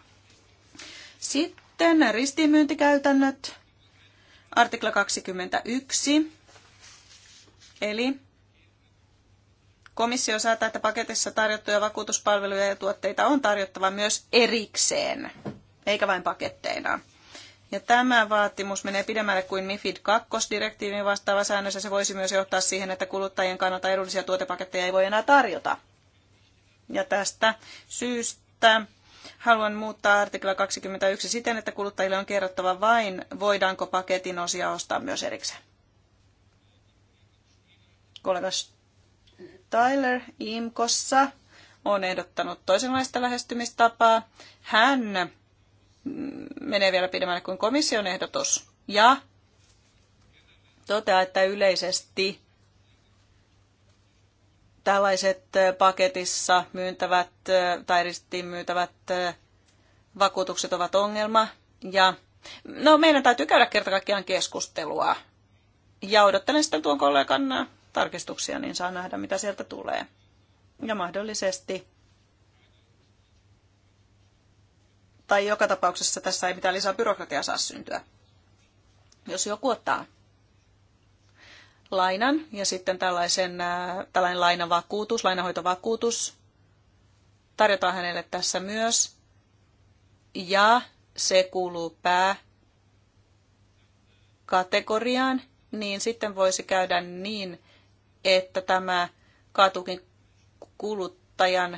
Sitten ristimyyntikäytännöt, artikla 21. Eli komissio säätää, että paketissa tarjottuja vakuutuspalveluja ja tuotteita on tarjottava myös erikseen, eikä vain paketteina. Ja tämä vaatimus menee pidemmälle kuin MIFID 2-direktiivin vastaava säännös, ja se voisi myös johtaa siihen, että kuluttajien kannalta edullisia tuotepaketteja ei voi enää tarjota. Ja tästä syystä haluan muuttaa artikla 21 siten, että kuluttajille on kerrottava vain, voidaanko paketin osia ostaa myös erikseen. Kollega Tyler Imkossa on ehdottanut toisenlaista lähestymistapaa. Hän menee vielä pidemmälle kuin komission ehdotus ja toteaa, että yleisesti tällaiset paketissa myyntävät tai ristiin myytävät vakuutukset ovat ongelma. Ja, no, meidän täytyy käydä kerta kaikkiaan keskustelua. Ja odottelen sitten tuon kollegan tarkistuksia, niin saa nähdä, mitä sieltä tulee. Ja mahdollisesti tai joka tapauksessa tässä ei mitään lisää byrokratiaa saa syntyä. Jos joku ottaa lainan ja sitten tällaisen, äh, tällainen lainavakuutus, lainahoitovakuutus tarjotaan hänelle tässä myös. Ja se kuuluu pääkategoriaan, niin sitten voisi käydä niin, että tämä kaatuukin kuluttajan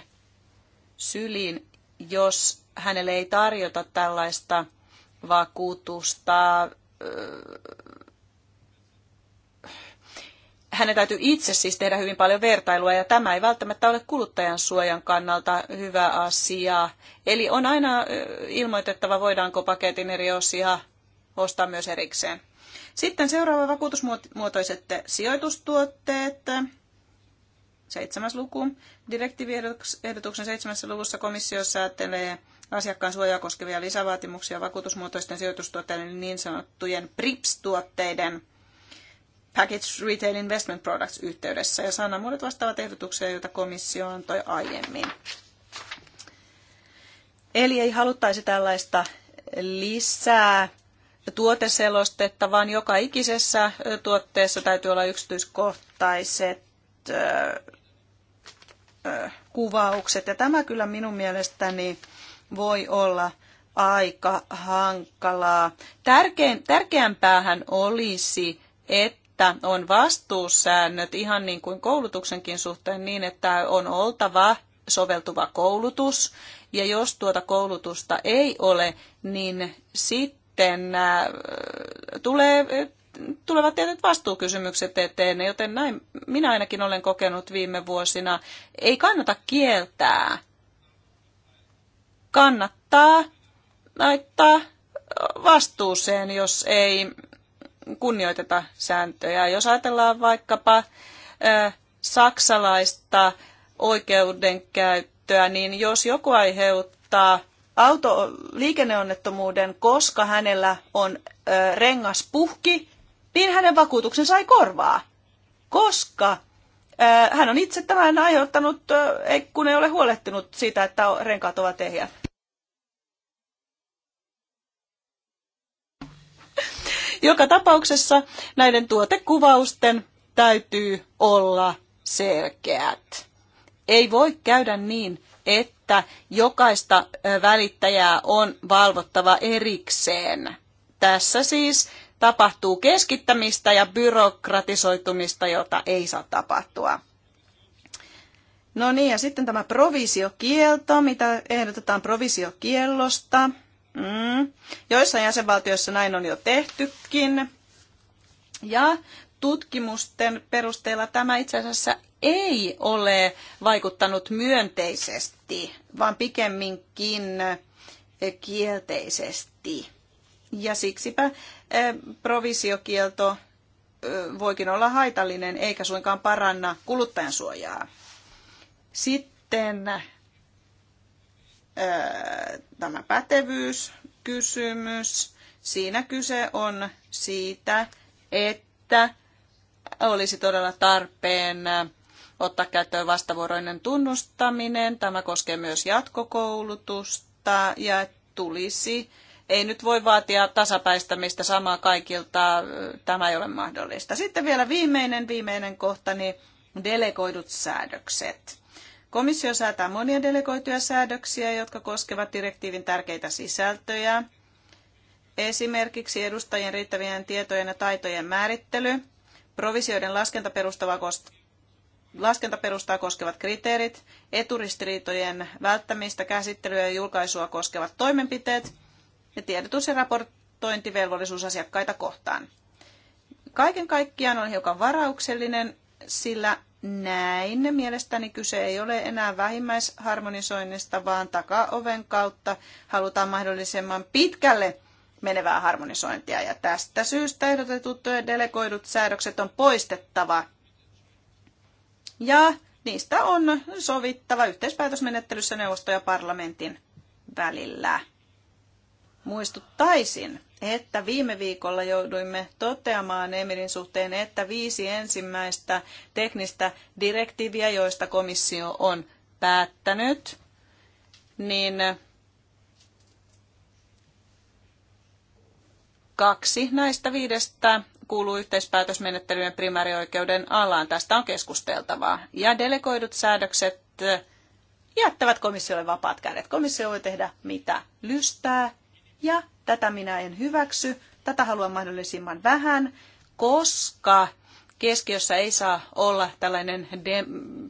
syliin, jos hänelle ei tarjota tällaista vakuutusta. Öö, hänen täytyy itse siis tehdä hyvin paljon vertailua ja tämä ei välttämättä ole kuluttajan suojan kannalta hyvä asia. Eli on aina öö, ilmoitettava, voidaanko paketin eri osia ostaa myös erikseen. Sitten seuraava vakuutusmuotoiset sijoitustuotteet. Seitsemäs luku. Direktiiviehdotuksen seitsemässä luvussa komissio säätelee asiakkaan suojaa koskevia lisävaatimuksia vakuutusmuotoisten sijoitustuotteiden niin sanottujen PRIPS-tuotteiden Package Retail Investment Products yhteydessä ja muodot vastaavat ehdotuksia, joita komissio antoi aiemmin. Eli ei haluttaisi tällaista lisää tuoteselostetta, vaan joka ikisessä tuotteessa täytyy olla yksityiskohtaiset kuvaukset. Ja tämä kyllä minun mielestäni voi olla aika hankalaa. Tärkein, tärkeämpäähän olisi, että on vastuussäännöt ihan niin kuin koulutuksenkin suhteen niin, että on oltava soveltuva koulutus. Ja jos tuota koulutusta ei ole, niin sitten äh, tulee, tulevat tietyt vastuukysymykset eteen, joten näin minä ainakin olen kokenut viime vuosina. Ei kannata kieltää kannattaa laittaa vastuuseen, jos ei kunnioiteta sääntöjä. Jos ajatellaan vaikkapa saksalaista oikeudenkäyttöä, niin jos joku aiheuttaa auto liikenneonnettomuuden, koska hänellä on ö, rengas puhki, niin hänen vakuutuksensa ei korvaa, koska hän on itse tämän aiheuttanut, kun ei ole huolehtinut siitä, että renkaat ovat ehjät. Joka tapauksessa näiden tuotekuvausten täytyy olla selkeät. Ei voi käydä niin, että jokaista välittäjää on valvottava erikseen. Tässä siis tapahtuu keskittämistä ja byrokratisoitumista, jota ei saa tapahtua. No niin, ja sitten tämä provisiokielto, mitä ehdotetaan provisiokiellosta. Mm. Joissain jäsenvaltioissa näin on jo tehtykin. Ja tutkimusten perusteella tämä itse asiassa ei ole vaikuttanut myönteisesti, vaan pikemminkin kielteisesti. Ja siksipä provisiokielto voikin olla haitallinen eikä suinkaan paranna kuluttajan suojaa. Sitten tämä pätevyyskysymys. Siinä kyse on siitä, että olisi todella tarpeen ottaa käyttöön vastavuoroinen tunnustaminen. Tämä koskee myös jatkokoulutusta ja tulisi ei nyt voi vaatia tasapäistämistä samaa kaikilta, tämä ei ole mahdollista. Sitten vielä viimeinen, viimeinen kohta, niin delegoidut säädökset. Komissio säätää monia delegoituja säädöksiä, jotka koskevat direktiivin tärkeitä sisältöjä. Esimerkiksi edustajien riittävien tietojen ja taitojen määrittely, provisioiden laskentaperustaa, koskevat kriteerit, eturistiriitojen välttämistä, käsittelyä ja julkaisua koskevat toimenpiteet – ja tiedotus- ja raportointivelvollisuus asiakkaita kohtaan. Kaiken kaikkiaan on hiukan varauksellinen, sillä näin mielestäni kyse ei ole enää vähimmäisharmonisoinnista, vaan takaoven kautta halutaan mahdollisimman pitkälle menevää harmonisointia. Ja tästä syystä ehdotetut delegoidut säädökset on poistettava. Ja niistä on sovittava yhteispäätösmenettelyssä neuvosto ja parlamentin välillä. Muistuttaisin, että viime viikolla jouduimme toteamaan Emirin suhteen, että viisi ensimmäistä teknistä direktiiviä, joista komissio on päättänyt, niin kaksi näistä viidestä kuuluu yhteispäätösmenettelyjen primäärioikeuden alaan. Tästä on keskusteltavaa. Ja delegoidut säädökset jättävät komissiolle vapaat kädet. Komissio voi tehdä mitä lystää ja tätä minä en hyväksy, tätä haluan mahdollisimman vähän, koska keskiössä ei saa olla tällainen de-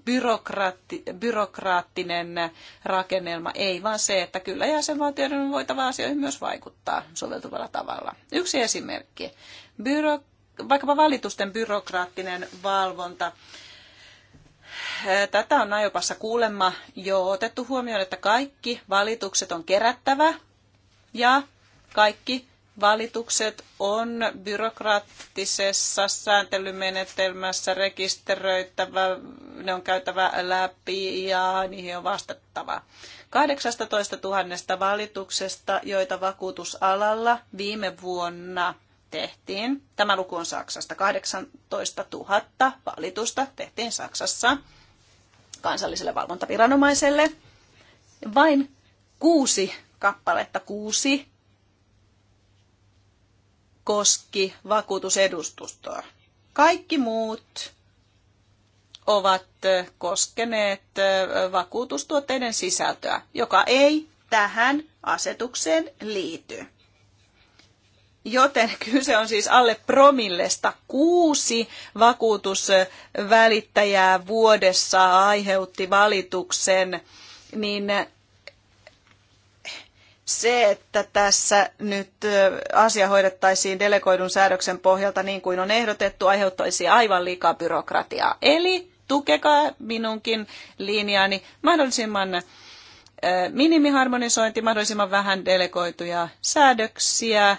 byrokraatti, byrokraattinen rakennelma, ei vaan se, että kyllä jäsenvaltioiden on voitava asioihin myös vaikuttaa soveltuvalla tavalla. Yksi esimerkki, Byro- vaikkapa valitusten byrokraattinen valvonta. Tätä on ajopassa kuulemma jo otettu huomioon, että kaikki valitukset on kerättävä ja kaikki valitukset on byrokraattisessa sääntelymenetelmässä rekisteröittävä, ne on käytävä läpi ja niihin on vastattava. 18 000 valituksesta, joita vakuutusalalla viime vuonna tehtiin, tämä luku on Saksasta, 18 000 valitusta tehtiin Saksassa kansalliselle valvontaviranomaiselle. Vain kuusi kappaletta kuusi koski vakuutusedustustoa. Kaikki muut ovat koskeneet vakuutustuotteiden sisältöä, joka ei tähän asetukseen liity. Joten kyse on siis alle promillesta. Kuusi vakuutusvälittäjää vuodessa aiheutti valituksen, niin se, että tässä nyt asia hoidettaisiin delegoidun säädöksen pohjalta niin kuin on ehdotettu, aiheuttaisi aivan liikaa byrokratiaa. Eli tukekaa minunkin linjaani mahdollisimman minimiharmonisointi, mahdollisimman vähän delegoituja säädöksiä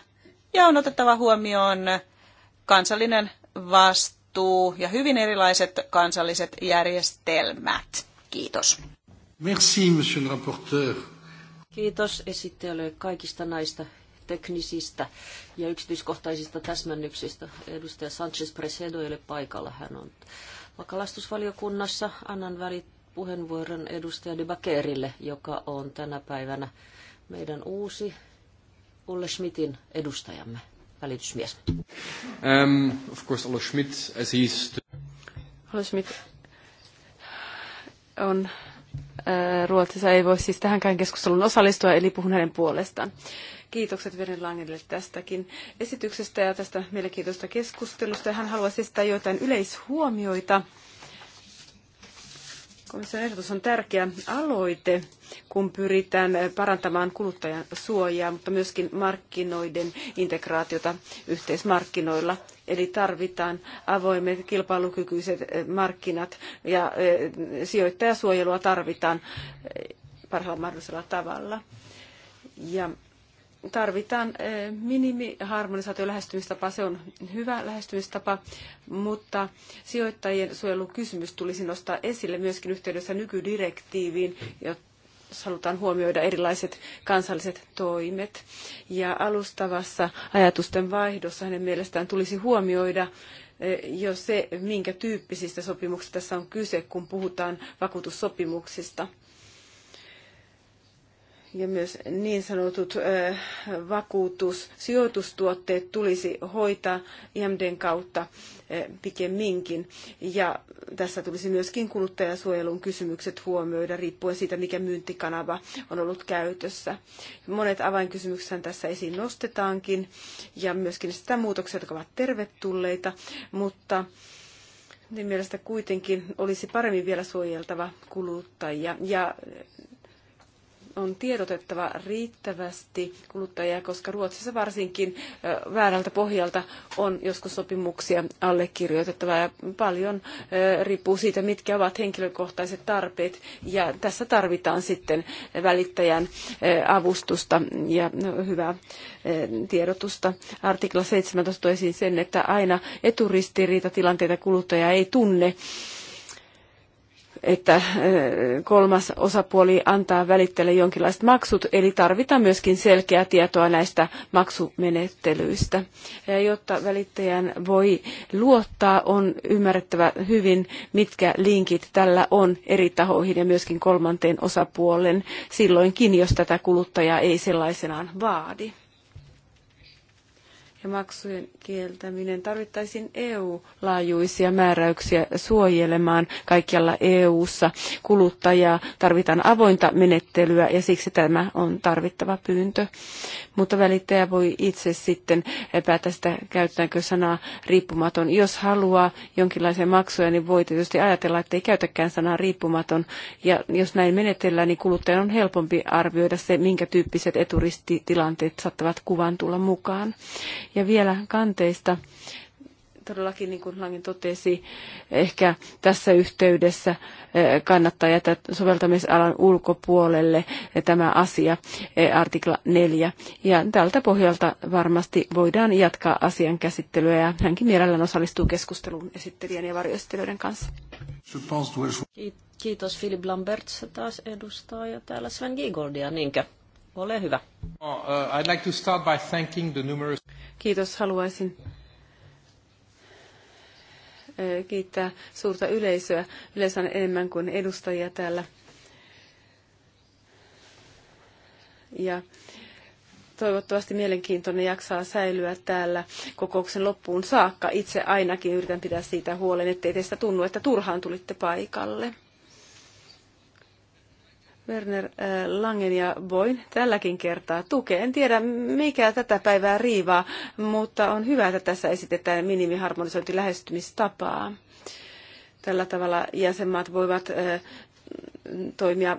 ja on otettava huomioon kansallinen vastuu ja hyvin erilaiset kansalliset järjestelmät. Kiitos. Merci, monsieur le rapporteur. Kiitos esittelylle kaikista näistä teknisistä ja yksityiskohtaisista täsmennyksistä. Edustaja Sanchez Presedo ei ole paikalla. Hän on vakalastusvaliokunnassa. Annan välit puheenvuoron edustaja Debakerille, joka on tänä päivänä meidän uusi Ulle Schmidtin edustajamme, välitysmies. Um, of course, Ulle Schmidt, as is... Ulle Schmidt on Äh, Ruotsissa ei voi siis tähänkään keskusteluun osallistua, eli puhun hänen puolestaan. Kiitokset Veren Langille tästäkin esityksestä ja tästä mielenkiintoista keskustelusta. Hän haluaisi esittää joitain yleishuomioita Komission ehdotus on tärkeä aloite, kun pyritään parantamaan kuluttajan suojaa, mutta myöskin markkinoiden integraatiota yhteismarkkinoilla. Eli tarvitaan avoimet kilpailukykyiset eh, markkinat ja eh, sijoittajasuojelua tarvitaan eh, parhaalla mahdollisella tavalla. Ja tarvitaan eh, minimiharmonisaatio lähestymistapa, se on hyvä lähestymistapa, mutta sijoittajien suojelukysymys tulisi nostaa esille myöskin yhteydessä nykydirektiiviin, jos halutaan huomioida erilaiset kansalliset toimet. Ja alustavassa ajatusten vaihdossa hänen mielestään tulisi huomioida eh, jo se, minkä tyyppisistä sopimuksista tässä on kyse, kun puhutaan vakuutussopimuksista – ja myös niin sanotut vakuutussijoitustuotteet tulisi hoitaa IMDn kautta pikemminkin. Ja tässä tulisi myöskin kuluttajasuojelun kysymykset huomioida riippuen siitä, mikä myyntikanava on ollut käytössä. Monet avainkysymykset tässä esiin nostetaankin ja myöskin sitä muutoksia, jotka ovat tervetulleita, mutta niin mielestä kuitenkin olisi paremmin vielä suojeltava kuluttajia ja on tiedotettava riittävästi kuluttajia, koska Ruotsissa varsinkin väärältä pohjalta on joskus sopimuksia allekirjoitettava ja paljon riippuu siitä, mitkä ovat henkilökohtaiset tarpeet ja tässä tarvitaan sitten välittäjän avustusta ja hyvää tiedotusta. Artikla 17 esiin sen, että aina eturistiriitatilanteita kuluttaja ei tunne että kolmas osapuoli antaa välittäjälle jonkinlaiset maksut, eli tarvitaan myöskin selkeää tietoa näistä maksumenettelyistä. Ja jotta välittäjän voi luottaa, on ymmärrettävä hyvin, mitkä linkit tällä on eri tahoihin ja myöskin kolmanteen osapuolen silloinkin, jos tätä kuluttajaa ei sellaisenaan vaadi ja maksujen kieltäminen. Tarvittaisiin EU-laajuisia määräyksiä suojelemaan kaikkialla EU-ssa kuluttajaa. Tarvitaan avointa menettelyä ja siksi tämä on tarvittava pyyntö. Mutta välittäjä voi itse sitten päätä sitä, käytetäänkö sanaa riippumaton. Jos haluaa jonkinlaisia maksuja, niin voi tietysti ajatella, että ei käytäkään sanaa riippumaton. Ja jos näin menetellään, niin kuluttajan on helpompi arvioida se, minkä tyyppiset eturistitilanteet saattavat kuvan tulla mukaan. Ja vielä kanteista todellakin, niin kuin Langin totesi, ehkä tässä yhteydessä eh, kannattaa jättää soveltamisalan ulkopuolelle eh, tämä asia, eh, artikla 4. Ja tältä pohjalta varmasti voidaan jatkaa asian käsittelyä ja hänkin mielellään osallistuu keskusteluun esittelijän ja varjoistelijoiden kanssa. Kiitos Philip Lambert, taas edustaa ja täällä Sven Gigoldia, niinkä? Ole hyvä. Uh, I'd like to start by thanking the numerous... Kiitos. Haluaisin eh, kiittää suurta yleisöä. Yleensä on enemmän kuin edustajia täällä. Ja toivottavasti mielenkiintoinen jaksaa säilyä täällä kokouksen loppuun saakka. Itse ainakin yritän pitää siitä huolen, ettei teistä tunnu, että turhaan tulitte paikalle. Werner äh, Langen ja Boyn tälläkin kertaa tukee. En tiedä, mikä tätä päivää riivaa, mutta on hyvä, että tässä esitetään minimiharmonisointi lähestymistapaa. Tällä tavalla jäsenmaat voivat äh, toimia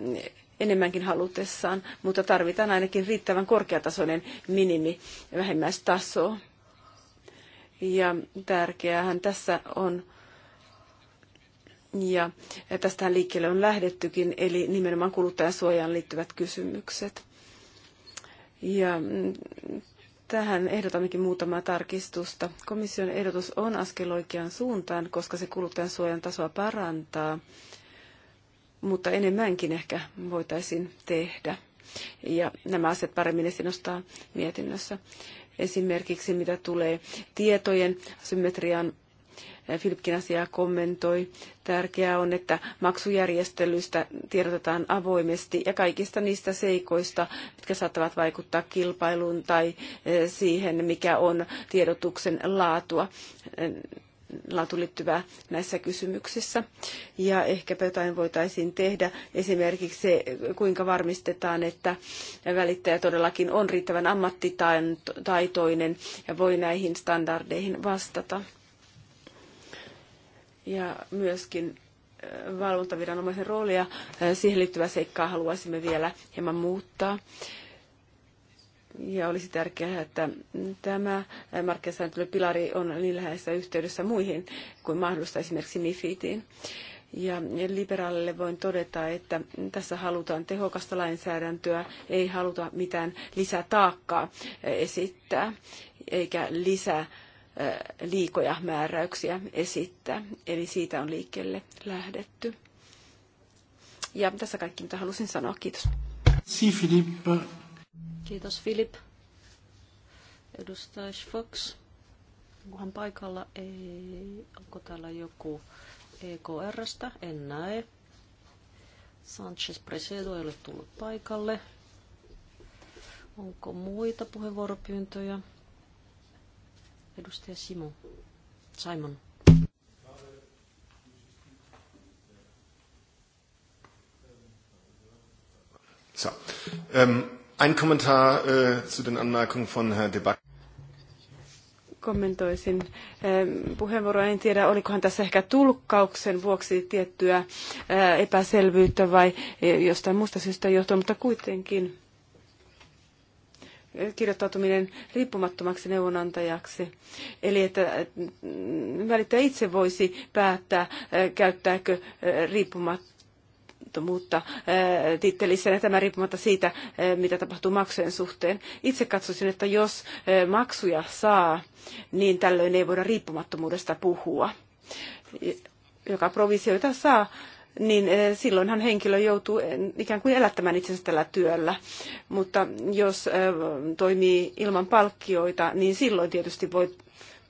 enemmänkin halutessaan, mutta tarvitaan ainakin riittävän korkeatasoinen minimi vähimmäistaso. Ja tärkeähän tässä on ja tästähän liikkeelle on lähdettykin, eli nimenomaan kuluttajansuojaan liittyvät kysymykset. Ja mm, tähän ehdotammekin muutamaa tarkistusta. Komission ehdotus on askel oikeaan suuntaan, koska se kuluttajansuojan tasoa parantaa, mutta enemmänkin ehkä voitaisiin tehdä. Ja nämä asiat paremmin esiin nostaa mietinnössä. Esimerkiksi mitä tulee tietojen symmetrian Filipkin asiaa kommentoi. Tärkeää on, että maksujärjestelyistä tiedotetaan avoimesti ja kaikista niistä seikoista, jotka saattavat vaikuttaa kilpailuun tai eh, siihen, mikä on tiedotuksen laatua eh, laatu liittyvää näissä kysymyksissä. Ja ehkäpä jotain voitaisiin tehdä. Esimerkiksi se, kuinka varmistetaan, että välittäjä todellakin on riittävän ammattitaitoinen ja voi näihin standardeihin vastata ja myöskin äh, valvontaviranomaisen roolia. Äh, siihen liittyvää seikkaa haluaisimme vielä hieman muuttaa. Ja olisi tärkeää, että tämä äh, markkinasääntelypilari on niin läheisessä yhteydessä muihin kuin mahdollista esimerkiksi MIFIDiin. Ja liberaalille voin todeta, että tässä halutaan tehokasta lainsäädäntöä, ei haluta mitään lisätaakkaa esittää, eikä lisää liikoja määräyksiä esittää. Eli siitä on liikkeelle lähdetty. Ja tässä kaikki, mitä halusin sanoa. Kiitos. Si, Filippa. Kiitos, Filip. Edustaja Fox. Onkohan paikalla? Ei. Onko täällä joku EKRstä? En näe. Sanchez Presedo ei ole tullut paikalle. Onko muita puheenvuoropyyntöjä? Edustaja Simo. Simon. So. Ähm, ein Kommentar äh, zu den Anmerkungen von Herrn Deback. Kommentoisin ähm, puheenvuoroa. En tiedä, olikohan tässä ehkä tulkkauksen vuoksi tiettyä äh, epäselvyyttä vai äh, jostain muusta syystä johtuen, mutta kuitenkin kirjoittautuminen riippumattomaksi neuvonantajaksi. Eli että mm, välittäjä itse voisi päättää, äh, käyttääkö äh, riippumattomuutta äh, tittelissä tämä riippumatta siitä, mitä tapahtuu maksujen suhteen. Itse katsoisin, että jos maksuja saa, niin tällöin ei voida riippumattomuudesta puhua. Joka provisioita saa, niin eh, silloinhan henkilö joutuu eh, ikään kuin elättämään itsensä tällä työllä. Mutta jos eh, toimii ilman palkkioita, niin silloin tietysti voi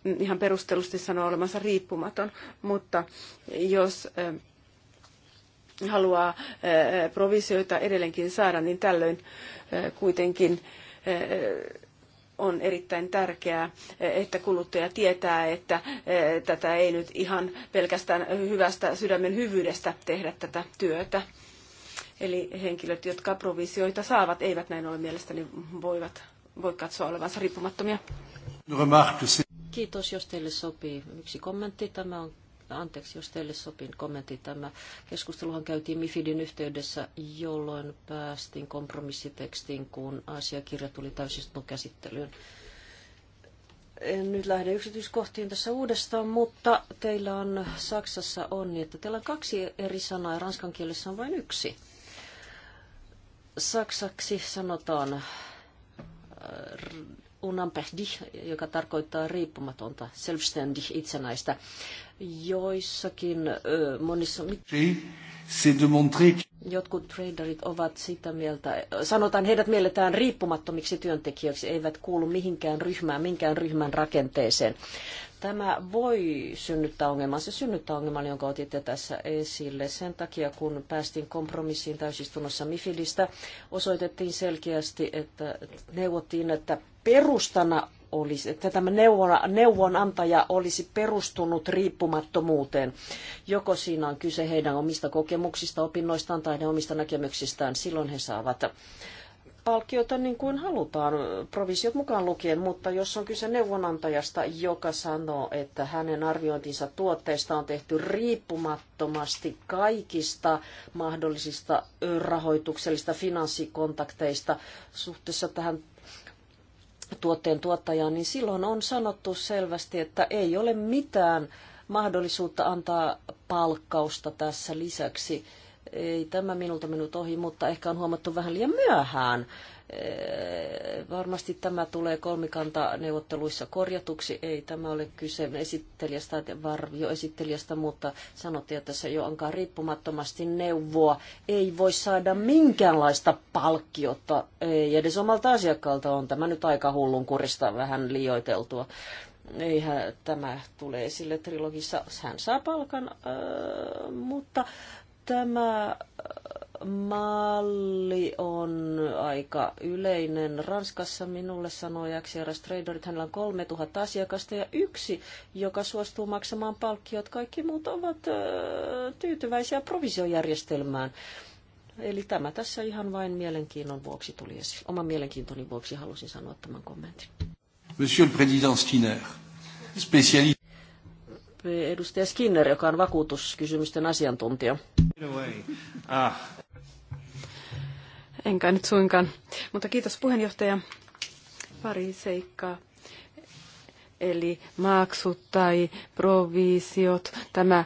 mm, ihan perustellusti sanoa olemansa riippumaton. Mutta jos haluaa provisioita edelleenkin saada, niin tällöin kuitenkin on erittäin tärkeää, että kuluttaja tietää, että eh, tätä ei nyt ihan pelkästään hyvästä sydämen hyvyydestä tehdä tätä työtä. Eli henkilöt, jotka provisioita saavat, eivät näin ole mielestäni voivat, voi katsoa olevansa riippumattomia. Kiitos, jos teille sopii. Yksi kommentti. Tämä on Anteeksi, jos teille sopin niin kommentti. Tämä keskusteluhan käytiin MIFIDin yhteydessä, jolloin päästiin kompromissitekstiin, kun asiakirja tuli täysistunnon käsittelyyn. En nyt lähde yksityiskohtiin tässä uudestaan, mutta teillä on Saksassa on niin, että teillä on kaksi eri sanaa ja ranskan kielessä on vain yksi. Saksaksi sanotaan äh, unanpähdi, joka tarkoittaa riippumatonta, selvständig, itsenäistä. Joissakin ö, monissa... Jotkut traderit ovat sitä mieltä, sanotaan heidät mielletään riippumattomiksi työntekijöiksi, eivät kuulu mihinkään ryhmään, minkään ryhmän rakenteeseen. Tämä voi synnyttää ongelman. Se synnyttää ongelman, jonka otitte tässä esille. Sen takia, kun päästiin kompromissiin täysistunnossa Mifidistä, osoitettiin selkeästi, että neuvottiin, että perustana olisi, että tämä neuvonantaja olisi perustunut riippumattomuuteen. Joko siinä on kyse heidän omista kokemuksista, opinnoistaan tai ne omista näkemyksistään, silloin he saavat palkkiota niin kuin halutaan, provisiot mukaan lukien, mutta jos on kyse neuvonantajasta, joka sanoo, että hänen arviointinsa tuotteista on tehty riippumattomasti kaikista mahdollisista rahoituksellista finanssikontakteista suhteessa tähän tuotteen tuottajaan, niin silloin on sanottu selvästi, että ei ole mitään mahdollisuutta antaa palkkausta tässä lisäksi ei tämä minulta minut ohi, mutta ehkä on huomattu vähän liian myöhään. Varmasti tämä tulee kolmikanta neuvotteluissa korjatuksi. Ei tämä ole kyse esittelijästä tai esittelijästä, mutta sanottiin, että se jo onkaan riippumattomasti neuvoa. Ei voi saada minkäänlaista palkkiota, ei edes omalta asiakkaalta. On tämä nyt aika hullun kurista vähän liioiteltua eihän tämä tulee esille trilogissa. Hän saa palkan, mutta Tämä äh, malli on aika yleinen. Ranskassa minulle sanoi XRS Trader, että hänellä on 3000 asiakasta ja yksi, joka suostuu maksamaan palkkiot. Kaikki muut ovat äh, tyytyväisiä provisiojärjestelmään. Eli tämä tässä ihan vain mielenkiinnon vuoksi tuli esiin. Oman mielenkiintoni vuoksi halusin sanoa tämän kommentin. Monsieur le Président Skinner, spécialiste edustaja Skinner, joka on vakuutuskysymysten asiantuntija. Ah. Enkä nyt suinkaan, mutta kiitos puheenjohtaja. Pari seikkaa. Eli maksut tai provisiot, tämä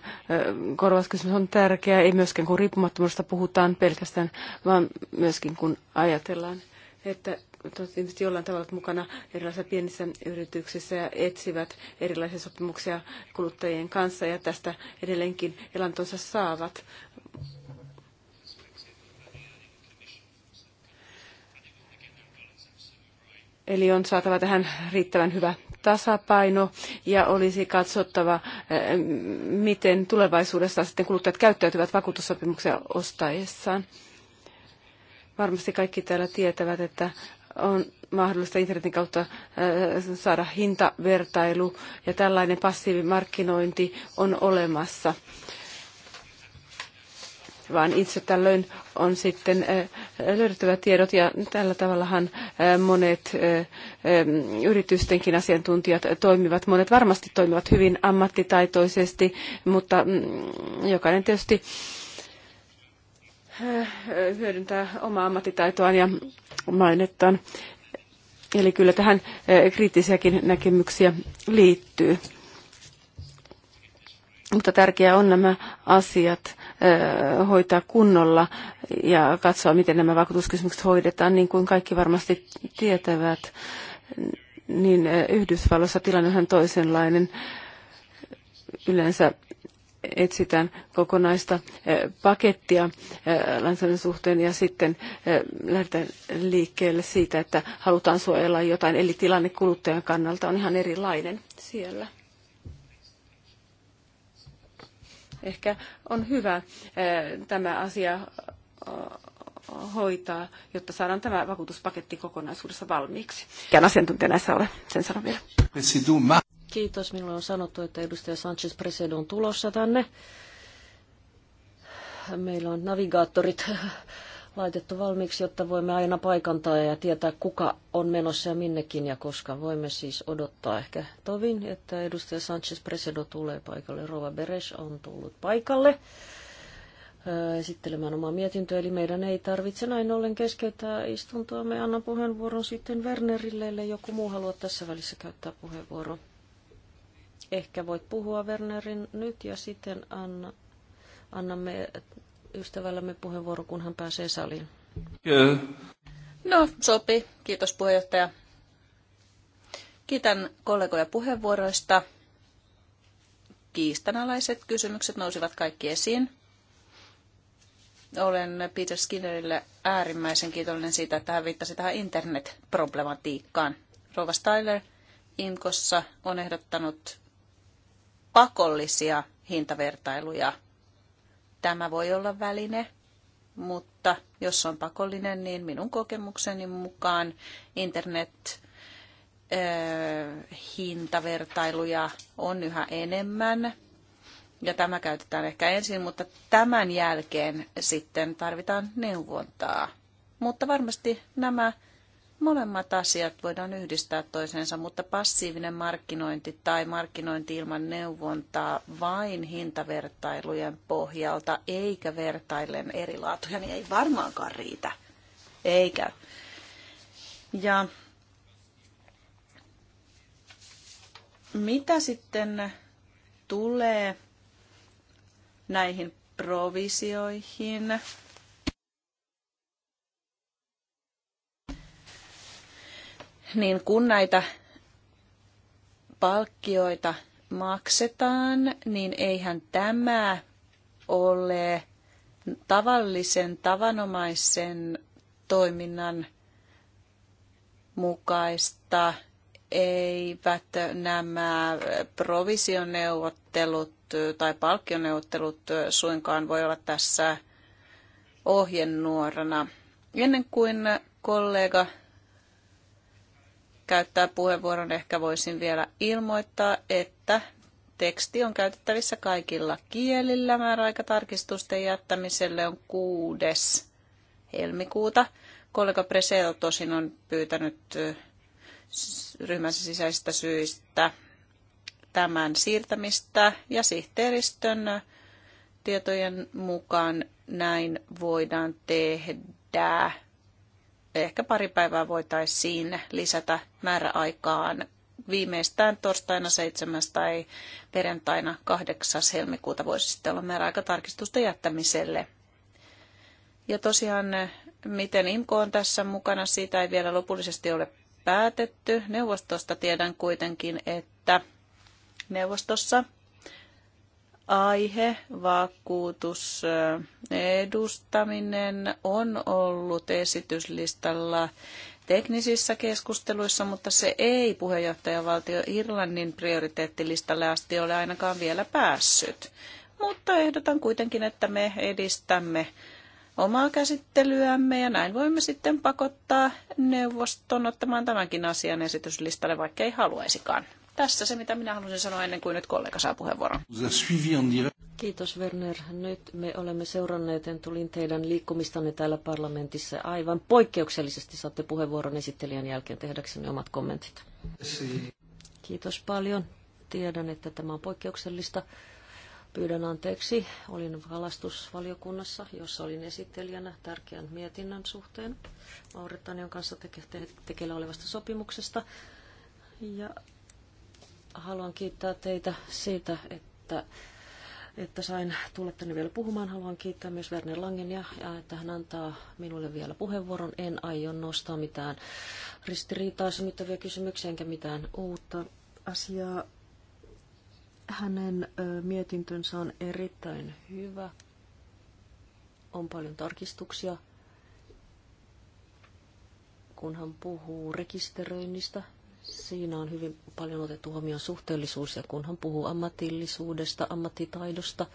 korvauskysymys on tärkeä, ei myöskään kun riippumattomuudesta puhutaan pelkästään, vaan myöskin kun ajatellaan, että tietysti jollain tavalla mukana erilaisissa pienissä yrityksissä ja etsivät erilaisia sopimuksia kuluttajien kanssa ja tästä edelleenkin elantonsa saavat. Eli on saatava tähän riittävän hyvä tasapaino ja olisi katsottava, eh, miten tulevaisuudessa sitten kuluttajat käyttäytyvät vakuutussopimuksia ostaessaan. Varmasti kaikki täällä tietävät, että on mahdollista internetin kautta äh, saada hintavertailu ja tällainen passiivimarkkinointi on olemassa. Vaan itse tällöin on sitten äh, löydettävä tiedot ja tällä tavallahan äh, monet ähm, yritystenkin asiantuntijat toimivat. Monet varmasti toimivat hyvin ammattitaitoisesti, mutta mm, jokainen tietysti Äh, hyödyntää omaa ammattitaitoaan ja mainettaan. Eli kyllä tähän äh, kriittisiäkin näkemyksiä liittyy. Mutta tärkeää on nämä asiat äh, hoitaa kunnolla ja katsoa, miten nämä vakuutuskysymykset hoidetaan, niin kuin kaikki varmasti tietävät. Niin Yhdysvalloissa tilanne on toisenlainen. Yleensä etsitään kokonaista pakettia lainsäädännön suhteen ja sitten lähdetään liikkeelle siitä, että halutaan suojella jotain. Eli tilanne kuluttajan kannalta on ihan erilainen siellä. Ehkä on hyvä tämä asia hoitaa, jotta saadaan tämä vakuutuspaketti kokonaisuudessa valmiiksi. Mikään asiantuntija näissä ole, sen sanon vielä. Kiitos. Minulle on sanottu, että edustaja Sanchez Presedo on tulossa tänne. Meillä on navigaattorit laitettu valmiiksi, jotta voimme aina paikantaa ja tietää, kuka on menossa ja minnekin ja koska. Voimme siis odottaa ehkä tovin, että edustaja Sanchez Presedo tulee paikalle. Rova Beres on tullut paikalle esittelemään omaa mietintöä, eli meidän ei tarvitse näin ollen keskeyttää istuntoa. Me annan puheenvuoron sitten Wernerille, ellei joku muu halua tässä välissä käyttää puheenvuoron ehkä voit puhua Wernerin nyt ja sitten anna, annamme ystävällämme puheenvuoro, kun hän pääsee saliin. Yeah. No, sopii. Kiitos puheenjohtaja. Kiitän kollegoja puheenvuoroista. Kiistanalaiset kysymykset nousivat kaikki esiin. Olen Peter Skinnerille äärimmäisen kiitollinen siitä, että hän viittasi tähän internet-problematiikkaan. Rova Styler inkossa on ehdottanut pakollisia hintavertailuja. Tämä voi olla väline, mutta jos se on pakollinen, niin minun kokemukseni mukaan internet hintavertailuja on yhä enemmän. Ja tämä käytetään ehkä ensin, mutta tämän jälkeen sitten tarvitaan neuvontaa. Mutta varmasti nämä molemmat asiat voidaan yhdistää toisensa, mutta passiivinen markkinointi tai markkinointi ilman neuvontaa vain hintavertailujen pohjalta, eikä vertaillen eri laatuja, niin ei varmaankaan riitä. Eikä. Ja mitä sitten tulee näihin provisioihin, niin kun näitä palkkioita maksetaan, niin eihän tämä ole tavallisen, tavanomaisen toiminnan mukaista. Eivät nämä provisioneuvottelut tai palkkioneuvottelut suinkaan voi olla tässä ohjenuorana. Ennen kuin kollega käyttää puheenvuoron, ehkä voisin vielä ilmoittaa, että teksti on käytettävissä kaikilla kielillä. Määräaikatarkistusten jättämiselle on 6. helmikuuta. Kollega Presel tosin on pyytänyt ryhmänsä sisäisistä syistä tämän siirtämistä ja sihteeristön tietojen mukaan näin voidaan tehdä ehkä pari päivää voitaisiin lisätä määräaikaan viimeistään torstaina 7. tai perjantaina 8. helmikuuta voisi sitten olla määräaika tarkistusta jättämiselle. Ja tosiaan, miten IMKO on tässä mukana, siitä ei vielä lopullisesti ole päätetty. Neuvostosta tiedän kuitenkin, että neuvostossa aihe, vakuutus, edustaminen on ollut esityslistalla teknisissä keskusteluissa, mutta se ei puheenjohtajavaltio Irlannin prioriteettilistalle asti ole ainakaan vielä päässyt. Mutta ehdotan kuitenkin, että me edistämme omaa käsittelyämme ja näin voimme sitten pakottaa neuvoston ottamaan tämänkin asian esityslistalle, vaikka ei haluaisikaan. Tässä se, mitä minä halusin sanoa ennen kuin nyt kollega saa puheenvuoron. Kiitos Werner. Nyt me olemme seuranneet, en tulin teidän liikkumistanne täällä parlamentissa. Aivan poikkeuksellisesti saatte puheenvuoron esittelijän jälkeen tehdäksenne omat kommentit. Kiitos paljon. Tiedän, että tämä on poikkeuksellista. Pyydän anteeksi. Olin valastusvaliokunnassa, jossa olin esittelijänä tärkeän mietinnön suhteen Mauritanian kanssa teke- te- tekeillä olevasta sopimuksesta. Ja Haluan kiittää teitä siitä, että, että sain tulla tänne vielä puhumaan. Haluan kiittää myös Werner Langen ja että hän antaa minulle vielä puheenvuoron. En aio nostaa mitään ristiriitaa synnyttäviä kysymyksiä enkä mitään uutta asiaa. Hänen mietintönsä on erittäin hyvä. On paljon tarkistuksia kun hän puhuu rekisteröinnistä, Siinä on hyvin paljon otettu huomioon suhteellisuus ja kunhan puhuu ammatillisuudesta, ammattitaidosta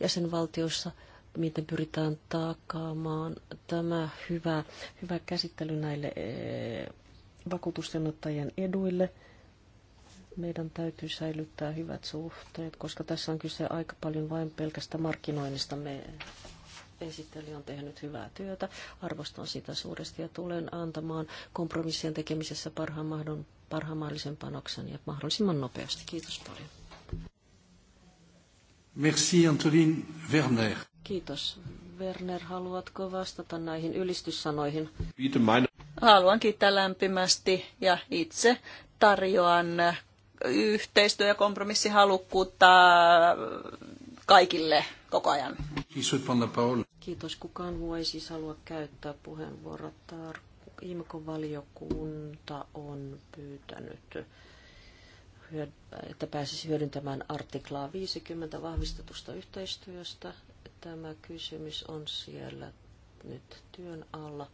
jäsenvaltioissa, miten pyritään takaamaan tämä hyvä, hyvä käsittely näille e, vakuutusjonottajien eduille. Meidän täytyy säilyttää hyvät suhteet, koska tässä on kyse aika paljon vain pelkästä markkinoinnista. Me esittelijä on tehnyt hyvää työtä. Arvostan sitä suuresti ja tulen antamaan kompromissien tekemisessä parhaan, mahdon, parhaan panoksen ja mahdollisimman nopeasti. Kiitos paljon. Merci Antoine Werner. Kiitos. Werner, haluatko vastata näihin ylistyssanoihin? Haluan kiittää lämpimästi ja itse tarjoan yhteistyö- ja kompromissihalukkuutta kaikille koko ajan. Kiitos. Kukaan voi siis halua käyttää puheenvuorot. imko valiokunta on pyytänyt, että pääsisi hyödyntämään artiklaa 50 vahvistetusta yhteistyöstä. Tämä kysymys on siellä nyt työn alla.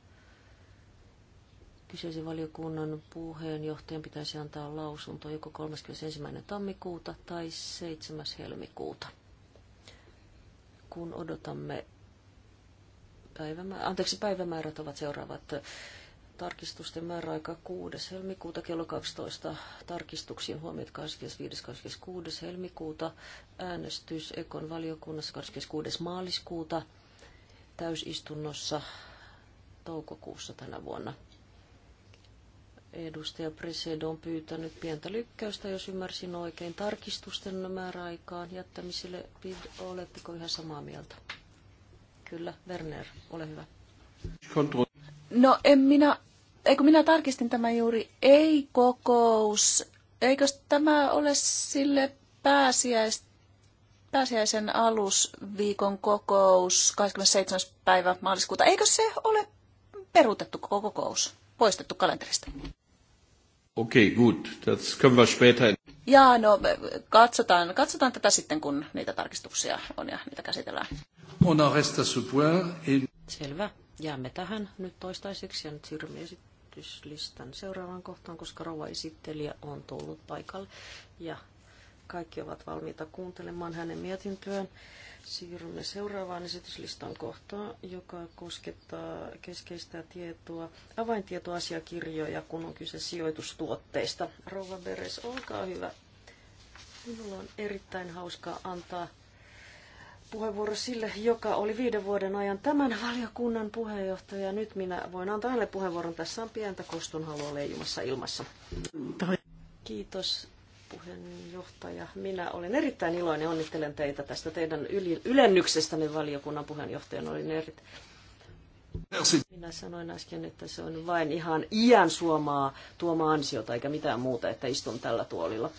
Kyseisen valiokunnan puheenjohtajan pitäisi antaa lausunto joko 31. tammikuuta tai 7. helmikuuta kun odotamme päivämäärä, anteeksi, päivämäärät ovat seuraavat tarkistusten määräaika 6. helmikuuta kello 12. Tarkistuksiin huomiot 25.–26. helmikuuta. Äänestys Ekon valiokunnassa 26. maaliskuuta. Täysistunnossa toukokuussa tänä vuonna. Edustaja Presedo on pyytänyt pientä lykkäystä, jos ymmärsin oikein, tarkistusten määräaikaan jättämiselle. Oletteko yhä samaa mieltä? Kyllä, Werner, ole hyvä. No en minä, eikö minä tarkistin tämän juuri, ei kokous, eikö tämä ole sille pääsiäis, pääsiäisen alusviikon kokous 27. päivä maaliskuuta, eikö se ole peruutettu koko kokous, poistettu kalenterista? Okei, okay, good. That's können wir später. Jaa, no katsotaan, katsotaan tätä sitten, kun niitä tarkistuksia on ja niitä käsitellään. On arresta ce point et... Selvä. Jäämme tähän nyt toistaiseksi ja nyt siirrymme esityslistan seuraavaan kohtaan, koska rouva esittelijä on tullut paikalle ja kaikki ovat valmiita kuuntelemaan hänen mietintöään. Siirrymme seuraavaan esityslistan kohtaan, joka koskettaa keskeistä tietoa, avaintietoasiakirjoja, kun on kyse sijoitustuotteista. Rouva Beres, olkaa hyvä. Minulla on erittäin hauskaa antaa puheenvuoro sille, joka oli viiden vuoden ajan tämän valiokunnan puheenjohtaja. Nyt minä voin antaa hänelle puheenvuoron. Tässä on pientä koston halua leijumassa ilmassa. Kiitos puheenjohtaja. Minä olen erittäin iloinen, onnittelen teitä tästä teidän ylennyksestänne valiokunnan puheenjohtajan. Olin erittäin minä sanoin äsken, että se on vain ihan iän suomaa tuoma ansiota eikä mitään muuta, että istun tällä tuolilla.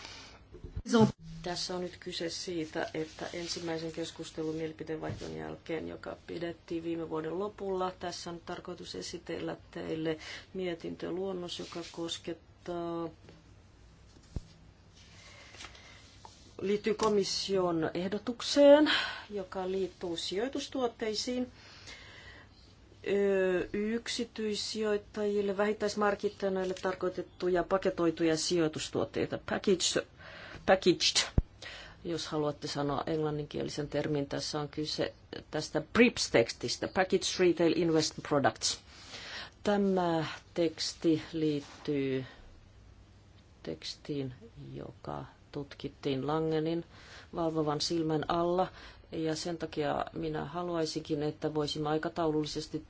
Tässä on nyt kyse siitä, että ensimmäisen keskustelun mielipiteenvaihdon jälkeen, joka pidettiin viime vuoden lopulla, tässä on tarkoitus esitellä teille mietintöluonnos, joka koskettaa liittyy komission ehdotukseen, joka liittyy sijoitustuotteisiin yksityissijoittajille, vähittäismarkkinoille tarkoitettuja paketoituja sijoitustuotteita, packaged, packaged, jos haluatte sanoa englanninkielisen termin. Tässä on kyse tästä BRIPS-tekstistä, Packaged Retail Investment Products. Tämä teksti liittyy tekstiin, joka tutkittiin Langenin valvovan silmän alla. Ja sen takia minä haluaisinkin, että voisimme aikataulullisesti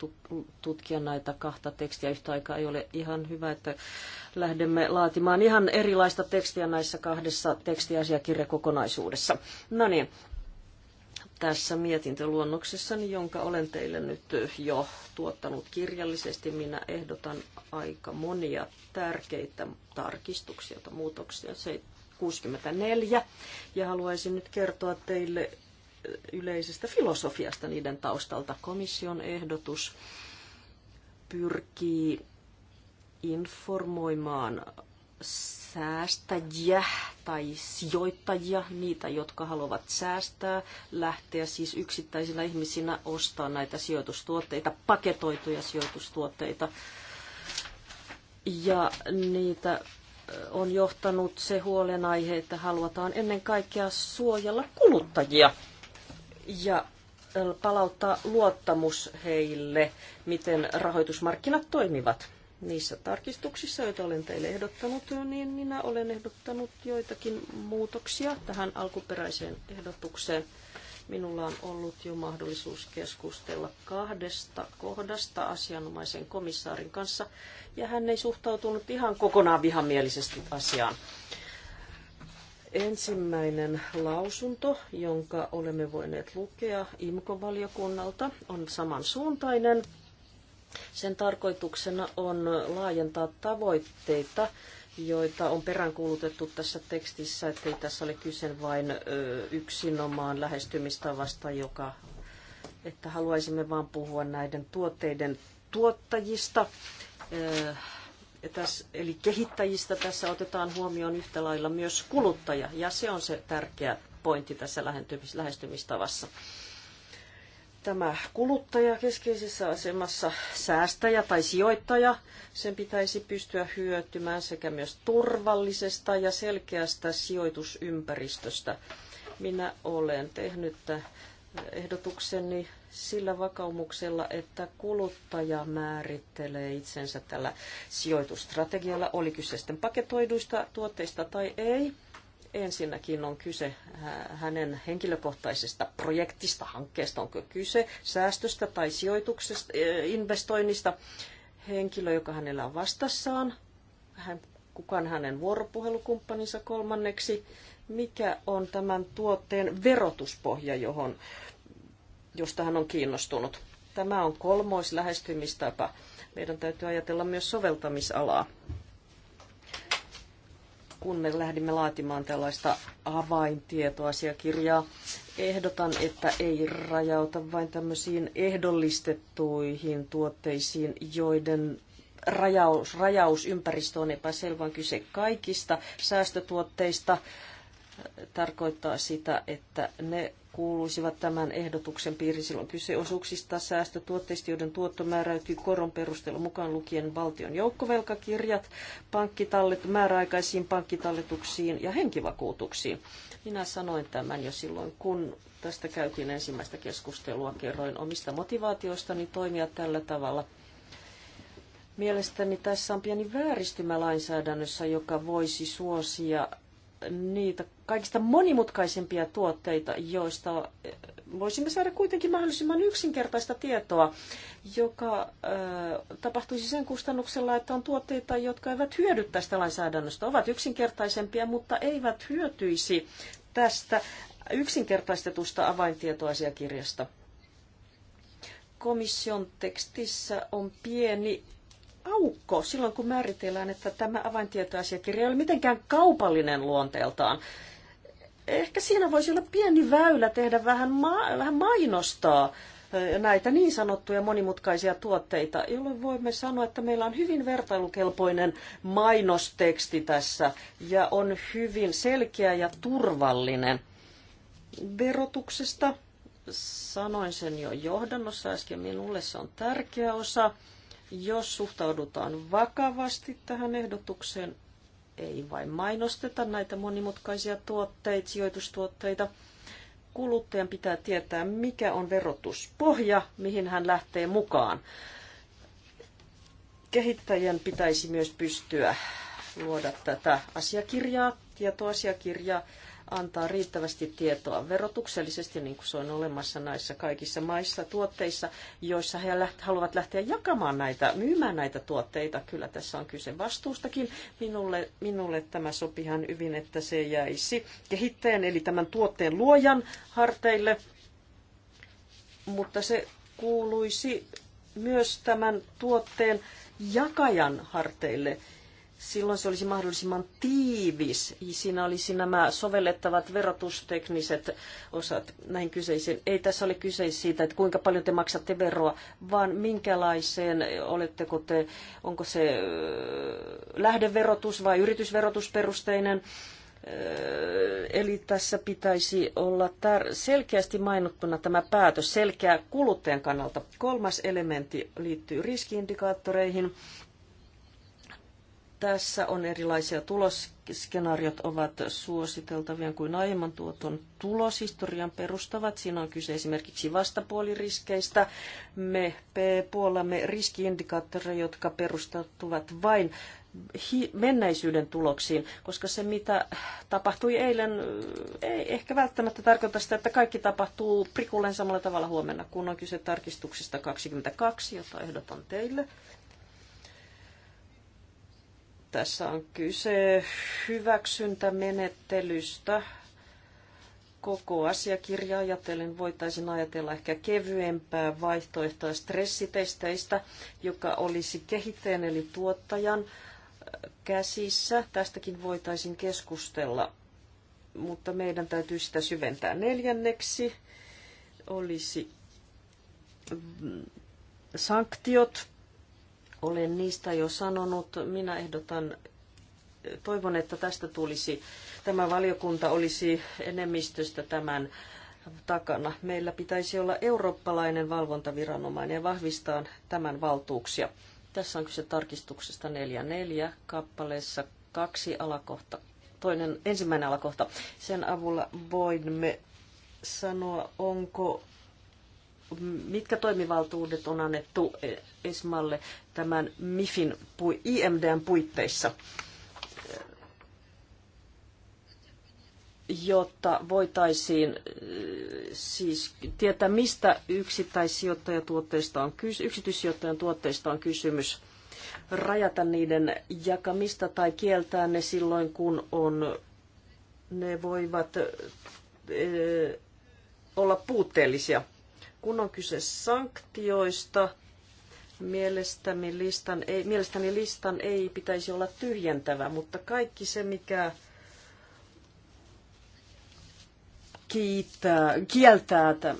tutkia näitä kahta tekstiä yhtä aikaa. Ei ole ihan hyvä, että lähdemme laatimaan ihan erilaista tekstiä näissä kahdessa tekstiasiakirjakokonaisuudessa. No niin, tässä mietintöluonnoksessani, jonka olen teille nyt jo tuottanut kirjallisesti, minä ehdotan aika monia tärkeitä tarkistuksia tai muutoksia. 64. Ja haluaisin nyt kertoa teille äh, yleisestä filosofiasta niiden taustalta. Komission ehdotus pyrkii informoimaan säästäjiä tai sijoittajia, niitä, jotka haluavat säästää, lähteä siis yksittäisillä ihmisinä ostaa näitä sijoitustuotteita, paketoituja sijoitustuotteita. Ja niitä on johtanut se huolenaihe, että halutaan ennen kaikkea suojella kuluttajia ja palauttaa luottamus heille, miten rahoitusmarkkinat toimivat. Niissä tarkistuksissa, joita olen teille ehdottanut, niin minä olen ehdottanut joitakin muutoksia tähän alkuperäiseen ehdotukseen. Minulla on ollut jo mahdollisuus keskustella kahdesta kohdasta asianomaisen komissaarin kanssa, ja hän ei suhtautunut ihan kokonaan vihamielisesti asiaan. Ensimmäinen lausunto, jonka olemme voineet lukea imco valiokunnalta on samansuuntainen. Sen tarkoituksena on laajentaa tavoitteita, joita on peräänkuulutettu tässä tekstissä, ettei tässä ole kyse vain yksinomaan lähestymistavasta, joka, että haluaisimme vain puhua näiden tuotteiden tuottajista, eli kehittäjistä. Tässä otetaan huomioon yhtä lailla myös kuluttaja, ja se on se tärkeä pointti tässä lähestymistavassa tämä kuluttaja keskeisessä asemassa, säästäjä tai sijoittaja, sen pitäisi pystyä hyötymään sekä myös turvallisesta ja selkeästä sijoitusympäristöstä. Minä olen tehnyt ehdotukseni sillä vakaumuksella, että kuluttaja määrittelee itsensä tällä sijoitustrategialla, oli kyse sitten paketoiduista tuotteista tai ei. Ensinnäkin on kyse äh, hänen henkilökohtaisesta projektista, hankkeesta, onko kyse säästöstä tai sijoituksesta, äh, investoinnista. Henkilö, joka hänellä on vastassaan, hän, kukaan hänen vuoropuhelukumppaninsa kolmanneksi, mikä on tämän tuotteen verotuspohja, johon, josta hän on kiinnostunut. Tämä on kolmois lähestymistapa. Meidän täytyy ajatella myös soveltamisalaa kun me lähdimme laatimaan tällaista avaintietoasiakirjaa, ehdotan, että ei rajauta vain tämmöisiin ehdollistettuihin tuotteisiin, joiden rajaus, rajausympäristö on epäselvä, kyse kaikista säästötuotteista, tarkoittaa sitä, että ne kuuluisivat tämän ehdotuksen piiriin. silloin kyse osuuksista säästötuotteista, joiden tuotto määräytyy koron perusteella mukaan lukien valtion joukkovelkakirjat, pankkitallet, määräaikaisiin pankkitalletuksiin ja henkivakuutuksiin. Minä sanoin tämän jo silloin, kun tästä käytiin ensimmäistä keskustelua, kerroin omista motivaatioistani toimia tällä tavalla. Mielestäni tässä on pieni vääristymä lainsäädännössä, joka voisi suosia niitä kaikista monimutkaisempia tuotteita, joista voisimme saada kuitenkin mahdollisimman yksinkertaista tietoa, joka tapahtuisi sen kustannuksella, että on tuotteita, jotka eivät hyödy tästä lainsäädännöstä, ovat yksinkertaisempia, mutta eivät hyötyisi tästä yksinkertaistetusta avaintietoasiakirjasta komission tekstissä on pieni aukko silloin, kun määritellään, että tämä avaintietoasiakirja ei ole mitenkään kaupallinen luonteeltaan. Ehkä siinä voisi olla pieni väylä tehdä vähän, ma- vähän mainostaa näitä niin sanottuja monimutkaisia tuotteita, jolloin voimme sanoa, että meillä on hyvin vertailukelpoinen mainosteksti tässä ja on hyvin selkeä ja turvallinen verotuksesta. Sanoin sen jo johdannossa äsken, minulle se on tärkeä osa jos suhtaudutaan vakavasti tähän ehdotukseen, ei vain mainosteta näitä monimutkaisia tuotteita, sijoitustuotteita. Kuluttajan pitää tietää, mikä on verotuspohja, mihin hän lähtee mukaan. Kehittäjän pitäisi myös pystyä luoda tätä asiakirjaa, tietoasiakirjaa, antaa riittävästi tietoa verotuksellisesti, niin kuin se on olemassa näissä kaikissa maissa tuotteissa, joissa he haluavat lähteä jakamaan näitä, myymään näitä tuotteita. Kyllä tässä on kyse vastuustakin. Minulle, minulle tämä sopi ihan hyvin, että se jäisi kehittäjän, eli tämän tuotteen luojan harteille, mutta se kuuluisi myös tämän tuotteen jakajan harteille silloin se olisi mahdollisimman tiivis. Siinä olisi nämä sovellettavat verotustekniset osat näihin kyseisiin. Ei tässä ole kyse siitä, että kuinka paljon te maksatte veroa, vaan minkälaiseen oletteko te, onko se lähdeverotus vai yritysverotusperusteinen. Eli tässä pitäisi olla selkeästi mainittuna tämä päätös selkeä kuluttajan kannalta. Kolmas elementti liittyy riskiindikaattoreihin tässä on erilaisia tulosskenaariot ovat suositeltavia kuin aiemman tuoton tuloshistorian perustavat. Siinä on kyse esimerkiksi vastapuoliriskeistä. Me puolamme riskiindikaattoreja, jotka perustuvat vain menneisyyden tuloksiin, koska se mitä tapahtui eilen ei ehkä välttämättä tarkoita sitä, että kaikki tapahtuu prikulleen samalla tavalla huomenna, kun on kyse tarkistuksista 22, jota ehdotan teille. Tässä on kyse hyväksyntämenettelystä. Koko asiakirja ajatellen voitaisiin ajatella ehkä kevyempää vaihtoehtoa stressitesteistä, joka olisi kehittäjän eli tuottajan äh, käsissä. Tästäkin voitaisiin keskustella, mutta meidän täytyy sitä syventää neljänneksi. Olisi mm, sanktiot olen niistä jo sanonut. Minä ehdotan, toivon, että tästä tulisi, tämä valiokunta olisi enemmistöstä tämän takana. Meillä pitäisi olla eurooppalainen valvontaviranomainen ja vahvistaa tämän valtuuksia. Tässä on kyse tarkistuksesta 4.4 kappaleessa kaksi alakohta. Toinen, ensimmäinen alakohta. Sen avulla voimme sanoa, onko mitkä toimivaltuudet on annettu Esmalle tämän MIFin, IMDn puitteissa, jotta voitaisiin äh, siis tietää, mistä yksittäissijoittajatuotteista on kysymys, yksityissijoittajan tuotteista on kysymys, rajata niiden jakamista tai kieltää ne silloin, kun on, ne voivat äh, olla puutteellisia – kun on kyse sanktioista, mielestäni listan, ei, mielestäni listan ei pitäisi olla tyhjentävä, mutta kaikki se, mikä kiittää, kieltää tämän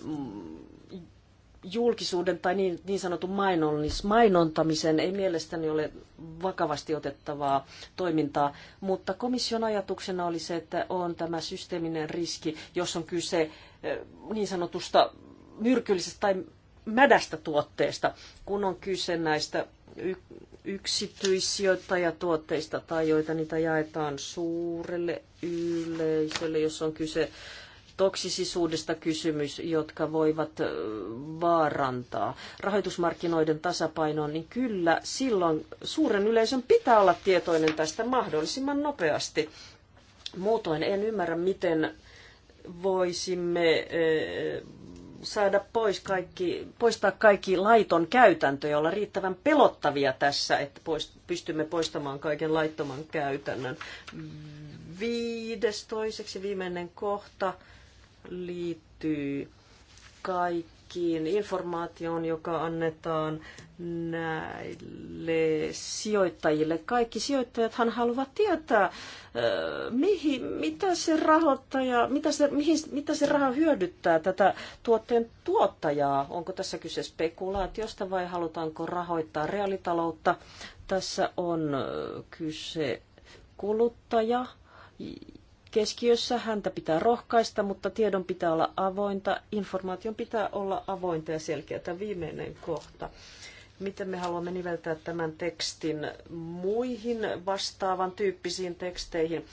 julkisuuden tai niin, niin sanotun mainonnis, mainontamisen ei mielestäni ole vakavasti otettavaa toimintaa, mutta komission ajatuksena oli se, että on tämä systeeminen riski, jos on kyse eh, niin sanotusta myrkyllisestä tai mädästä tuotteesta, kun on kyse näistä yksityissijoittajatuotteista tai joita niitä jaetaan suurelle yleisölle, jos on kyse toksisisuudesta kysymys, jotka voivat vaarantaa rahoitusmarkkinoiden tasapainoon, niin kyllä silloin suuren yleisön pitää olla tietoinen tästä mahdollisimman nopeasti. Muutoin en ymmärrä, miten voisimme saada pois kaikki, poistaa kaikki laiton käytäntö ja olla riittävän pelottavia tässä, että poist, pystymme poistamaan kaiken laittoman käytännön. Viides toiseksi viimeinen kohta liittyy kaikki kaikkiin informaatioon, joka annetaan näille sijoittajille. Kaikki sijoittajathan haluavat tietää, mihin, mitä se rahoittaja, mitä se, mihin, mitä se raha hyödyttää tätä tuotteen tuottajaa. Onko tässä kyse spekulaatiosta vai halutaanko rahoittaa reaalitaloutta? Tässä on kyse kuluttaja keskiössä, häntä pitää rohkaista, mutta tiedon pitää olla avointa, informaation pitää olla avointa ja selkeä. Tämä viimeinen kohta. Miten me haluamme niveltää tämän tekstin muihin vastaavan tyyppisiin teksteihin?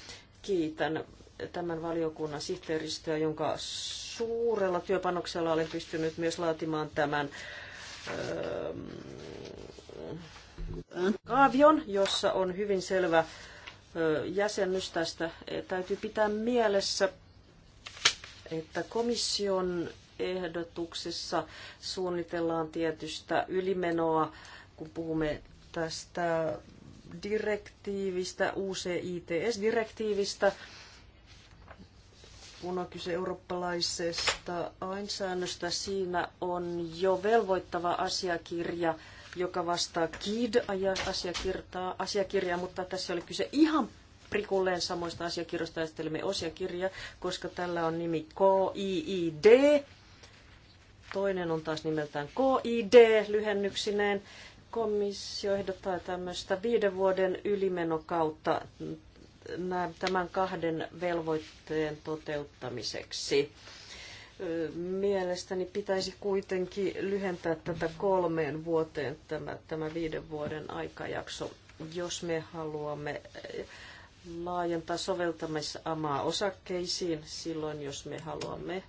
Kiitän tämän valiokunnan sihteeristöä, jonka suurella työpanoksella olen pystynyt myös laatimaan tämän öö, kaavion, jossa on hyvin selvä jäsennys tästä. E, täytyy pitää mielessä, että komission ehdotuksessa suunnitellaan tietystä ylimenoa, kun puhumme tästä direktiivistä, UCITS-direktiivistä, kun on kyse eurooppalaisesta ainsäännöstä, Siinä on jo velvoittava asiakirja joka vastaa KID-asiakirjaa, asiakirjaa, mutta tässä oli kyse ihan prikulleen samoista asiakirjoista ajattelemme osakirja, koska tällä on nimi KIID. Toinen on taas nimeltään KID lyhennyksineen. Komissio ehdottaa tämmöistä viiden vuoden ylimenokautta tämän kahden velvoitteen toteuttamiseksi. Mielestäni pitäisi kuitenkin lyhentää tätä kolmeen vuoteen tämä, tämä viiden vuoden aikajakso, jos me haluamme laajentaa soveltamisamaa osakkeisiin silloin, jos me haluamme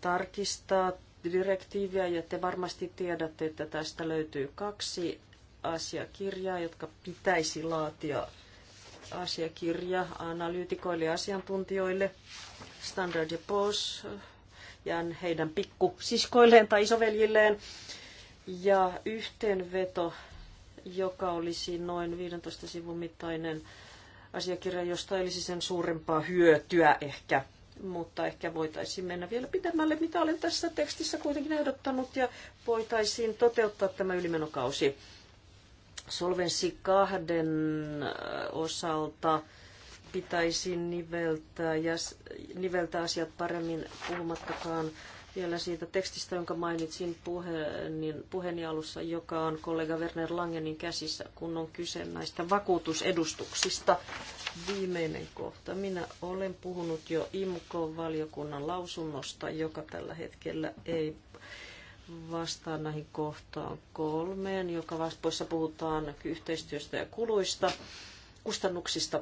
tarkistaa direktiiviä. Ja te varmasti tiedätte, että tästä löytyy kaksi asiakirjaa, jotka pitäisi laatia asiakirja analyytikoille ja asiantuntijoille. Standard ja Poor's ja heidän pikkusiskoilleen tai isoveljilleen. Ja yhteenveto, joka olisi noin 15 sivun mittainen asiakirja, josta olisi sen suurempaa hyötyä ehkä mutta ehkä voitaisiin mennä vielä pidemmälle, mitä olen tässä tekstissä kuitenkin ehdottanut, ja voitaisiin toteuttaa tämä ylimenokausi. Solvenssi kahden äh, osalta pitäisi niveltää, ja niveltää asiat paremmin puhumattakaan vielä siitä tekstistä, jonka mainitsin niin puheeni alussa, joka on kollega Werner Langenin käsissä, kun on kyse näistä vakuutusedustuksista. Viimeinen kohta. Minä olen puhunut jo IMK-valiokunnan lausunnosta, joka tällä hetkellä ei vastaa näihin kohtaan kolmeen, joka vastuussa puhutaan yhteistyöstä ja kuluista, kustannuksista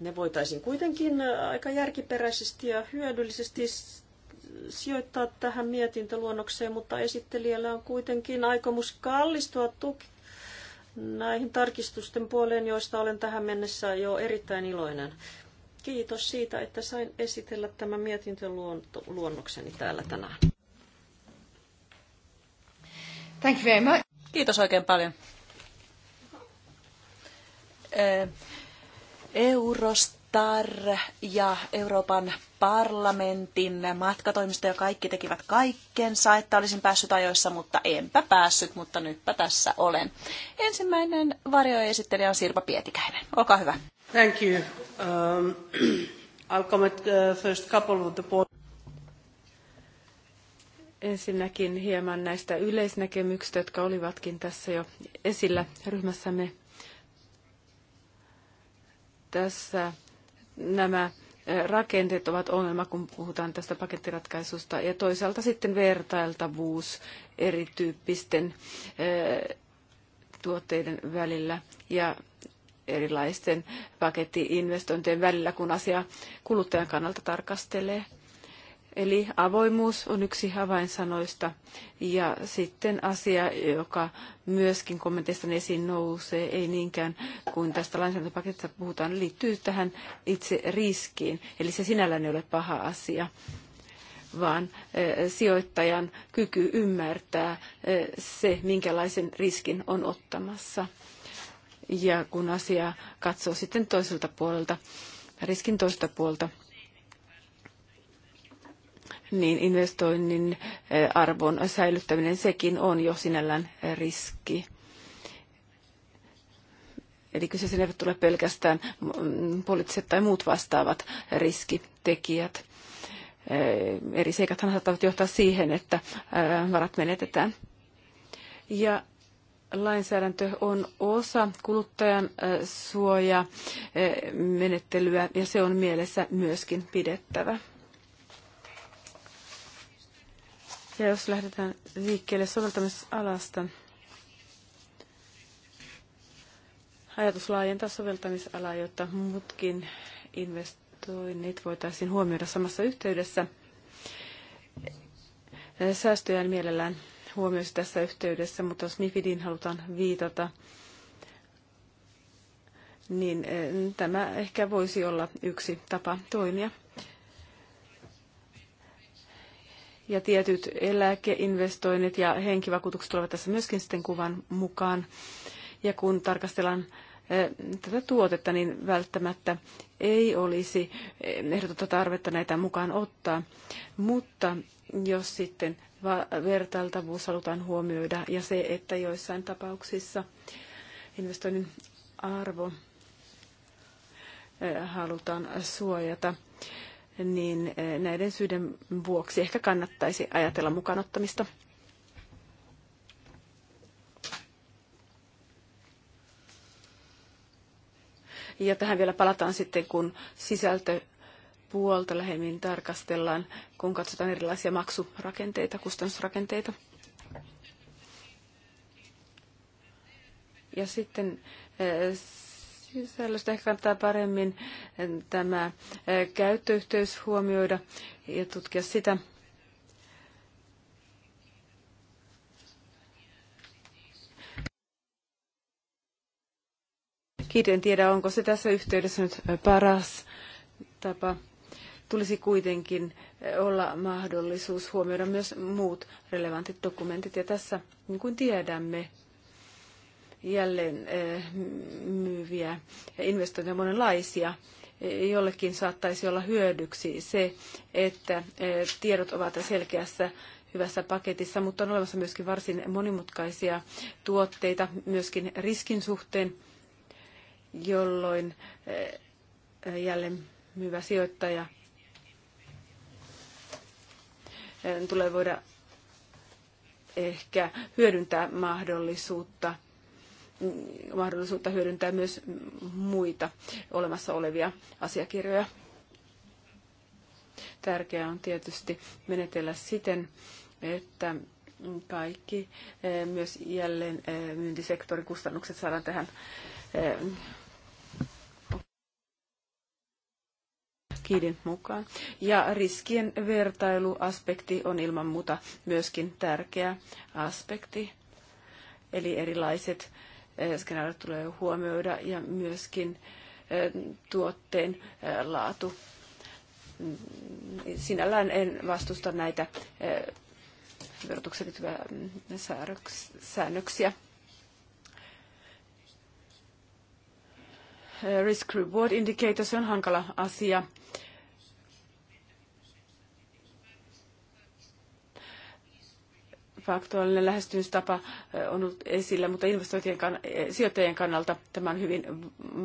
ne voitaisiin kuitenkin äh, aika järkiperäisesti ja hyödyllisesti sijoittaa tähän mietintöluonnokseen, mutta esittelijällä on kuitenkin aikomus kallistua tuki näihin tarkistusten puoleen, joista olen tähän mennessä jo erittäin iloinen. Kiitos siitä, että sain esitellä tämän mietintöluonnokseni täällä tänään. Thank you very much. Kiitos oikein paljon. Äh, Eurostar ja Euroopan parlamentin matkatoimisto ja kaikki tekivät kaikkensa, että olisin päässyt ajoissa, mutta enpä päässyt, mutta nytpä tässä olen. Ensimmäinen varjoesittelijä on Sirpa Pietikäinen. Olkaa hyvä. Thank you. Um, I'll comment the uh, first couple of the points. Ensinnäkin hieman näistä yleisnäkemyksistä, jotka olivatkin tässä jo esillä ryhmässämme tässä nämä rakenteet ovat ongelma, kun puhutaan tästä pakettiratkaisusta, ja toisaalta sitten vertailtavuus erityyppisten tuotteiden välillä ja erilaisten pakettiinvestointien välillä, kun asia kuluttajan kannalta tarkastelee. Eli avoimuus on yksi avainsanoista. Ja sitten asia, joka myöskin kommenteista esiin nousee, ei niinkään kuin tästä lainsäädäntöpaketista puhutaan, liittyy tähän itse riskiin. Eli se sinällään ei ole paha asia vaan e, sijoittajan kyky ymmärtää e, se, minkälaisen riskin on ottamassa. Ja kun asiaa katsoo sitten toiselta puolelta, riskin toista puolta, niin investoinnin eh, arvon säilyttäminen sekin on jo sinällään riski. Eli kyseessä eivät tule pelkästään mm, poliittiset tai muut vastaavat riskitekijät. Eh, eri seikathan saattavat johtaa siihen, että eh, varat menetetään. Ja lainsäädäntö on osa kuluttajan suojamenettelyä ja se on mielessä myöskin pidettävä. Ja jos lähdetään liikkeelle soveltamisalasta, ajatus laajentaa soveltamisalaa, jotta muutkin investoinnit voitaisiin huomioida samassa yhteydessä. Säästöjä en mielellään huomioisi tässä yhteydessä, mutta jos MIFIDin halutaan viitata, niin eh, tämä ehkä voisi olla yksi tapa toimia. Ja tietyt eläkeinvestoinnit ja henkivakuutukset tulevat tässä myöskin sitten kuvan mukaan. Ja kun tarkastellaan eh, tätä tuotetta, niin välttämättä ei olisi eh, ehdotonta tarvetta näitä mukaan ottaa. Mutta jos sitten vertailtavuus halutaan huomioida ja se, että joissain tapauksissa investoinnin arvo eh, halutaan suojata, niin eh, näiden syiden vuoksi ehkä kannattaisi ajatella mukanottamista. Ja tähän vielä palataan sitten, kun sisältöpuolta lähemmin tarkastellaan, kun katsotaan erilaisia maksurakenteita, kustannusrakenteita. Ja sitten eh, sisällöstä ehkä kannattaa paremmin eh, tämä eh, käyttöyhteys huomioida ja tutkia sitä. Kiit, en tiedä, onko se tässä yhteydessä nyt eh, paras tapa. Tulisi kuitenkin olla mahdollisuus huomioida myös muut relevantit dokumentit. Ja tässä, niin kuin tiedämme, jälleen eh, myyviä investointeja monenlaisia. Eh, jollekin saattaisi olla hyödyksi se, että eh, tiedot ovat selkeässä hyvässä paketissa, mutta on olemassa myöskin varsin monimutkaisia tuotteita myöskin riskin suhteen, jolloin jälleen myyvä sijoittaja tulee voida ehkä hyödyntää mahdollisuutta – mahdollisuutta hyödyntää myös muita olemassa olevia asiakirjoja. Tärkeää on tietysti menetellä siten, että kaikki eh, myös jälleen eh, myyntisektorin kustannukset saadaan tähän eh, kiidin mukaan. Ja riskien vertailuaspekti on ilman muuta myöskin tärkeä aspekti. Eli erilaiset äh, skenaariot tulee huomioida ja myöskin eh, tuotteen eh, laatu. Mm, sinällään en vastusta näitä eh, verotuksen liittyviä mm, säännöksiä. Risk reward indicator, se on hankala asia faktuaalinen lähestymistapa on ollut esillä, mutta investointien kann- e, sijoittajien kannalta tämä on hyvin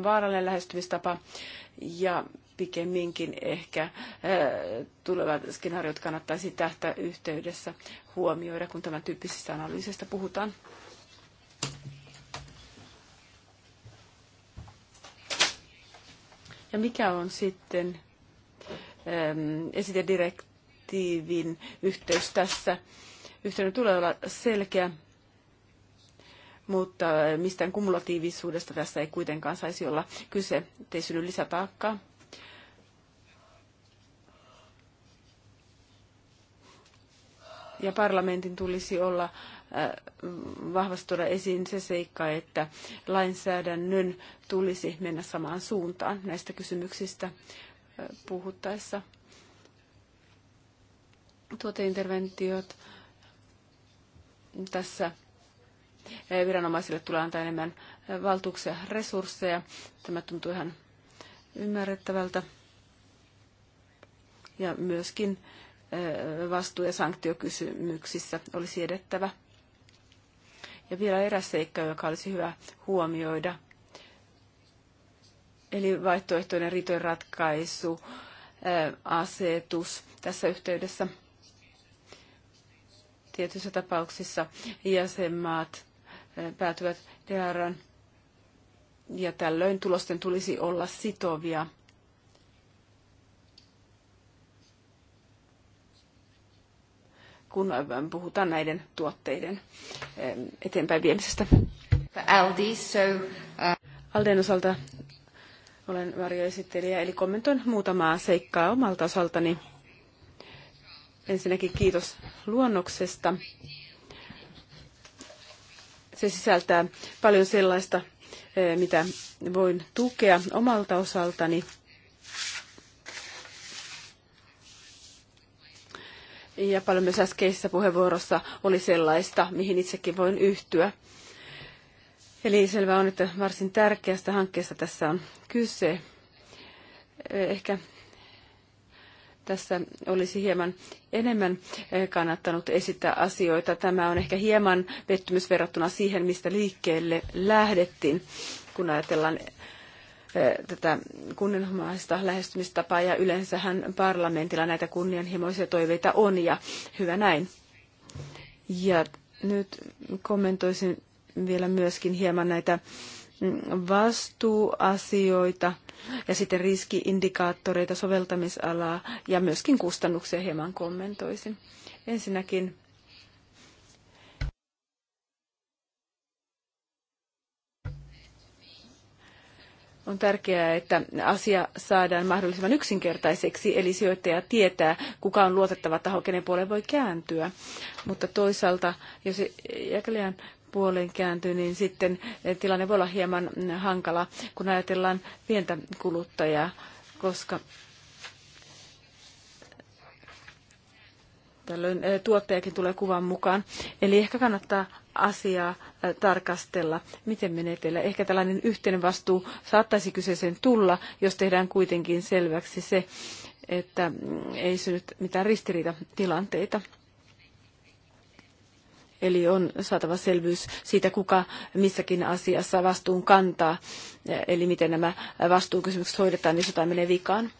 vaarallinen lähestymistapa ja pikemminkin ehkä tulevat skenaariot kannattaisi tähtä yhteydessä huomioida, kun tämän tyyppisistä analyysistä puhutaan. Ja mikä on sitten esitedirektiivin yhteys tässä? yhteyden tulee olla selkeä, mutta mistään kumulatiivisuudesta tässä ei kuitenkaan saisi olla kyse, ettei synny lisätaakkaa. Ja parlamentin tulisi olla äh, vahvasti tuoda esiin se seikka, että lainsäädännön tulisi mennä samaan suuntaan näistä kysymyksistä äh, puhuttaessa. Tuoteinterventiot tässä viranomaisille tulee antaa enemmän valtuuksia resursseja. Tämä tuntuu ihan ymmärrettävältä. Ja myöskin eh, vastuu- ja sanktiokysymyksissä olisi edettävä. Ja vielä eräs seikka, joka olisi hyvä huomioida. Eli vaihtoehtoinen ratkaisu, eh, asetus tässä yhteydessä – tietyissä tapauksissa jäsenmaat eh, päätyvät DRn ja tällöin tulosten tulisi olla sitovia. kun eh, puhutaan näiden tuotteiden eh, eteenpäin viemisestä. Aldi, so, uh... Alden osalta olen varjoesittelijä, eli kommentoin muutamaa seikkaa omalta osaltani. Ensinnäkin kiitos luonnoksesta. Se sisältää paljon sellaista, eh, mitä voin tukea omalta osaltani. Ja paljon myös äskeisessä puheenvuorossa oli sellaista, mihin itsekin voin yhtyä. Eli selvä on, että varsin tärkeästä hankkeesta tässä on kyse. Eh, ehkä tässä olisi hieman enemmän eh, kannattanut esittää asioita. Tämä on ehkä hieman pettymys verrattuna siihen, mistä liikkeelle lähdettiin, kun ajatellaan eh, tätä kunnianhimoista lähestymistapaa ja yleensähän parlamentilla näitä kunnianhimoisia toiveita on ja hyvä näin. Ja nyt kommentoisin vielä myöskin hieman näitä Mm, vastuuasioita ja sitten riskiindikaattoreita, soveltamisalaa ja myöskin kustannuksia hieman kommentoisin. Ensinnäkin On tärkeää, että asia saadaan mahdollisimman yksinkertaiseksi, eli sijoittaja tietää, kuka on luotettava taho, kenen puoleen voi kääntyä. Mutta toisaalta, jos jäkälään puoleen kääntyy, niin sitten eh, tilanne voi olla hieman mm, hankala, kun ajatellaan pientä kuluttajaa, koska tällöin eh, tuottajakin tulee kuvan mukaan. Eli ehkä kannattaa asiaa eh, tarkastella, miten menetellä. Ehkä tällainen yhteinen vastuu saattaisi kyseeseen tulla, jos tehdään kuitenkin selväksi se, että mm, ei synny mitään ristiriitatilanteita. tilanteita. Eli on saatava selvyys siitä, kuka missäkin asiassa vastuun kantaa, eli miten nämä vastuukysymykset hoidetaan, jos jotain menee vikaan.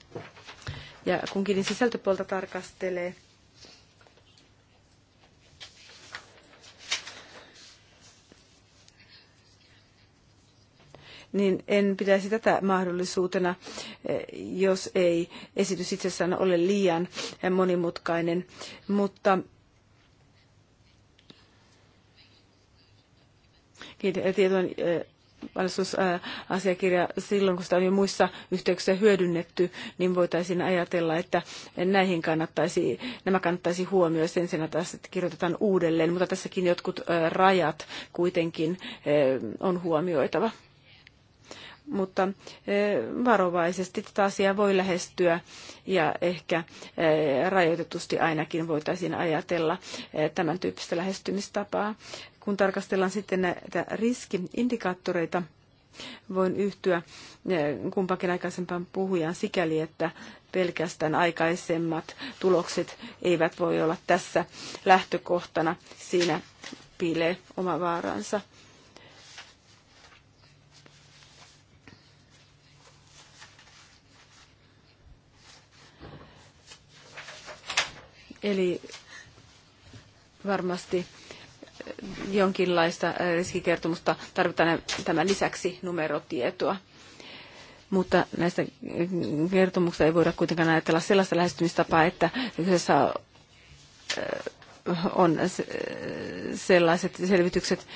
Ja kunkin sisältöpuolta tarkastelee, niin en pitäisi tätä mahdollisuutena, eh, jos ei esitys itsessään ole liian monimutkainen. Mutta tietojen eh, valistusasiakirja silloin, kun sitä on jo muissa yhteyksissä hyödynnetty, niin voitaisiin ajatella, että näihin kannattaisi, nämä kannattaisi huomioida sen sen, että tässä kirjoitetaan uudelleen, mutta tässäkin jotkut eh, rajat kuitenkin eh, on huomioitava. Mutta varovaisesti tätä asiaa voi lähestyä ja ehkä rajoitetusti ainakin voitaisiin ajatella tämän tyyppistä lähestymistapaa. Kun tarkastellaan sitten näitä riskiindikaattoreita, voin yhtyä eh, kumpakin aikaisempaan puhujaan sikäli, että pelkästään aikaisemmat tulokset eivät voi olla tässä lähtökohtana. Siinä piilee oma vaaransa. Eli varmasti jonkinlaista äh, riskikertomusta tarvitaan tämän lisäksi numerotietoa. Mutta näistä äh, kertomuksista ei voida kuitenkaan ajatella sellaista lähestymistapaa, että kyseessä äh, on sellaiset selvitykset,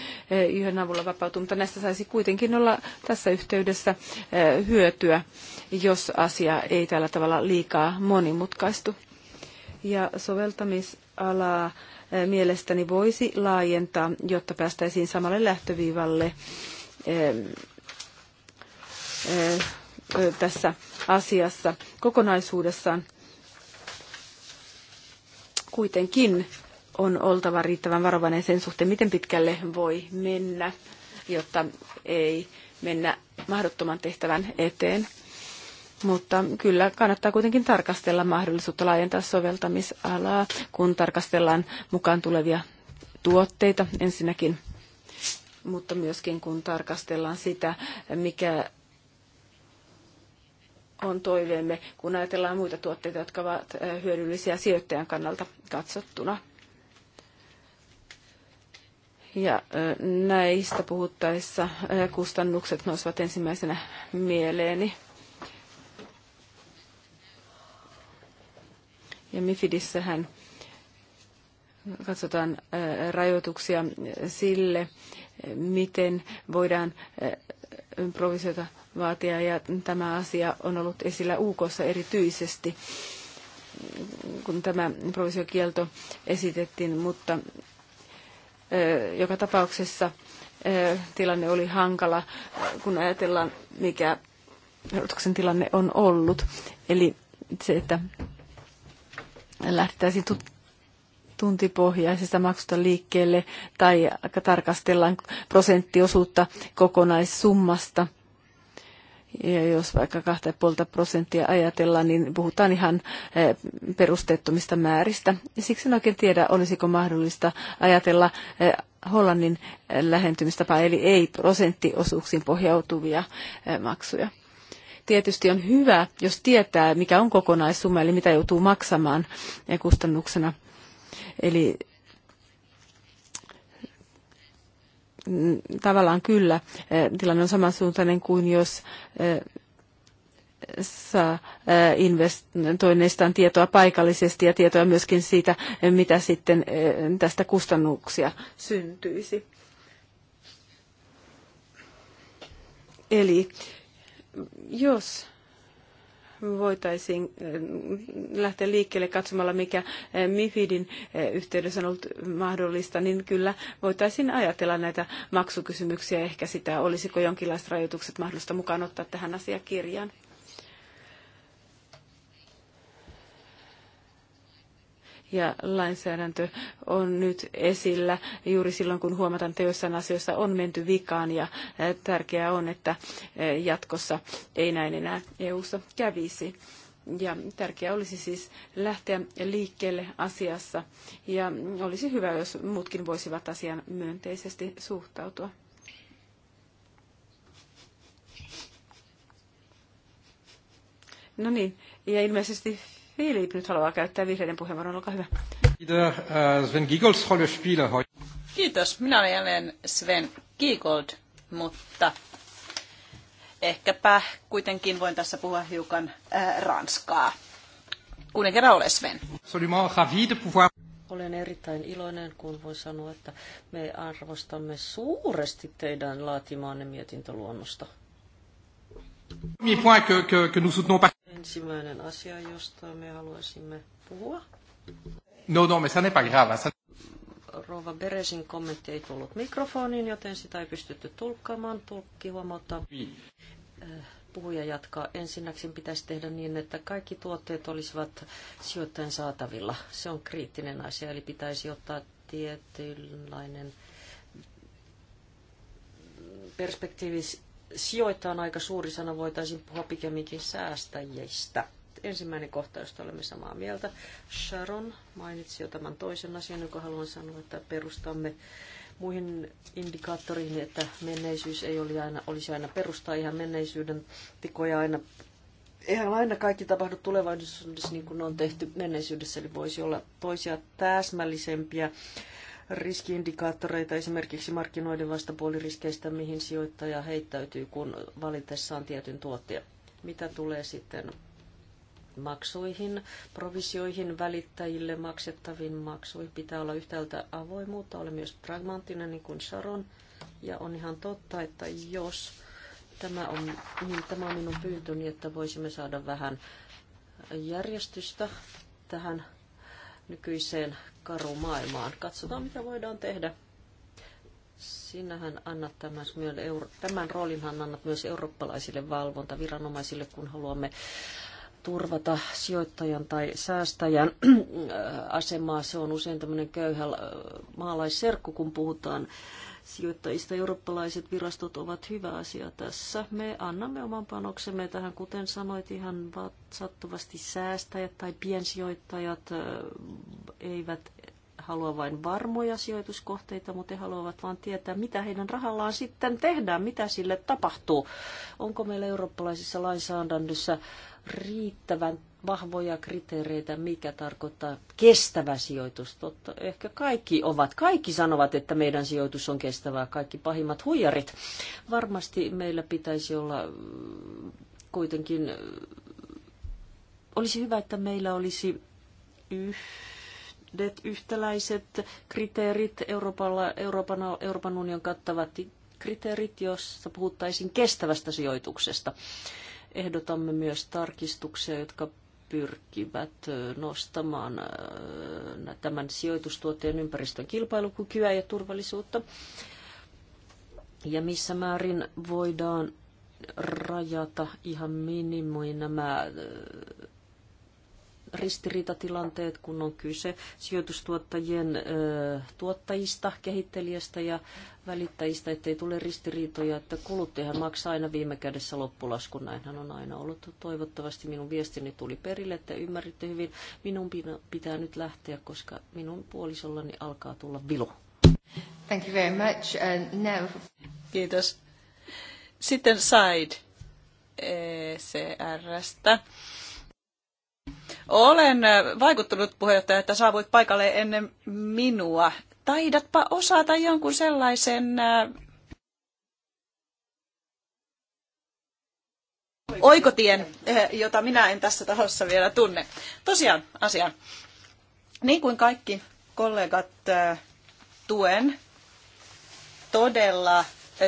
yhden avulla vapautuu, mutta näistä saisi kuitenkin olla tässä yhteydessä hyötyä, jos asia ei tällä tavalla liikaa monimutkaistu. Ja soveltamisalaa mielestäni voisi laajentaa, jotta päästäisiin samalle lähtöviivalle tässä asiassa kokonaisuudessaan. Kuitenkin on oltava riittävän varovainen sen suhteen, miten pitkälle voi mennä, jotta ei mennä mahdottoman tehtävän eteen mutta kyllä kannattaa kuitenkin tarkastella mahdollisuutta laajentaa soveltamisalaa, kun tarkastellaan mukaan tulevia tuotteita ensinnäkin, mutta myöskin kun tarkastellaan sitä, mikä on toiveemme, kun ajatellaan muita tuotteita, jotka ovat eh, hyödyllisiä sijoittajan kannalta katsottuna. Ja eh, näistä puhuttaessa eh, kustannukset nousivat ensimmäisenä mieleeni. Ja Mifidissähän katsotaan rajoituksia sille, miten voidaan improvisoita vaatia, ja tämä asia on ollut esillä uk erityisesti, kun tämä improvisiokielto esitettiin, mutta joka tapauksessa tilanne oli hankala, kun ajatellaan, mikä rajoituksen tilanne on ollut. Eli se, että lähdettäisiin tuntipohjaisesta maksusta liikkeelle tai tarkastellaan prosenttiosuutta kokonaissummasta. Ja jos vaikka 2,5 prosenttia ajatellaan, niin puhutaan ihan eh, perusteettomista määristä. Siksi en oikein tiedä, olisiko mahdollista ajatella eh, Hollannin eh, lähentymistapaa, eli ei prosenttiosuuksiin pohjautuvia maksuja tietysti on hyvä, jos tietää, mikä on kokonaissumma, eli mitä joutuu maksamaan kustannuksena. Eli mm, tavallaan kyllä eh, tilanne on samansuuntainen kuin jos eh, saa eh, investoinneistaan tietoa paikallisesti ja tietoa myöskin siitä, mitä sitten tästä kustannuksia syntyisi. Eli jos voitaisiin eh, lähteä liikkeelle katsomalla, mikä eh, MIFIDin eh, yhteydessä on ollut mahdollista, niin kyllä voitaisiin ajatella näitä maksukysymyksiä, ehkä sitä, olisiko jonkinlaiset rajoitukset mahdollista mukaan ottaa tähän asiakirjaan. ja lainsäädäntö on nyt esillä juuri silloin, kun huomataan, että joissain asioissa on menty vikaan ja tärkeää on, että jatkossa ei näin enää EU-ssa kävisi. Ja tärkeää olisi siis lähteä liikkeelle asiassa ja olisi hyvä, jos muutkin voisivat asian myönteisesti suhtautua. No niin, ja ilmeisesti Filip nyt haluaa käyttää vihreiden puheenvuoron, olkaa hyvä. Äh, Sven Kiitos. Minä olen jälleen Sven Giegold, mutta ehkäpä kuitenkin voin tässä puhua hiukan äh, ranskaa. Kuinen kerran ole Sven. Olen erittäin iloinen, kun voin sanoa, että me arvostamme suuresti teidän laatimaanne mietintöluonnosta ensimmäinen asia, josta me haluaisimme puhua. No, no, me sanne pas grave. Rova Beresin kommentti ei tullut mikrofoniin, joten sitä ei pystytty tulkkaamaan. Tulkki huomauttaa. Äh, puhuja jatkaa. Ensinnäkin pitäisi tehdä niin, että kaikki tuotteet olisivat sijoittajan saatavilla. Se on kriittinen asia, eli pitäisi ottaa tietynlainen perspektiivis Sijoittaa on aika suuri sana, voitaisiin puhua pikemminkin säästäjistä. Ensimmäinen kohta, josta olemme samaa mieltä. Sharon mainitsi jo tämän toisen asian, jonka haluan sanoa, että perustamme muihin indikaattoriin, että menneisyys ei oli aina, olisi aina perusta ihan menneisyyden tikoja aina. Eihän aina kaikki tapahdu tulevaisuudessa niin kuin on tehty menneisyydessä, eli voisi olla toisia täsmällisempiä riskiindikaattoreita esimerkiksi markkinoiden vastapuoliriskeistä, mihin sijoittaja heittäytyy, kun valitessaan tietyn tuotteen. Mitä tulee sitten maksuihin, provisioihin, välittäjille maksettaviin maksuihin pitää olla yhtäältä avoimuutta, ole myös pragmaattinen niin kuin Sharon. Ja on ihan totta, että jos tämä on, niin tämä on minun pyyntöni, että voisimme saada vähän järjestystä tähän nykyiseen karumaailmaan. Katsotaan, mitä voidaan tehdä. Sinähän annat tämän, tämän roolinhan annat myös eurooppalaisille valvontaviranomaisille, kun haluamme turvata sijoittajan tai säästäjän asemaa. Se on usein tämmöinen köyhä äh, maalaisserkku, kun puhutaan sijoittajista. Eurooppalaiset virastot ovat hyvä asia tässä. Me annamme oman panoksemme tähän, kuten sanoit, ihan sattuvasti säästäjät tai piensijoittajat äh, eivät halua vain varmoja sijoituskohteita, mutta he haluavat vain tietää, mitä heidän rahallaan sitten tehdään, mitä sille tapahtuu. Onko meillä eurooppalaisissa lainsäädännössä riittävän vahvoja kriteereitä, mikä tarkoittaa kestävä sijoitus. Totta, ehkä kaikki ovat, kaikki sanovat, että meidän sijoitus on kestävää, kaikki pahimmat huijarit. Varmasti meillä pitäisi olla mm, kuitenkin, äh, olisi hyvä, että meillä olisi yh uudet yhtäläiset kriteerit, Euroopalla, Euroopan, Euroopan union kattavat kriteerit, joissa puhuttaisiin kestävästä sijoituksesta. Ehdotamme myös tarkistuksia, jotka pyrkivät nostamaan tämän sijoitustuotteen ympäristön kilpailukykyä ja turvallisuutta. Ja missä määrin voidaan rajata ihan minimoin nämä ristiriitatilanteet, kun on kyse sijoitustuottajien tuottajista, kehittelijästä ja välittäjistä, ettei tule ristiriitoja, että kuluttajahan maksaa aina viime kädessä loppulaskun. Näinhän on aina ollut. Toivottavasti minun viestini tuli perille, että ymmärritte hyvin. Minun pitää nyt lähteä, koska minun puolisollani alkaa tulla vilu. Thank you very much. Uh, now... Kiitos. Sitten Said e stä olen vaikuttunut puheenjohtaja, että saavuit paikalle ennen minua. Taidatpa osata jonkun sellaisen oikotien, jota minä en tässä tahossa vielä tunne. Tosiaan asia. Niin kuin kaikki kollegat tuen todella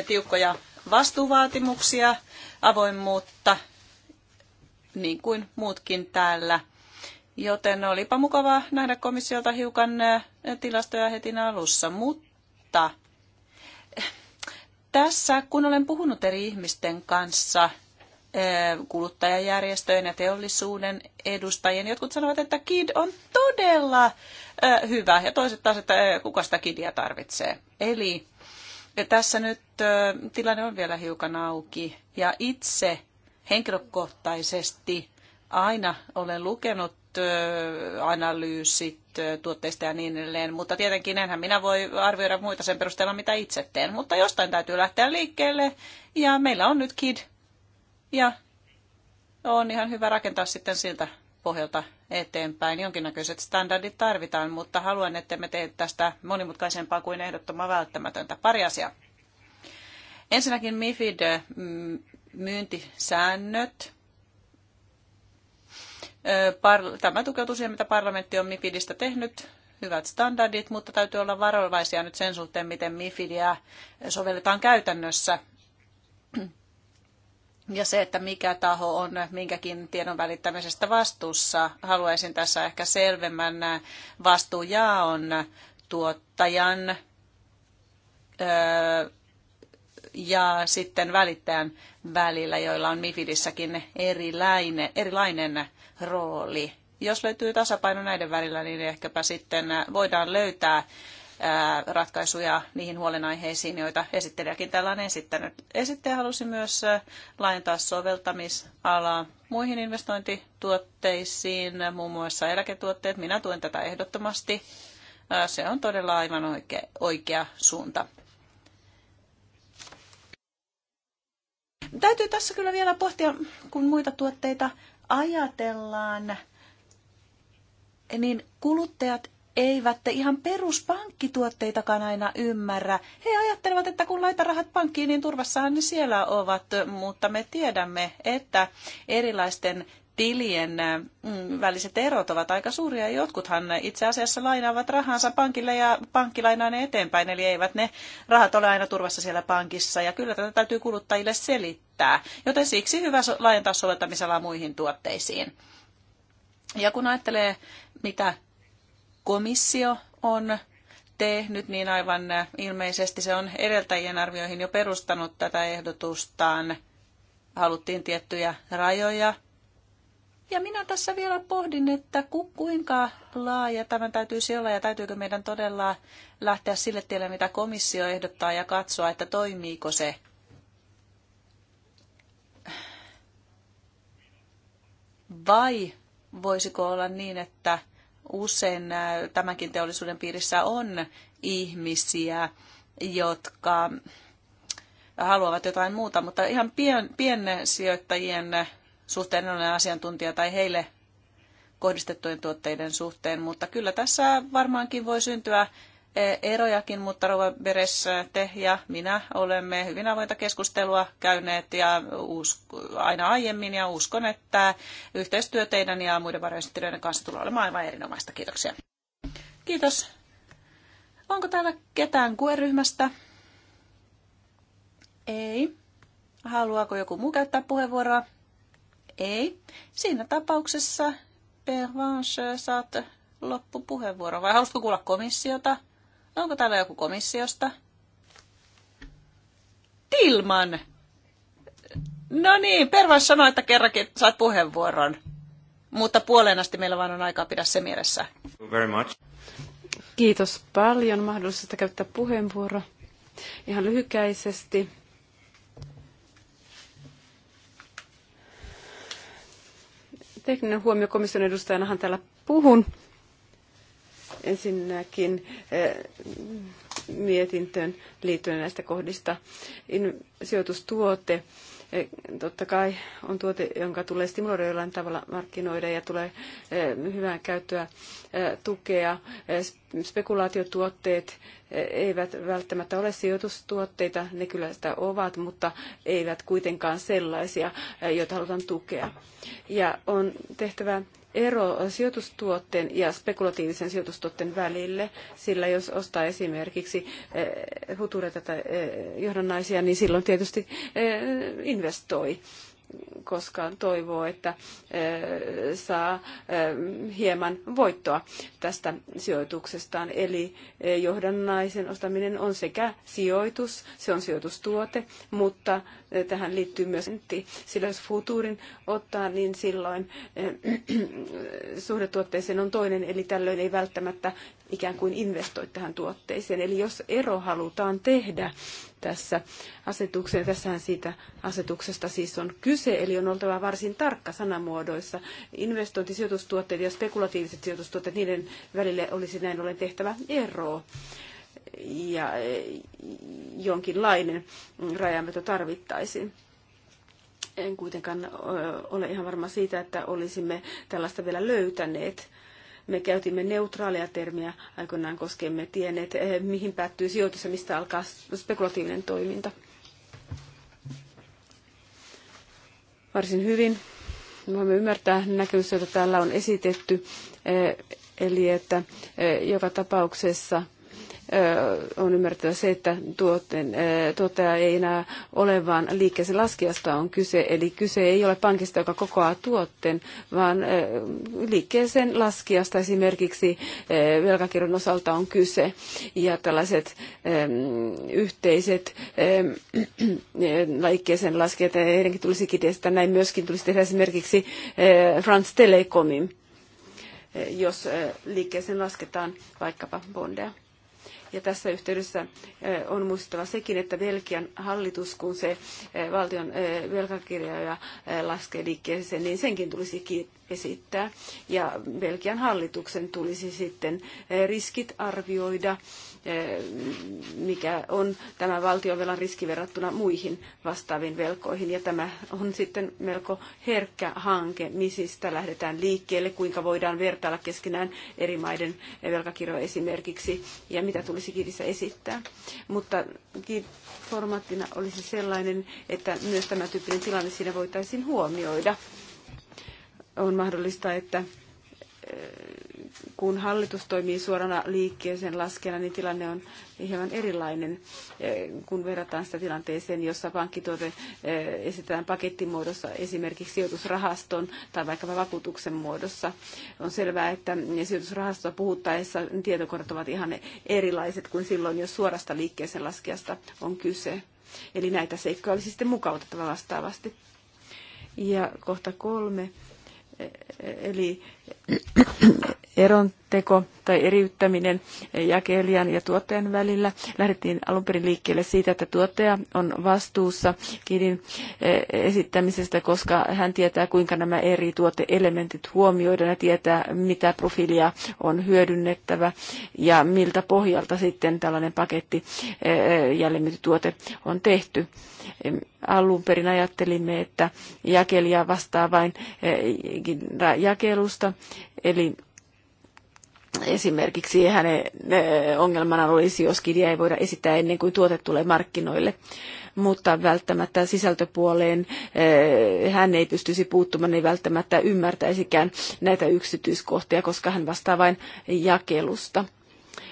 tiukkoja vastuuvaatimuksia, avoimuutta, niin kuin muutkin täällä Joten olipa mukava nähdä komissiolta hiukan tilastoja heti alussa, mutta eh, tässä kun olen puhunut eri ihmisten kanssa, kuluttajajärjestöjen ja teollisuuden edustajien. Jotkut sanovat, että KID on todella hyvä ja toiset taas, että kuka sitä KIDia tarvitsee. Eli tässä nyt tilanne on vielä hiukan auki ja itse henkilökohtaisesti aina olen lukenut analyysit tuotteista ja niin edelleen, mutta tietenkin enhän minä voi arvioida muita sen perusteella, mitä itse teen, mutta jostain täytyy lähteä liikkeelle ja meillä on nyt KID ja on ihan hyvä rakentaa sitten siltä pohjalta eteenpäin. Jonkinnäköiset standardit tarvitaan, mutta haluan, että me teet tästä monimutkaisempaa kuin ehdottoman välttämätöntä. Pari asiaa. Ensinnäkin MIFID mm, myyntisäännöt Tämä tukeutuu siihen, mitä parlamentti on MIFIDistä tehnyt, hyvät standardit, mutta täytyy olla varovaisia nyt sen suhteen, miten MIFIDiä sovelletaan käytännössä. Ja se, että mikä taho on minkäkin tiedon välittämisestä vastuussa, haluaisin tässä ehkä selvemmän vastuujaon tuottajan, ja sitten välittäjän välillä, joilla on MIFIDissäkin erilainen, erilainen rooli. Jos löytyy tasapaino näiden välillä, niin ehkäpä sitten voidaan löytää ratkaisuja niihin huolenaiheisiin, joita esittelijäkin täällä on esittänyt. Esittäjä halusi myös laajentaa soveltamisalaa muihin investointituotteisiin, muun muassa eläketuotteet. Minä tuen tätä ehdottomasti. Se on todella aivan oikea, oikea suunta. Täytyy tässä kyllä vielä pohtia, kun muita tuotteita ajatellaan, niin kuluttajat eivät ihan peruspankkituotteitakaan aina ymmärrä. He ajattelevat, että kun laita rahat pankkiin, niin turvassahan ne siellä ovat, mutta me tiedämme, että erilaisten tilien äh, mm, väliset erot ovat aika suuria. Jotkuthan itse asiassa lainaavat rahansa pankille ja pankki lainaa ne eteenpäin, eli eivät ne rahat ole aina turvassa siellä pankissa. Ja kyllä tätä täytyy kuluttajille selittää, joten siksi hyvä laajentaa soveltamisalaa muihin tuotteisiin. Ja kun ajattelee, mitä komissio on tehnyt, niin aivan äh, ilmeisesti se on edeltäjien arvioihin jo perustanut tätä ehdotustaan. Haluttiin tiettyjä rajoja ja minä tässä vielä pohdin, että ku, kuinka laaja tämä täytyisi olla ja täytyykö meidän todella lähteä sille tielle, mitä komissio ehdottaa ja katsoa, että toimiiko se. Vai voisiko olla niin, että usein tämänkin teollisuuden piirissä on ihmisiä, jotka haluavat jotain muuta, mutta ihan pien, piensijoittajien suhteellinen asiantuntija tai heille kohdistettujen tuotteiden suhteen, mutta kyllä tässä varmaankin voi syntyä e, erojakin, mutta Rova Beres, te ja minä olemme hyvin avointa keskustelua käyneet ja usko, aina aiemmin ja uskon, että yhteistyö teidän ja muiden varjoesittelijöiden kanssa tulee olemaan aivan erinomaista. Kiitoksia. Kiitos. Onko täällä ketään QE-ryhmästä? Ei. Haluaako joku muu käyttää puheenvuoroa? Ei. Siinä tapauksessa, Pervanche, saat loppupuheenvuoro. Vai haluatko kuulla komissiota? Onko täällä joku komissiosta? Tilman! No niin, Pervas sanoi, että kerrankin saat puheenvuoron. Mutta puoleen asti meillä vaan on aikaa pidä se mielessä. Very much. Kiitos paljon mahdollisuudesta käyttää puheenvuoro. Ihan lyhykäisesti tekninen huomio komission edustajanahan täällä puhun. Ensinnäkin eh, mietintöön liittyen näistä kohdista. sijoitustuote totta kai on tuote, jonka tulee stimuloida jollain tavalla markkinoida ja tulee eh, hyvää käyttöä eh, tukea. Eh, spekulaatiotuotteet eivät välttämättä ole sijoitustuotteita, ne kyllä sitä ovat, mutta eivät kuitenkaan sellaisia, joita halutaan tukea. Ja on tehtävä ero sijoitustuotteen ja spekulatiivisen sijoitustuotteen välille, sillä jos ostaa esimerkiksi futureita eh, tai eh, johdannaisia, niin silloin tietysti eh, investoi koskaan toivoo, että eh, saa eh, hieman voittoa tästä sijoituksestaan. Eli eh, johdannaisen ostaminen on sekä sijoitus, se on sijoitustuote, mutta tähän liittyy myös, sillä jos futurin ottaa, niin silloin suhdetuotteeseen on toinen, eli tällöin ei välttämättä ikään kuin investoi tähän tuotteeseen. Eli jos ero halutaan tehdä, tässä asetukseen. Tässähän siitä asetuksesta siis on kyse, eli on oltava varsin tarkka sanamuodoissa. Investointisijoitustuotteet ja spekulatiiviset sijoitustuotteet, niiden välille olisi näin ollen tehtävä ero ja e, jonkinlainen rajanveto tarvittaisiin en kuitenkaan ole ihan varma siitä, että olisimme tällaista vielä löytäneet. Me käytimme neutraalia termiä aikoinaan, koskemme emme tienneet, eh, mihin päättyy sijoitus ja mistä alkaa spekulatiivinen toiminta. Varsin hyvin voimme ymmärtää näkemys, jota täällä on esitetty, eh, eli että eh, joka tapauksessa – on ymmärrettävä se, että tuotteen, tuottaja ei enää ole, vaan liikkeeseen laskijasta on kyse. Eli kyse ei ole pankista, joka kokoaa tuotteen, vaan liikkeeseen laskijasta esimerkiksi velkakirjan osalta on kyse. Ja tällaiset yhteiset liikkeeseen laskijat, heidänkin tulisikin tehdä näin myöskin tulisi tehdä esimerkiksi France Telecomin jos liikkeeseen lasketaan vaikkapa bondeja. Ja tässä yhteydessä eh, on muistettava sekin, että Belgian hallitus, kun se eh, valtion eh, velkakirjoja laskee liikkeeseen, niin senkin tulisi esittää. Ja Belgian hallituksen tulisi sitten riskit arvioida Eh, mikä on tämä valtionvelan riski verrattuna muihin vastaaviin velkoihin. Ja tämä on sitten melko herkkä hanke, missä lähdetään liikkeelle, kuinka voidaan vertailla keskenään eri maiden velkakirjoja esimerkiksi ja mitä tulisi kirjassa esittää. Mutta formaattina olisi sellainen, että myös tämä tyyppinen tilanne siinä voitaisiin huomioida. On mahdollista, että kun hallitus toimii suorana liikkeeseen laskena, niin tilanne on hieman erilainen, eh, kun verrataan sitä tilanteeseen, jossa pankkituote eh, esitetään pakettimuodossa esimerkiksi sijoitusrahaston tai vaikkapa vakuutuksen muodossa. On selvää, että sijoitusrahastoa puhuttaessa tietokortit ovat ihan erilaiset kuin silloin, jos suorasta liikkeeseen laskijasta on kyse. Eli näitä seikkoja olisi sitten mukautettava vastaavasti. Ja kohta kolme Eli eronteko tai eriyttäminen jakelijan ja tuottajan välillä. Lähdettiin alun perin liikkeelle siitä, että tuottaja on vastuussa kidin eh, esittämisestä, koska hän tietää, kuinka nämä eri tuoteelementit huomioidaan ja tietää, mitä profiilia on hyödynnettävä ja miltä pohjalta sitten tällainen paketti eh, tuote on tehty. Alun perin ajattelimme, että jakelija vastaa vain eh, jakelusta, eli Esimerkiksi hänen ongelmana olisi, jos kirja ei voida esittää ennen kuin tuote tulee markkinoille, mutta välttämättä sisältöpuoleen eh, hän ei pystyisi puuttumaan, ei välttämättä ymmärtäisikään näitä yksityiskohtia, koska hän vastaa vain jakelusta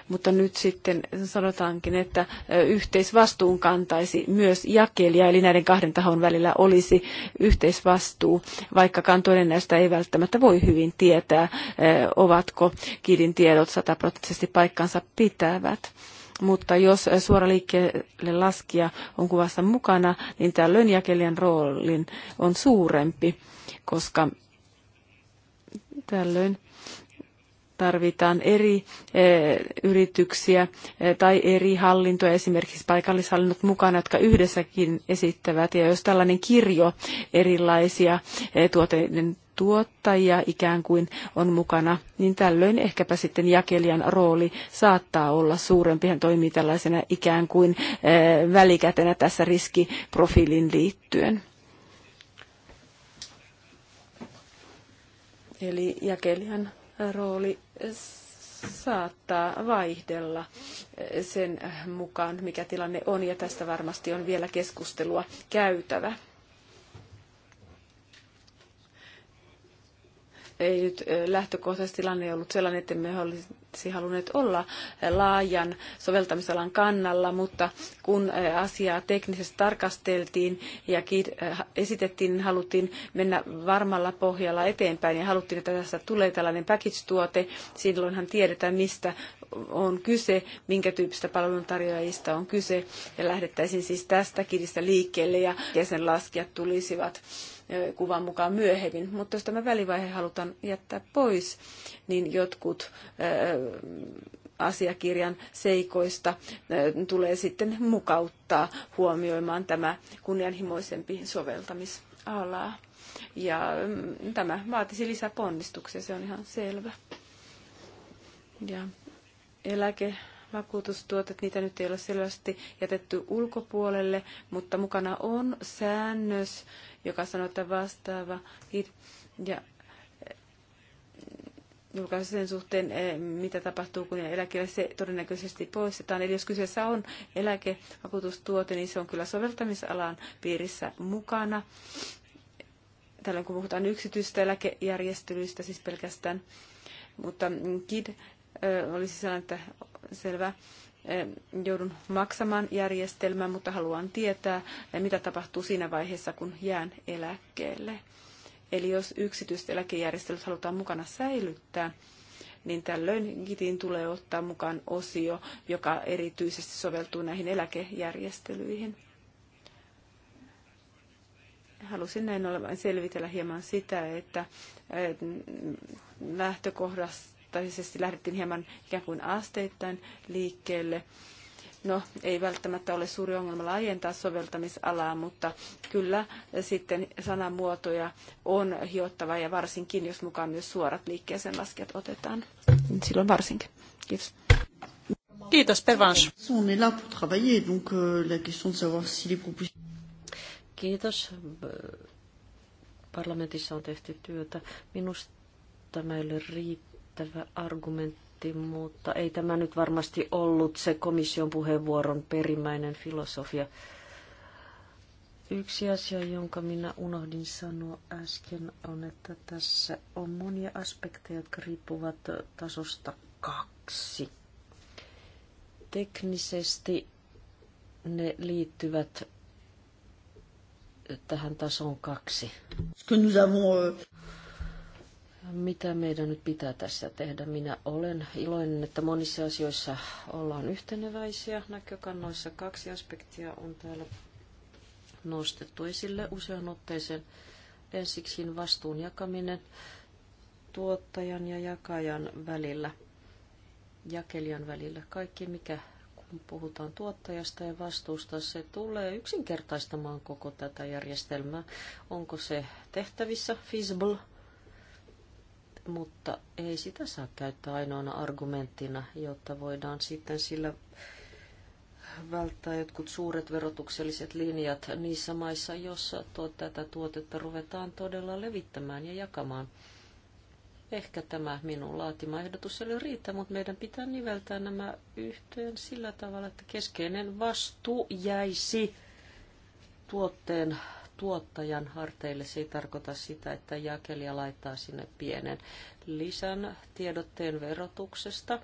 mutta nyt sitten sanotaankin, että yhteisvastuun kantaisi myös jakelija, eli näiden kahden tahon välillä olisi yhteisvastuu, vaikkakaan toinen näistä ei välttämättä voi hyvin tietää, ovatko kidin tiedot sataprosenttisesti paikkansa pitävät mutta jos suora liikkeelle laskija on kuvassa mukana, niin tällöin jakelijan roolin on suurempi, koska tällöin tarvitaan eri eh, yrityksiä eh, tai eri hallintoja, esimerkiksi paikallishallinnot mukana, jotka yhdessäkin esittävät. Ja jos tällainen kirjo erilaisia eh, tuotteiden tuottajia ikään kuin on mukana, niin tällöin ehkäpä sitten jakelijan rooli saattaa olla suurempi. Hän toimii tällaisena ikään kuin välikätenä tässä riskiprofiilin liittyen. Eli jakelijan rooli saattaa vaihdella sen mukaan, mikä tilanne on, ja tästä varmasti on vielä keskustelua käytävä. ei nyt lähtökohtaisesti tilanne ollut sellainen, että me olisi halunneet olla laajan soveltamisalan kannalla, mutta kun asiaa teknisesti tarkasteltiin ja esitettiin, niin haluttiin mennä varmalla pohjalla eteenpäin ja haluttiin, että tässä tulee tällainen package-tuote. Silloinhan tiedetään, mistä on kyse, minkä tyyppistä palveluntarjoajista on kyse ja lähdettäisiin siis tästä kiristä liikkeelle ja jäsenlaskijat tulisivat kuvan mukaan myöhemmin. Mutta jos tämä välivaihe halutaan jättää pois, niin jotkut asiakirjan seikoista tulee sitten mukauttaa huomioimaan tämä kunnianhimoisempi soveltamisala. Ja mm, tämä vaatisi lisäponnistuksia, se on ihan selvä. Ja eläke vakuutustuotet, niitä nyt ei ole selvästi jätetty ulkopuolelle, mutta mukana on säännös, joka sanoi, että vastaava hit ja eh, julkaisi sen suhteen, eh, mitä tapahtuu, kun eläkkeelle se todennäköisesti poistetaan. Eli jos kyseessä on eläkevakuutustuote, niin se on kyllä soveltamisalan piirissä mukana. Tällöin kun puhutaan yksityistä eläkejärjestelyistä, siis pelkästään. Mutta KID eh, olisi sellainen, että selvä joudun maksamaan järjestelmän, mutta haluan tietää, eh, mitä tapahtuu siinä vaiheessa, kun jään eläkkeelle. Eli jos yksityiset eläkejärjestelyt halutaan mukana säilyttää, niin tällöin GITin tulee ottaa mukaan osio, joka erityisesti soveltuu näihin eläkejärjestelyihin. Halusin näin ollen selvitellä hieman sitä, että eh, lähtökohdasta lähtökohtaisesti lähdettiin hieman ikään kuin asteittain liikkeelle. No, ei välttämättä ole suuri ongelma laajentaa soveltamisalaa, mutta kyllä sitten sanamuotoja on hiottava ja varsinkin, jos mukaan myös suorat liikkeeseen laskijat otetaan. Silloin varsinkin. Kiitos. Kiitos, Pervans. On euh, Kiitos. Parlamentissa on tehty työtä. Minusta tämä ei ole ymmärrettävä argumentti, mutta ei tämä nyt varmasti ollut se komission puheenvuoron perimmäinen filosofia. Yksi asia, jonka minä unohdin sanoa äsken, on, että tässä on monia aspekteja, jotka riippuvat tasosta kaksi. Teknisesti ne liittyvät tähän tasoon kaksi. Mitä meidän nyt pitää tässä tehdä? Minä olen iloinen, että monissa asioissa ollaan yhteneväisiä näkökannoissa. Kaksi aspektia on täällä nostettu esille usean otteeseen. Ensiksikin vastuun jakaminen tuottajan ja jakajan välillä, jakelijan välillä. Kaikki, mikä kun puhutaan tuottajasta ja vastuusta, se tulee yksinkertaistamaan koko tätä järjestelmää. Onko se tehtävissä, feasible – mutta ei sitä saa käyttää ainoana argumenttina, jotta voidaan sitten sillä välttää jotkut suuret verotukselliset linjat niissä maissa, joissa tuo, tätä tuotetta ruvetaan todella levittämään ja jakamaan. Ehkä tämä minun laatima ehdotus ei riitä, mutta meidän pitää niveltää nämä yhteen sillä tavalla, että keskeinen vastuu jäisi tuotteen tuottajan harteille. Se ei tarkoita sitä, että jakelija laittaa sinne pienen lisän tiedotteen verotuksesta,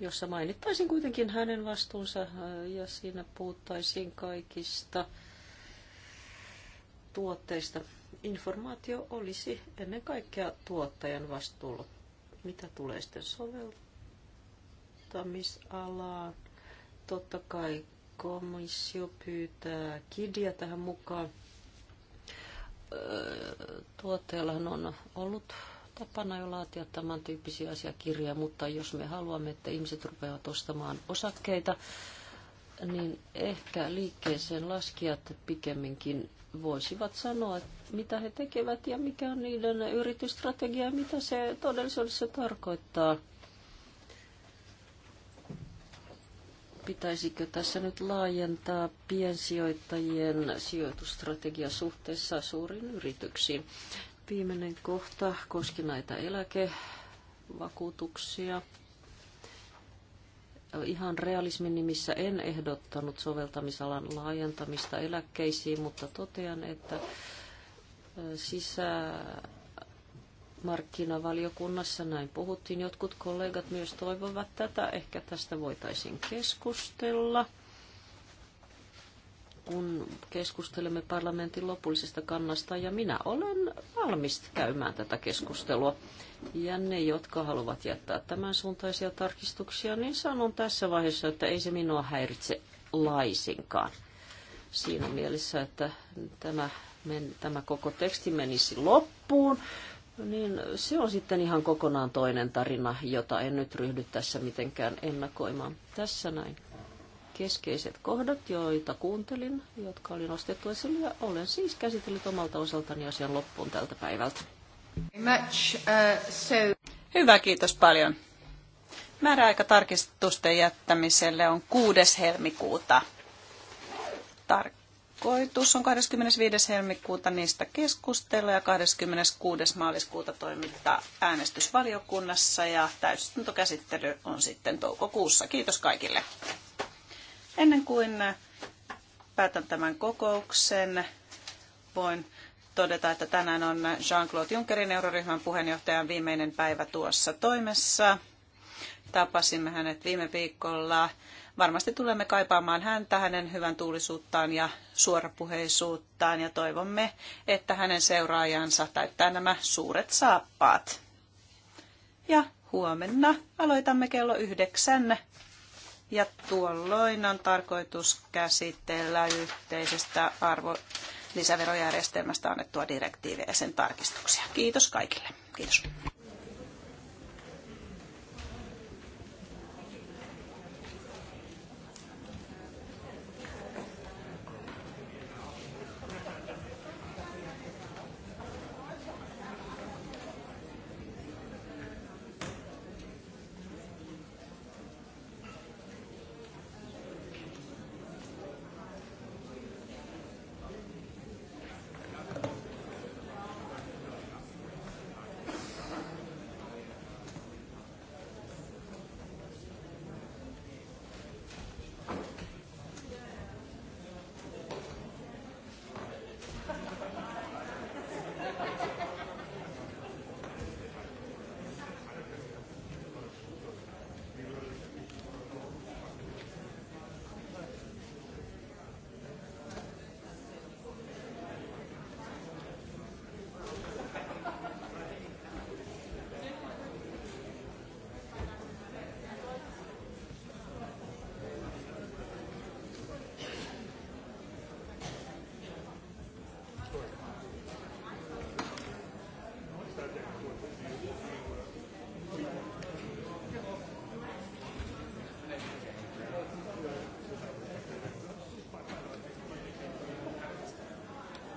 jossa mainittaisiin kuitenkin hänen vastuunsa äh, ja siinä puhuttaisiin kaikista tuotteista. Informaatio olisi ennen kaikkea tuottajan vastuulla. Mitä tulee sitten soveltamisalaan? Totta kai komissio pyytää kidia tähän mukaan tuottajallahan on ollut tapana jo laatia tämän tyyppisiä asiakirjoja, mutta jos me haluamme, että ihmiset rupeavat ostamaan osakkeita, niin ehkä liikkeeseen laskijat pikemminkin voisivat sanoa, mitä he tekevät ja mikä on niiden yritysstrategia ja mitä se todellisuudessa tarkoittaa – pitäisikö tässä nyt laajentaa piensijoittajien sijoitustrategia suhteessa suuriin yrityksiin? Viimeinen kohta koski näitä eläkevakuutuksia. Ihan realismin nimissä en ehdottanut soveltamisalan laajentamista eläkkeisiin, mutta totean, että sisä markkinavaliokunnassa näin puhuttiin. Jotkut kollegat myös toivovat tätä. Ehkä tästä voitaisiin keskustella kun keskustelemme parlamentin lopullisesta kannasta ja minä olen valmis käymään tätä keskustelua. Ja ne, jotka haluavat jättää tämän suuntaisia tarkistuksia, niin sanon tässä vaiheessa, että ei se minua häiritse laisinkaan. Siinä mielessä, että tämä, men, tämä koko teksti menisi loppuun niin se on sitten ihan kokonaan toinen tarina, jota en nyt ryhdy tässä mitenkään ennakoimaan. Tässä näin keskeiset kohdat, joita kuuntelin, jotka oli nostettu esille, ja olen siis käsitellyt omalta osaltani asian loppuun tältä päivältä. Uh, Hyvä, kiitos paljon. Määräaika tarkistusten jättämiselle on 6. helmikuuta. Tark tarkoitus on 25. helmikuuta niistä keskustella ja 26. maaliskuuta toimittaa äänestysvaliokunnassa ja täysistuntokäsittely on sitten toukokuussa. Kiitos kaikille. Ennen kuin päätän tämän kokouksen, voin todeta, että tänään on Jean-Claude Junckerin euroryhmän puheenjohtajan viimeinen päivä tuossa toimessa. Tapasimme hänet viime viikolla Varmasti tulemme kaipaamaan häntä, hänen hyvän tuulisuuttaan ja suorapuheisuuttaan ja toivomme, että hänen seuraajansa täyttää nämä suuret saappaat. Ja huomenna aloitamme kello yhdeksän ja tuolloin on tarkoitus käsitellä yhteisestä arvo lisäverojärjestelmästä annettua direktiiviä ja sen tarkistuksia. Kiitos kaikille. Kiitos.